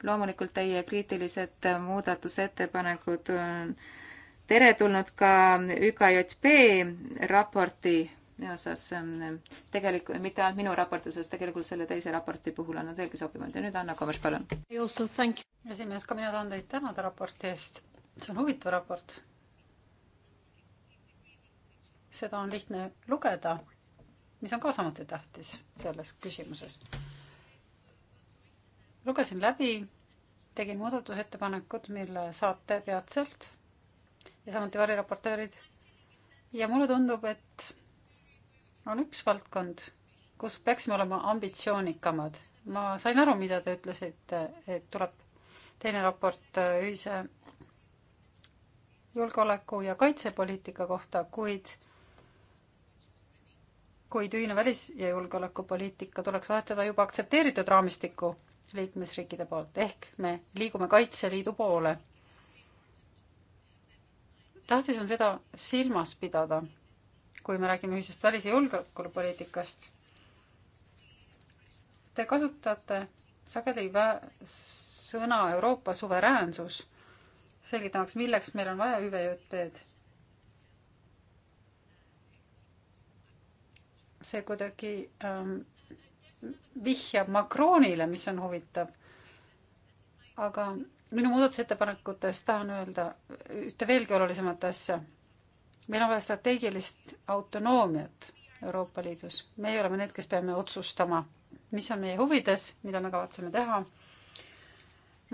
loomulikult teie kriitilised muudatusettepanekud on teretulnud ka ÜKJP raporti osas ähm, tegelikult, mitte ainult minu raporti osas, tegelikult selle teise raporti puhul on nad veelgi sobivamad ja nüüd Anna Komes, palun. esimees, ka mina tahan teid tänada raporti eest. see on huvitav raport. seda on lihtne lugeda, mis on ka samuti tähtis selles küsimuses. lugesin läbi, tegin muudatusettepanekud, mille saate peatselt ja samuti variraportöörid. ja mulle tundub, et on üks valdkond, kus peaksime olema ambitsioonikamad. ma sain aru, mida te ütlesite, et tuleb teine raport äh, ühise julgeoleku ja kaitsepoliitika kohta, kuid kuid ühine välis- ja julgeolekupoliitika tuleks aetada juba aktsepteeritud raamistikku liikmesriikide poolt, ehk me liigume Kaitseliidu poole. tähtis on seda silmas pidada kui me räägime ühisest välis- ja julgeolekupoliitikast. Te kasutate sageli vä-, sõna Euroopa suveräänsus, selgitamaks, milleks meil on vaja ÜVJP-d. see kuidagi ähm, vihjab Macronile, mis on huvitav. aga minu muudatusettepanekutest tahan öelda ühte veelgi olulisemat asja meil on vaja strateegilist autonoomiat Euroopa Liidus. meie oleme need, kes peame otsustama, mis on meie huvides, mida me kavatseme teha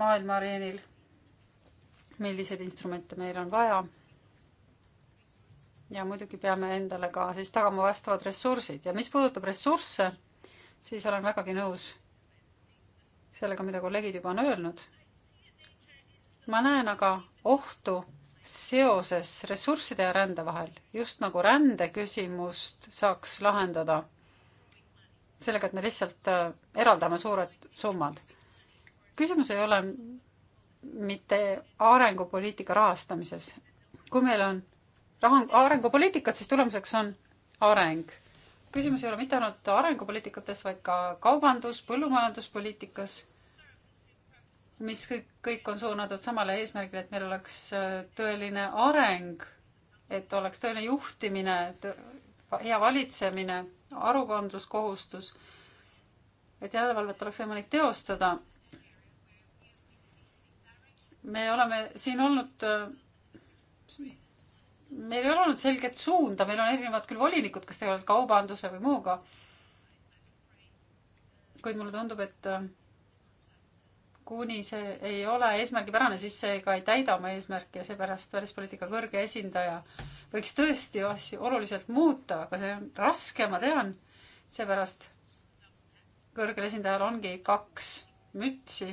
maailma areenil, milliseid instrumente meil on vaja. ja muidugi peame endale ka siis tagama vastavad ressursid ja mis puudutab ressursse, siis olen vägagi nõus sellega, mida kolleegid juba on öelnud. ma näen aga ohtu seoses ressursside ja rände vahel, just nagu rändeküsimust saaks lahendada sellega, et me lihtsalt äh, eraldame suured summad. küsimus ei ole mitte arengupoliitika rahastamises. kui meil on raha, arengupoliitikat, siis tulemuseks on areng. küsimus ei ole mitte ainult arengupoliitikates, vaid ka kaubandus, põllumajanduspoliitikas mis kõik, kõik on suunatud samale eesmärgile, et meil oleks äh, tõeline areng, et oleks tõeline juhtimine, hea valitsemine, aruandluskohustus, et järelevalvet oleks võimalik teostada. me oleme siin olnud, äh, meil ei ole olnud selget suunda, meil on erinevad küll volinikud, kes tegelevad kaubanduse või muuga. kuid mulle tundub, et äh, kuni see ei ole eesmärgipärane, siis see ka ei täida oma eesmärki ja seepärast välispoliitika kõrge esindaja võiks tõesti asju oluliselt muuta, aga see on raske, ma tean. seepärast kõrgel esindajal ongi kaks mütsi.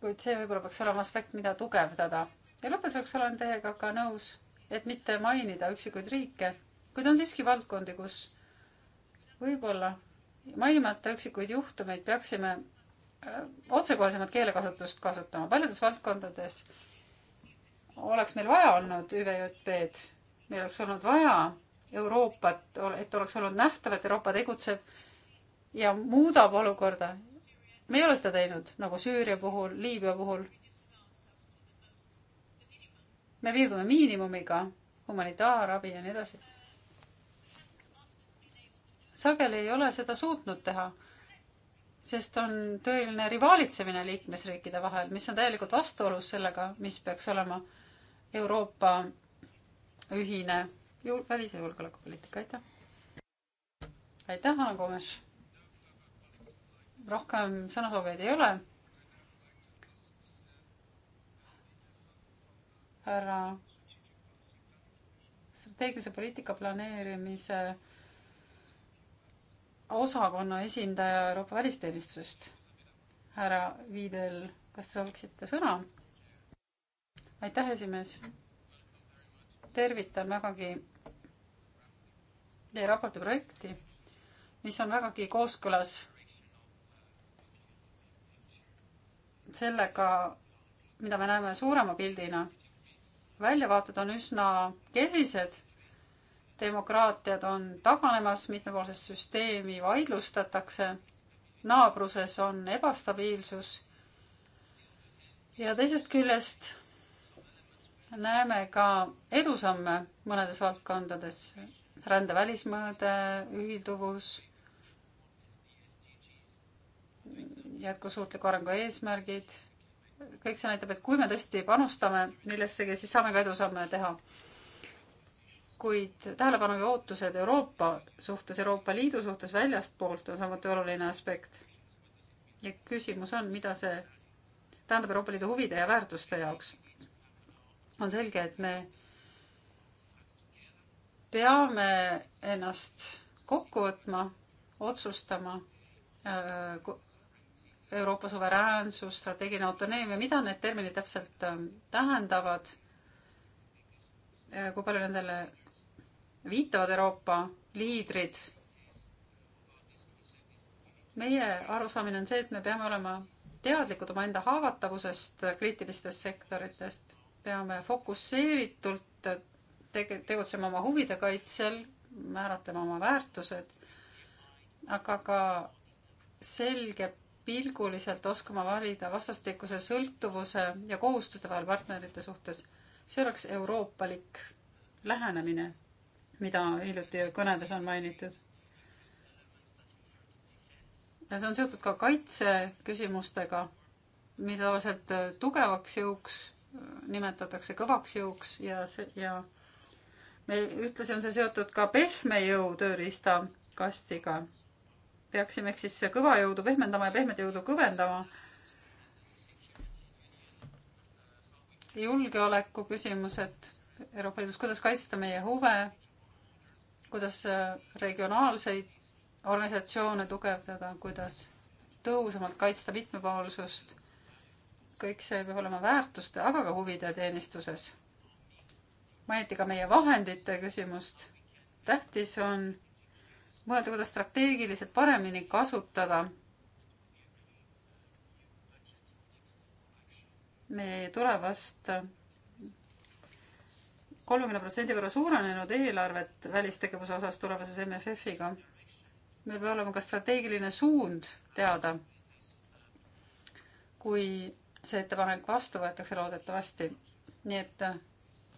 kuid see võib-olla peaks olema aspekt, mida tugevdada. ja lõpetuseks olen teiega ka nõus, et mitte mainida üksikuid riike, kuid on siiski valdkondi, kus võib-olla mainimata üksikuid juhtumeid, peaksime äh, otsekohesemat keelekasutust kasutama. paljudes valdkondades oleks meil vaja olnud ÜVJP-d, meil oleks olnud vaja Euroopat, et oleks olnud nähtav, et Euroopa tegutseb ja muudab olukorda. me ei ole seda teinud, nagu Süüria puhul, Liibüa puhul. me piirdume miinimumiga, humanitaarabi ja nii edasi sageli ei ole seda suutnud teha, sest on tõeline rivaalitsemine liikmesriikide vahel, mis on täielikult vastuolus sellega, mis peaks olema Euroopa ühine jul-, välis- ja julgeolekupoliitika, aitäh! aitäh, Anna Komes! rohkem sõnasoovijaid ei ole. härra strateegilise poliitika planeerimise osakonna esindaja Euroopa välisteenistusest. härra Viidel, kas sooviksite sõna? aitäh, esimees. tervitan vägagi teie raporti projekti, mis on vägagi kooskõlas sellega, mida me näeme suurema pildina. väljavaated on üsna kesised demokraatiad on taganemas, mitmepoolses süsteemi vaidlustatakse, naabruses on ebastabiilsus ja teisest küljest näeme ka edusamme mõnedes valdkondades, rände välismõõde, ühilduvus, jätkusuutliku arengu eesmärgid, kõik see näitab, et kui me tõesti panustame millessegi, siis saame ka edusamme teha kuid tähelepanu ja ootused Euroopa suhtes, Euroopa Liidu suhtes väljastpoolt on samuti oluline aspekt. ja küsimus on, mida see tähendab Euroopa Liidu huvide ja väärtuste jaoks. on selge, et me peame ennast kokku võtma, otsustama äh, Euroopa suveräänsus, strateegiline autoneemia, mida need terminid täpselt äh, tähendavad, äh, kui palju nendele viitavad Euroopa liidrid. meie arusaamine on see, et me peame olema teadlikud omaenda haavatavusest kriitilistest sektoritest, peame fokusseeritult tege-, tegutsema oma huvide kaitsel, määratlema oma väärtused, aga ka selgepilguliselt oskama valida vastastikuse sõltuvuse ja kohustuste vahel partnerite suhtes. see oleks euroopalik lähenemine mida hiljuti kõnedes on mainitud. ja see on seotud ka kaitseküsimustega, mida tavaliselt tugevaks jõuks nimetatakse kõvaks jõuks ja see ja me ühtlasi on see seotud ka pehme jõu tööriistakastiga. peaksime ehk siis kõva jõudu pehmendama ja pehmet jõudu kõvendama julgeoleku küsimused Euroopa Liidus, kuidas kaitsta meie huve, kuidas äh, regionaalseid organisatsioone tugevdada, kuidas tõhusamalt kaitsta mitmepoolsust. kõik see peab olema väärtuste, aga ka huvide teenistuses. mainiti ka meie vahendite küsimust. tähtis on mõelda, kuidas strateegiliselt paremini kasutada meie tulevast kolmekümne protsendi võrra suurenenud eelarvet välistegevuse osas tulevases MFF-iga. meil peab olema ka strateegiline suund teada, kui see ettepanek vastu võetakse loodetavasti. nii et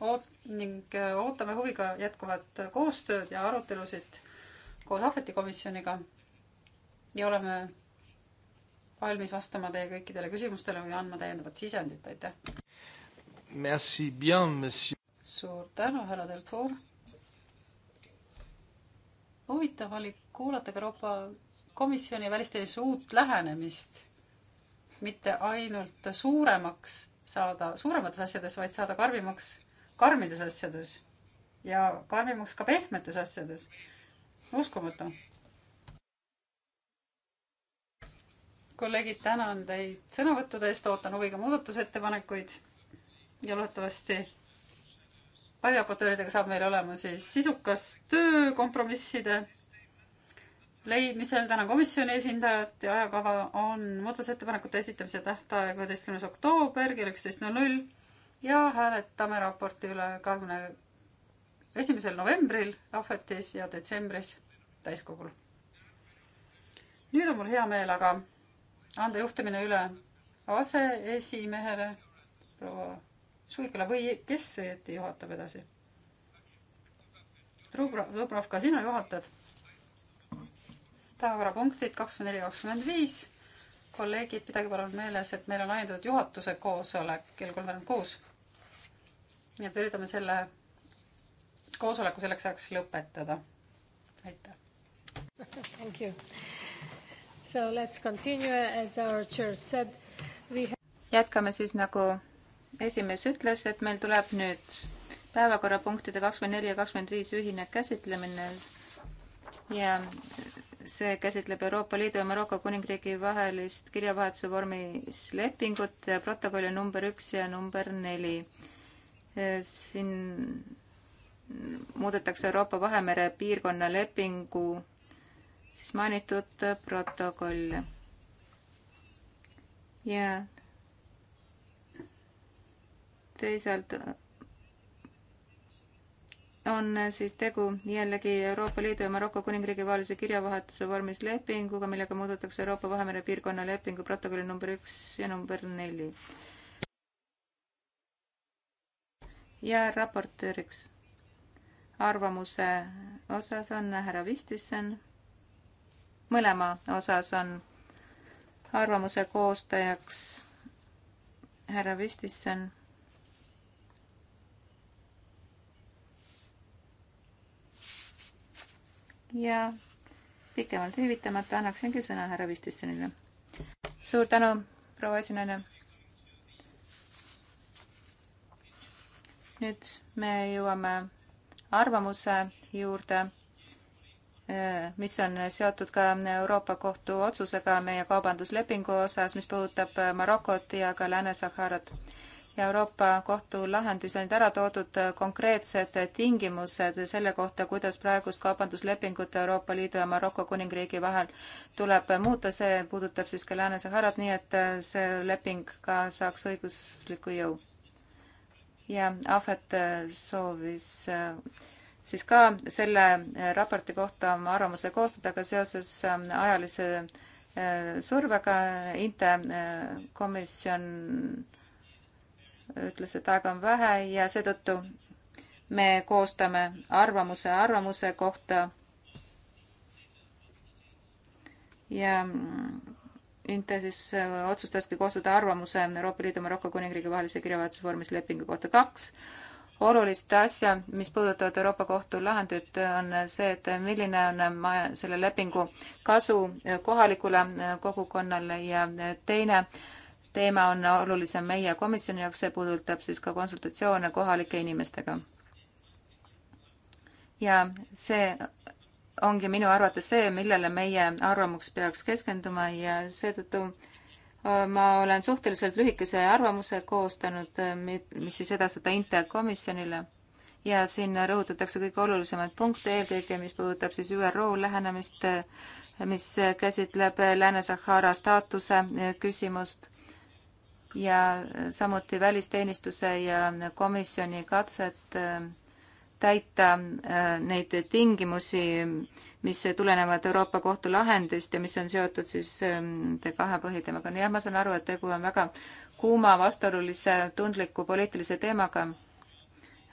oot- ning äh, ootame huviga jätkuvat koostööd ja arutelusid koos Ahveti komisjoniga ja oleme valmis vastama teie kõikidele küsimustele või andma täiendavat sisendit, aitäh! Merci bien, monsieur suur tänu, härra Delfour. huvitav oli kuulata ka Euroopa Komisjoni välisteenistuse uut lähenemist, mitte ainult suuremaks saada suuremates asjades, vaid saada karmimaks karmides asjades ja karmimaks ka pehmetes asjades. uskumatu. kolleegid, tänan teid sõnavõttude eest, ootan huviga muudatusettepanekuid ja loodetavasti variraportööridega saab meil olema siis sisukas töö kompromisside leidmisel. tänan komisjoni esindajat ja ajakava on muudatusettepanekute esitamise tähtaeg üheteistkümnes oktoober kell üksteist null null ja hääletame raporti üle kahekümne esimesel novembril ahvetis ja detsembris täiskogul. nüüd on mul hea meel aga anda juhtimine üle aseesimehele proua Šuikala või kes õieti juhatab edasi? Dubrovka, ka sina juhatad. päevakorrapunktid kakskümmend neli, kakskümmend viis. kolleegid, pidage palun meeles, et meil on ainult juhatuse koosolek kell kolmveerand kuus. nii et üritame selle koosoleku selleks ajaks lõpetada. aitäh. Thank you. So let's continue as our chair said. Have... jätkame siis nagu esimees ütles, et meil tuleb nüüd päevakorrapunktide kakskümmend neli ja kakskümmend viis ühine käsitlemine ja see käsitleb Euroopa Liidu ja Maroko Kuningriigi vahelist kirjavahetuse vormis lepingut ja protokolli number üks ja number neli. siin muudetakse Euroopa Vahemere piirkonna lepingu siis mainitud protokolli. ja teisalt on siis tegu jällegi Euroopa Liidu ja Maroko Kuningriigi vahelise kirjavahetuse vormis lepinguga, millega muudetakse Euroopa Vahemere piirkonna lepingu protokolli number üks ja number neli. ja raportööriks arvamuse osas on härra Vistisson, mõlema osas on arvamuse koostajaks härra Vistisson ja pikemalt viivitamata annaksingi sõna härra Vistissonile. suur tänu, proua esinaine. nüüd me jõuame arvamuse juurde, eh, mis on seotud ka Euroopa Kohtu otsusega meie kaubanduslepingu osas, mis puudutab Marokot ja ka Lääne-Saharat ja Euroopa Kohtu lahendis on ära toodud konkreetsed tingimused selle kohta, kuidas praegust kaubanduslepingut Euroopa Liidu ja Maroko Kuningriigi vahel tuleb muuta, see puudutab siis ka Lääne-Saharat, nii et see leping ka saaks õigusliku jõu. ja Ahvet soovis äh, siis ka selle äh, raporti kohta oma arvamuse koostada, aga seoses äh, ajalise survega, IT komisjon ütles, et aega on vähe ja seetõttu me koostame arvamuse arvamuse kohta. ja mm, Inte siis äh, otsustaski koostada arvamuse Euroopa Liidu Maroko Kuningriigi vahelise kirjavahetuse vormis lepingu kohta kaks olulist asja, mis puudutavad Euroopa Kohtu lahendit, on see, et milline on äh, selle lepingu kasu kohalikule äh, kogukonnale ja teine äh, teema on olulisem meie komisjoni jaoks, see puudutab siis ka konsultatsioone kohalike inimestega. ja see ongi minu arvates see, millele meie arvamus peaks keskenduma ja seetõttu äh, ma olen suhteliselt lühikese arvamuse koostanud, äh, mis siis edastada INTE komisjonile ja siin rõhutatakse kõige olulisemaid punkte, eelkõige mis puudutab siis ÜRO lähenemist, äh, mis käsitleb Lääne-Sahara staatuse küsimust ja samuti välisteenistuse ja komisjoni katset ähm, täita äh, neid tingimusi, mis tulenevad Euroopa Kohtu lahendist ja mis on seotud siis ähm, nende kahe põhiteemaga. no jah, ma saan aru, et tegu on väga kuuma, vastuolulise, tundliku poliitilise teemaga,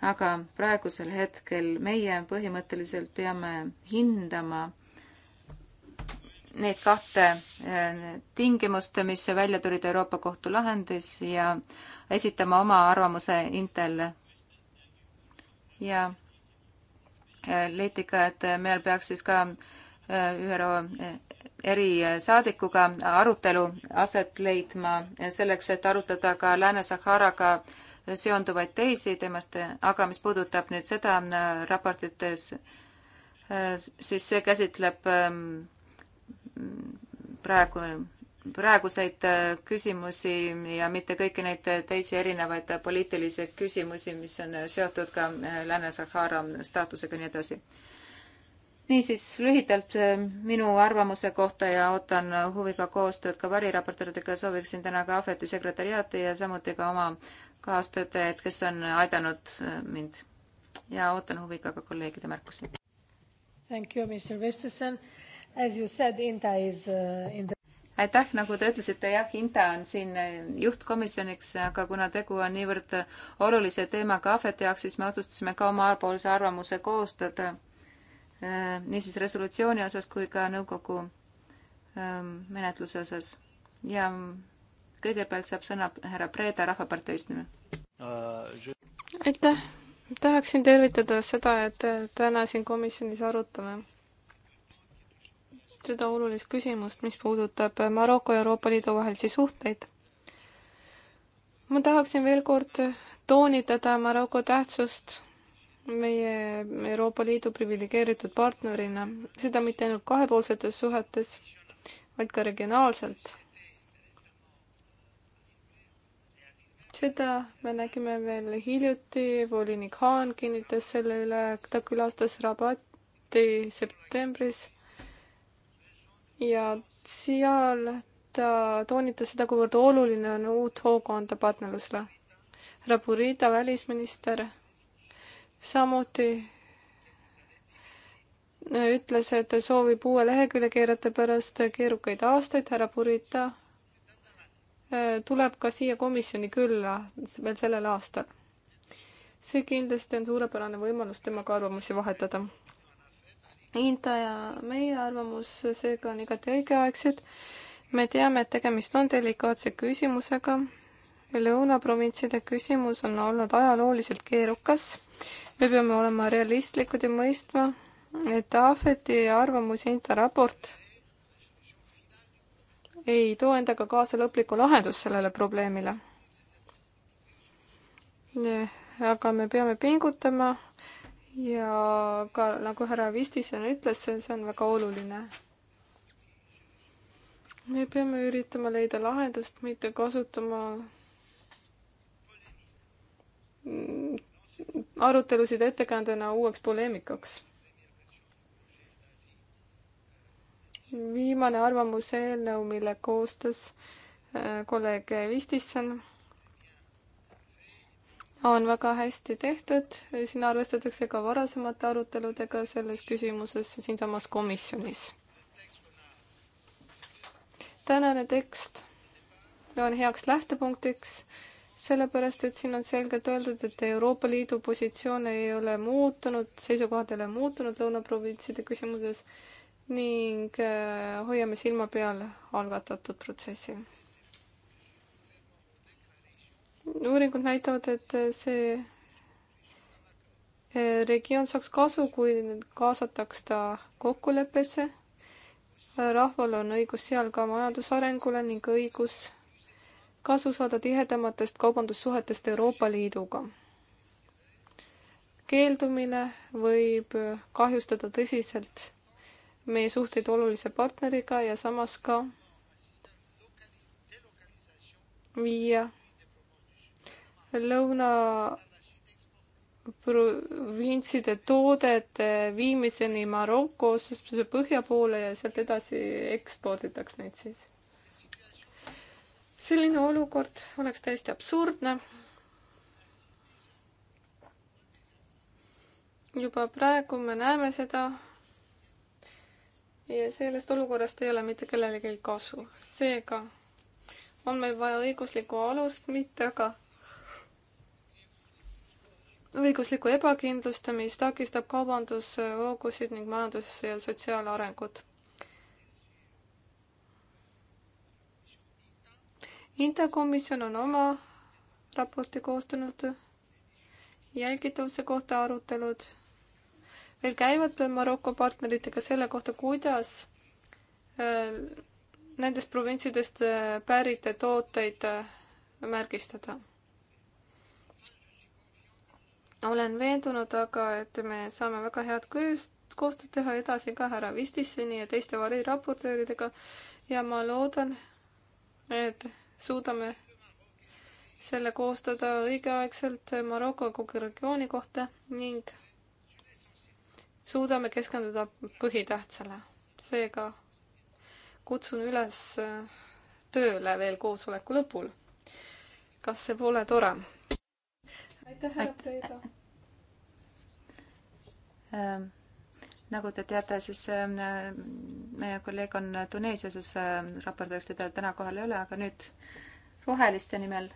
aga praegusel hetkel meie põhimõtteliselt peame hindama neid kahte äh, tingimust, mis välja tulid Euroopa Kohtu lahendis ja esitama oma arvamuse Intelile. ja äh, leiti ka, et meil peaks siis ka äh, ÜRO erisaadikuga arutelu aset leidma selleks, et arutada ka Lääne-Saharaga seonduvaid teisi temast, aga mis puudutab nüüd seda raportit, siis see käsitleb ähm, praegu, praeguseid äh, küsimusi ja mitte kõiki neid teisi erinevaid poliitilisi küsimusi, mis on äh, seotud ka äh, Lääne-Sahara staatusega ja nii edasi. niisiis lühidalt minu arvamuse kohta ja ootan huviga koostööd ka variraportööridega, sooviksin täna ka Ahveti sekretäriaati ja samuti ka oma kaastöötajaid, kes on aidanud mind ja ootan huviga ka kolleegide märkusi. Thank you, Mr Vestesen. Uh, aitäh, nagu te ütlesite, jah, Inta on siin äh, juhtkomisjoniks, aga kuna tegu on niivõrd olulise teemaga Ahveti jaoks, siis me otsustasime ka omapoolse arvamuse koostada äh, niisiis resolutsiooni osas kui ka nõukogu ähm, menetluse osas. ja kõigepealt saab sõna härra Preeda Rahvaparteist nimel. aitäh, tahaksin tervitada seda, et äh, täna siin komisjonis arutame käsitlesite seda olulist küsimust, mis puudutab Maroko ja Euroopa Liidu vahelisi suhteid. ma tahaksin veel kord toonitada Maroko tähtsust meie Euroopa Liidu priviligeeritud partnerina, seda mitte ainult kahepoolsetes suhetes, vaid ka regionaalselt. seda me nägime veel hiljuti, volinik Haan kinnitas selle üle, ta külastas Rabati septembris ja seal ta toonitas seda, kuivõrd oluline on uut hoogu anda partnerlusele. härra Burita, välisminister, samuti äh, ütles, et ta soovib uue lehekülje keerata pärast keerukaid aastaid, härra Burita äh, tuleb ka siia komisjoni külla veel sellel aastal. see kindlasti on suurepärane võimalus temaga arvamusi vahetada. Inta ja meie arvamus seega on igati õigeaegsed. me teame, et tegemist on delikaatse küsimusega. lõunaprovintside küsimus on olnud ajalooliselt keerukas. me peame olema realistlikud ja mõistma, et Ahveti arvamus ja Inta raport ei too endaga kaasa lõplikku lahendust sellele probleemile. aga me peame pingutama ja ka nagu härra Vistisen ütles, see on väga oluline. me peame üritama leida lahendust, mitte kasutama arutelusid ettekäändena uueks poleemikaks. viimane arvamuse eelnõu, mille koostas äh, kolleeg Vistisson on väga hästi tehtud, siin arvestatakse ka varasemate aruteludega selles küsimuses siinsamas komisjonis. tänane tekst on heaks lähtepunktiks, sellepärast et siin on selgelt öeldud, et Euroopa Liidu positsioon ei ole muutunud, seisukohad ei ole muutunud lõunaprovintside küsimuses ning äh, hoiame silma peal algatatud protsessil uuringud näitavad, et äh, see äh, regioon saaks kasu, kui kaasataks ta kokkuleppesse. Äh, rahval on õigus seal ka majandusarengule ning õigus kasu saada tihedamatest kaubandussuhetest Euroopa Liiduga. keeldumine võib kahjustada tõsiselt meie suhteid olulise partneriga ja samas ka viia lõunaprovintside toodete viimiseni Marokos, põhja poole ja sealt edasi eksporditaks neid siis. selline olukord oleks täiesti absurdne juba praegu me näeme seda. ja sellest olukorrast ei ole mitte kellelegi kasu, seega on meil vaja õiguslikku alust, mitte aga õiguslikku ebakindlust, mis takistab kaubandusvoogusid ning majandus- ja sotsiaalarengut. Intakomisjon on oma raporti koostanud, jälgitavuse kohta arutelud veel käivad Maroko partneritega selle kohta, kuidas äh, nendest provintsidest äh, pärit tooteid äh, märgistada olen veendunud aga, et me saame väga head kööst, koostööd teha edasi ka härra Vistisseni ja teiste variraportööridega ja ma loodan, et suudame selle koostada õigeaegselt Maroko kogu regiooni kohta ning suudame keskenduda põhitähtsale. seega kutsun üles tööle veel koosoleku lõpul. kas see pole tore? aitäh, härra Preeda ähm nagu te teate, siis ähm, meie kolleeg on Tuneesias, ähm, raportööks teda täna kohal ei ole, aga nüüd roheliste nimel.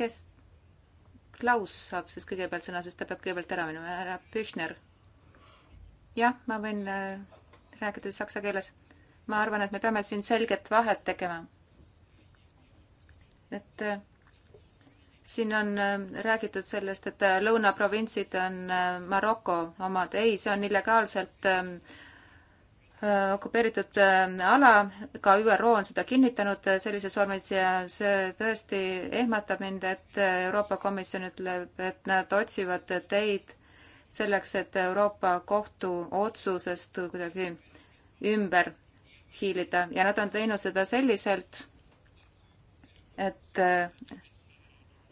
kes? Klaus saab siis kõigepealt sõna, sest ta peab kõigepealt ära minema, härra Püchner. jah, ma võin äh, rääkida saksa keeles. ma arvan, et me peame siin selget vahet tegema. et äh, siin on äh, räägitud sellest, et äh, lõunaprovintsid on äh, Maroko omad. ei, see on illegaalselt ähm, okupeeritud ala, ka ÜRO on seda kinnitanud sellises vormis ja see tõesti ehmatab mind, et Euroopa Komisjon ütleb, et nad otsivad teid selleks, et Euroopa Kohtu otsusest kuidagi ümber hiilida ja nad on teinud seda selliselt, et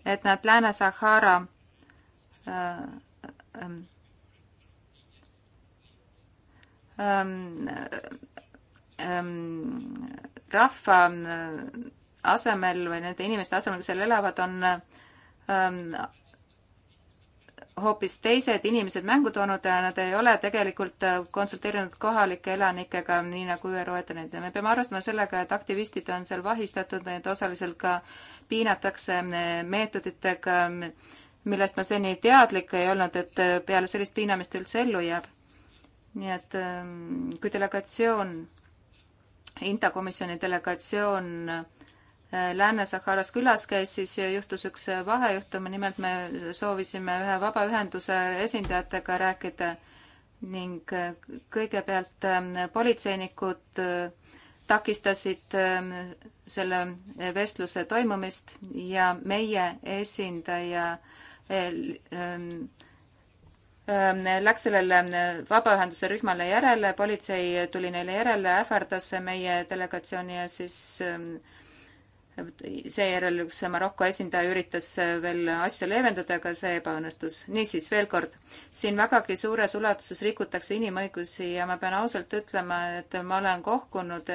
et nad Lääne-Sahara rahva asemel või nende inimeste asemel, kes seal elavad, on hoopis teised inimesed mängu toonud ja nad ei ole tegelikult äh, konsulteerinud kohalike elanikega, nii nagu ÜRO ette näitab. me peame arvestama sellega, et aktivistid on seal vahistatud, neid osaliselt ka piinatakse äh, meetoditega, millest ma seni teadlik ei olnud, et äh, peale sellist piinamist üldse ellu jääb. nii et ähm, kui delegatsioon, Inta komisjoni delegatsioon Äh, Lääne-Saharas külas käis, siis juhtus üks äh, vahejuhtum, nimelt me soovisime ühe vabaühenduse esindajatega rääkida ning äh, kõigepealt ähm, politseinikud takistasid ähm, selle vestluse toimumist ja meie esindaja ähm, läks sellele vabaühenduse rühmale järele, politsei tuli neile järele, ähvardas meie delegatsiooni ja siis äh, seejärel üks Maroko esindaja üritas veel asja leevendada, aga see ebaõnnestus. niisiis, veel kord, siin vägagi suures ulatuses rikutakse inimõigusi ja ma pean ausalt ütlema, et ma olen kohkunud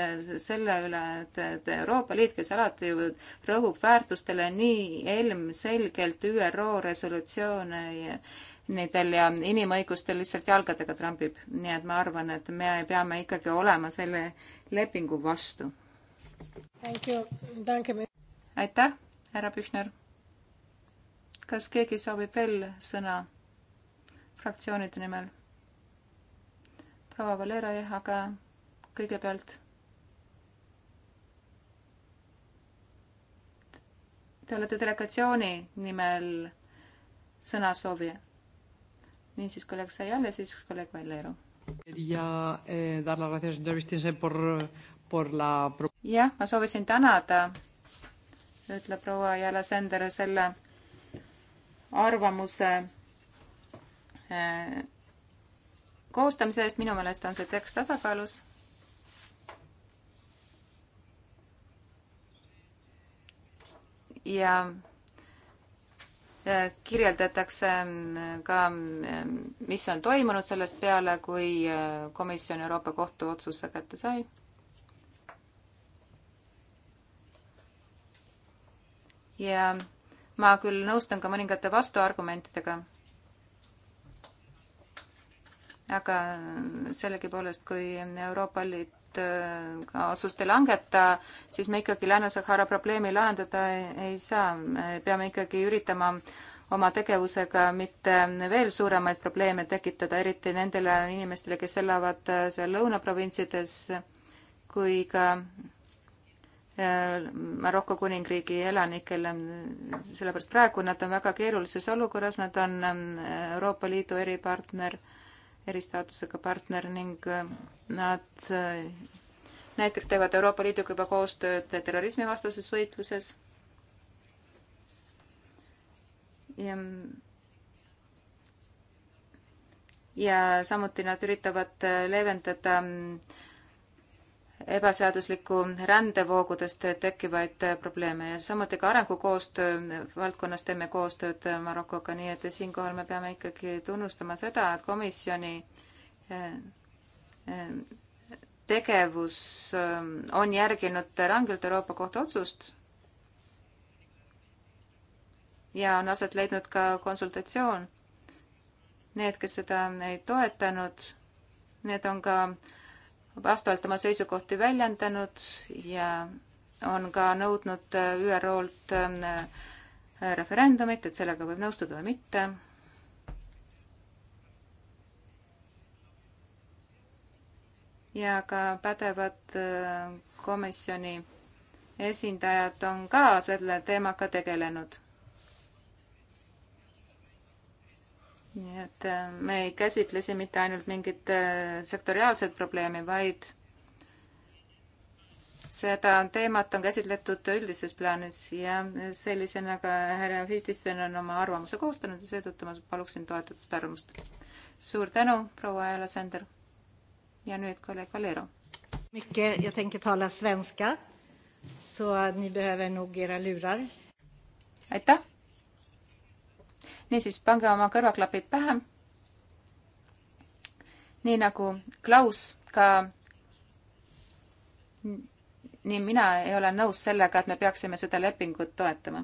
selle üle, et, et Euroopa Liit, kes alati ju rõhub väärtustele nii ilmselgelt ÜRO resolutsioone ja nendel ja inimõigustel lihtsalt jalgadega trambib. nii et ma arvan, et me peame ikkagi olema selle lepingu vastu aitäh, härra Pühner. kas keegi soovib veel sõna fraktsioonide nimel? proua Valera, jah, aga kõigepealt. Te olete delegatsiooni nimel sõnasoovija. niisiis kolleeg Sajal ja siis kolleeg Valleru. ja eh, dar las gracias, señor Vistinsen, por jah, ma soovisin tänada, ütleb proua Jala Sender, selle arvamuse eh, koostamise eest, minu meelest on see tekst tasakaalus ja eh, kirjeldatakse eh, ka, mis on toimunud sellest peale, kui komisjon Euroopa Kohtu otsuse kätte sai ja ma küll nõustun ka mõningate vastuargumentidega. aga sellegipoolest, kui Euroopa Liit äh, ka otsust ei langeta, siis me ikkagi Lääne-Sahara probleemi lahendada ei, ei saa. me peame ikkagi üritama oma tegevusega mitte veel suuremaid probleeme tekitada, eriti nendele inimestele, kes elavad äh, seal lõunaprovintsides, kui ka Äh, Maroko kuningriigi elanikele, sellepärast praegu nad on väga keerulises olukorras, nad on ähm, Euroopa Liidu eripartner, eristaatusega partner ning äh, nad äh, näiteks teevad Euroopa Liiduga juba koostööd terrorismivastases võitluses. ja ja samuti nad üritavad leevendada äh, ebaseadusliku rändevoogudest tekkivaid probleeme ja samuti ka arengukoostöö valdkonnas teeme koostööd Marokoga, nii et siinkohal me peame ikkagi tunnustama seda, et komisjoni eh, eh, tegevus eh, on järginud rangelt Euroopa Kohtu otsust ja on aset leidnud ka konsultatsioon. Need, kes seda ei toetanud, need on ka äh, vastavalt oma seisukohti väljendanud ja on ka nõudnud äh, ÜRO-lt ähm, äh, referendumit, et sellega võib nõustuda või mitte. ja ka pädevad äh, komisjoni esindajad on ka selle teemaga tegelenud nii et äh, me ei käsitle siin mitte ainult mingit äh, sektoriaalset probleemi, vaid seda teemat on käsitletud üldises plaanis ja sellisena ka härra Fistisen on oma arvamuse koostanud ja seetõttu ma paluksin toetada seda arvamust. suur tänu, proua Aela Sander. ja nüüd kolleeg Valero. Mycket, jag tänker tala svenska, så ni behöver nog era lurar. aitäh niisiis, pange oma kõrvaklapid pähe. nii nagu Klaus ka, nii mina ei ole nõus sellega, et me peaksime seda lepingut toetama.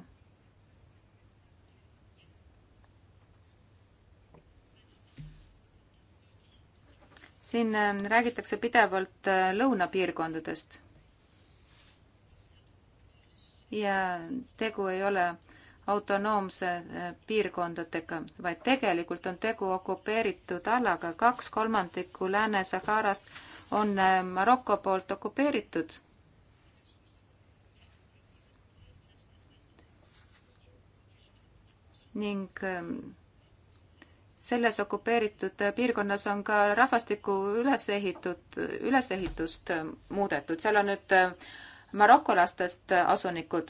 siin ähm, räägitakse pidevalt äh, lõunapiirkondadest ja tegu ei ole autonoomse eh, piirkondadega, vaid tegelikult on tegu okupeeritud alaga, kaks kolmandikku Lääne-Saharast on eh, Maroko poolt okupeeritud. ning ehm, selles okupeeritud piirkonnas on ka rahvastiku ülesehitud, ülesehitust eh, muudetud, seal on nüüd marokolastest asunikud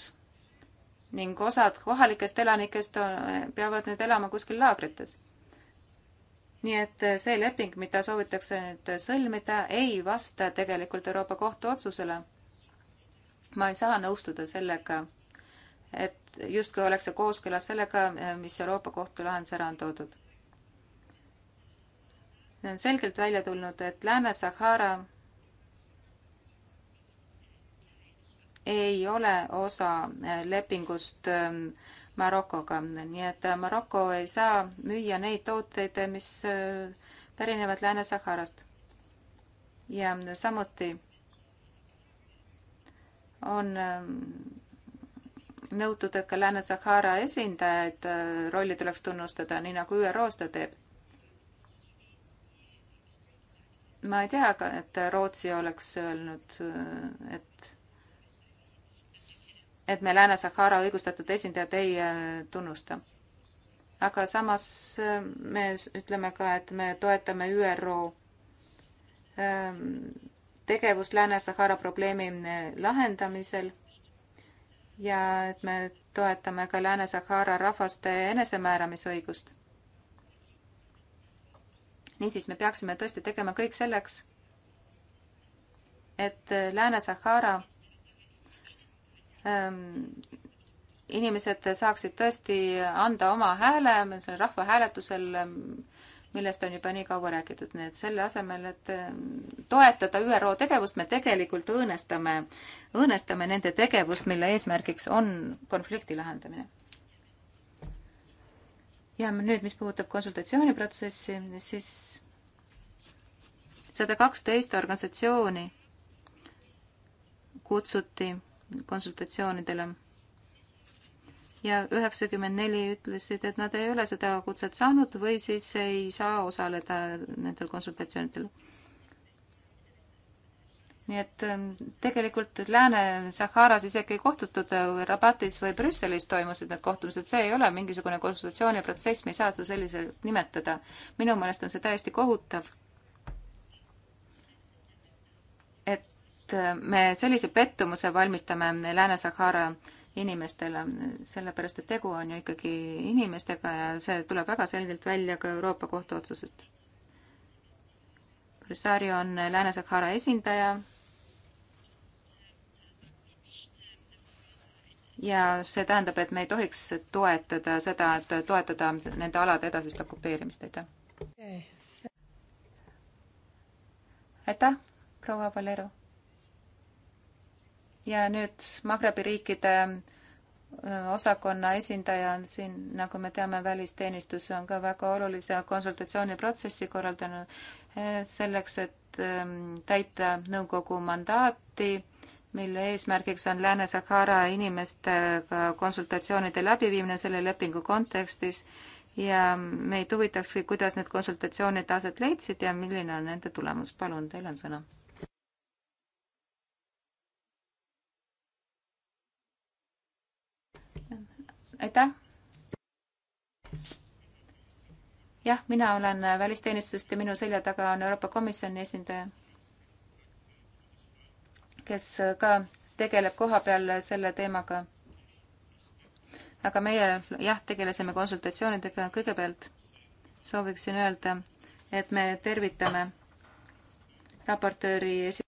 ning osad kohalikest elanikest on, peavad nüüd elama kuskil laagrites. nii et eh, see leping, mida soovitakse nüüd sõlmida, ei vasta tegelikult Euroopa Kohtu otsusele. ma ei saa nõustuda sellega, et justkui oleks see kooskõlas sellega, eh, mis Euroopa Kohtu lahendis ära on toodud. on selgelt välja tulnud, et Lääne-Sahara ei ole osa äh, lepingust ähm, Marokoga, nii et äh, Maroko ei saa müüa neid tooteid, äh, mis pärinevad Lääne-Saharast. ja samuti on ähm, nõutud, et ka Lääne-Sahara esindajaid rolli tuleks tunnustada, nii nagu ÜRO seda teeb. ma ei tea, et Rootsi oleks öelnud, et et me Lääne-Sahara õigustatud esindajat ei äh, tunnusta. aga samas äh, me ütleme ka, et me toetame ÜRO ähm, tegevust Lääne-Sahara probleemi äh, lahendamisel ja et me toetame ka Lääne-Sahara rahvaste enesemääramisõigust. niisiis, me peaksime tõesti tegema kõik selleks, et Lääne-Sahara Ehm, inimesed saaksid tõesti anda oma hääle rahvahääletusel, ehm, millest on juba nii kaua räägitud, nii et selle asemel, et ehm, toetada ÜRO tegevust, me tegelikult õõnestame, õõnestame nende tegevust, mille eesmärgiks on konflikti lahendamine. ja nüüd, mis puudutab konsultatsiooniprotsessi, siis sada kaksteist organisatsiooni kutsuti konsultatsioonidele. ja üheksakümmend neli ütlesid, et nad ei ole seda kutset saanud või siis ei saa osaleda nendel konsultatsioonidel. nii et ähm, tegelikult Lääne-Saharas isegi ei kohtutud, äh, Rabatis või Brüsselis toimusid need kohtumised, see ei ole mingisugune konsultatsiooniprotsess, me ei saa seda selliselt nimetada. minu meelest on see täiesti kohutav et äh, me sellise pettumuse valmistame Lääne-Sahara inimestele, sellepärast et tegu on ju ikkagi inimestega ja see tuleb väga selgelt välja ka Euroopa Kohtu otsusest. Pressari on Lääne-Sahara esindaja ja see tähendab, et me ei tohiks toetada seda, et toetada nende alade edasist okupeerimist, aitäh. aitäh, proua Valero ja nüüd Magrebi riikide osakonna esindaja on siin, nagu me teame, välisteenistus on ka väga olulise konsultatsiooniprotsessi korraldanud selleks, et täita nõukogu mandaati, mille eesmärgiks on Lääne-Sahara inimestega konsultatsioonide läbiviimine selle lepingu kontekstis ja meid huvitakski, kuidas need konsultatsioonid aset leidsid ja milline on nende tulemus. palun, teil on sõna aitäh! jah, mina olen välisteenistusest ja minu selja taga on Euroopa Komisjoni esindaja, kes ka tegeleb kohapeal selle teemaga. aga meie jah, tegelesime konsultatsioonidega kõigepealt. sooviksin öelda, et me tervitame raportööri esi-.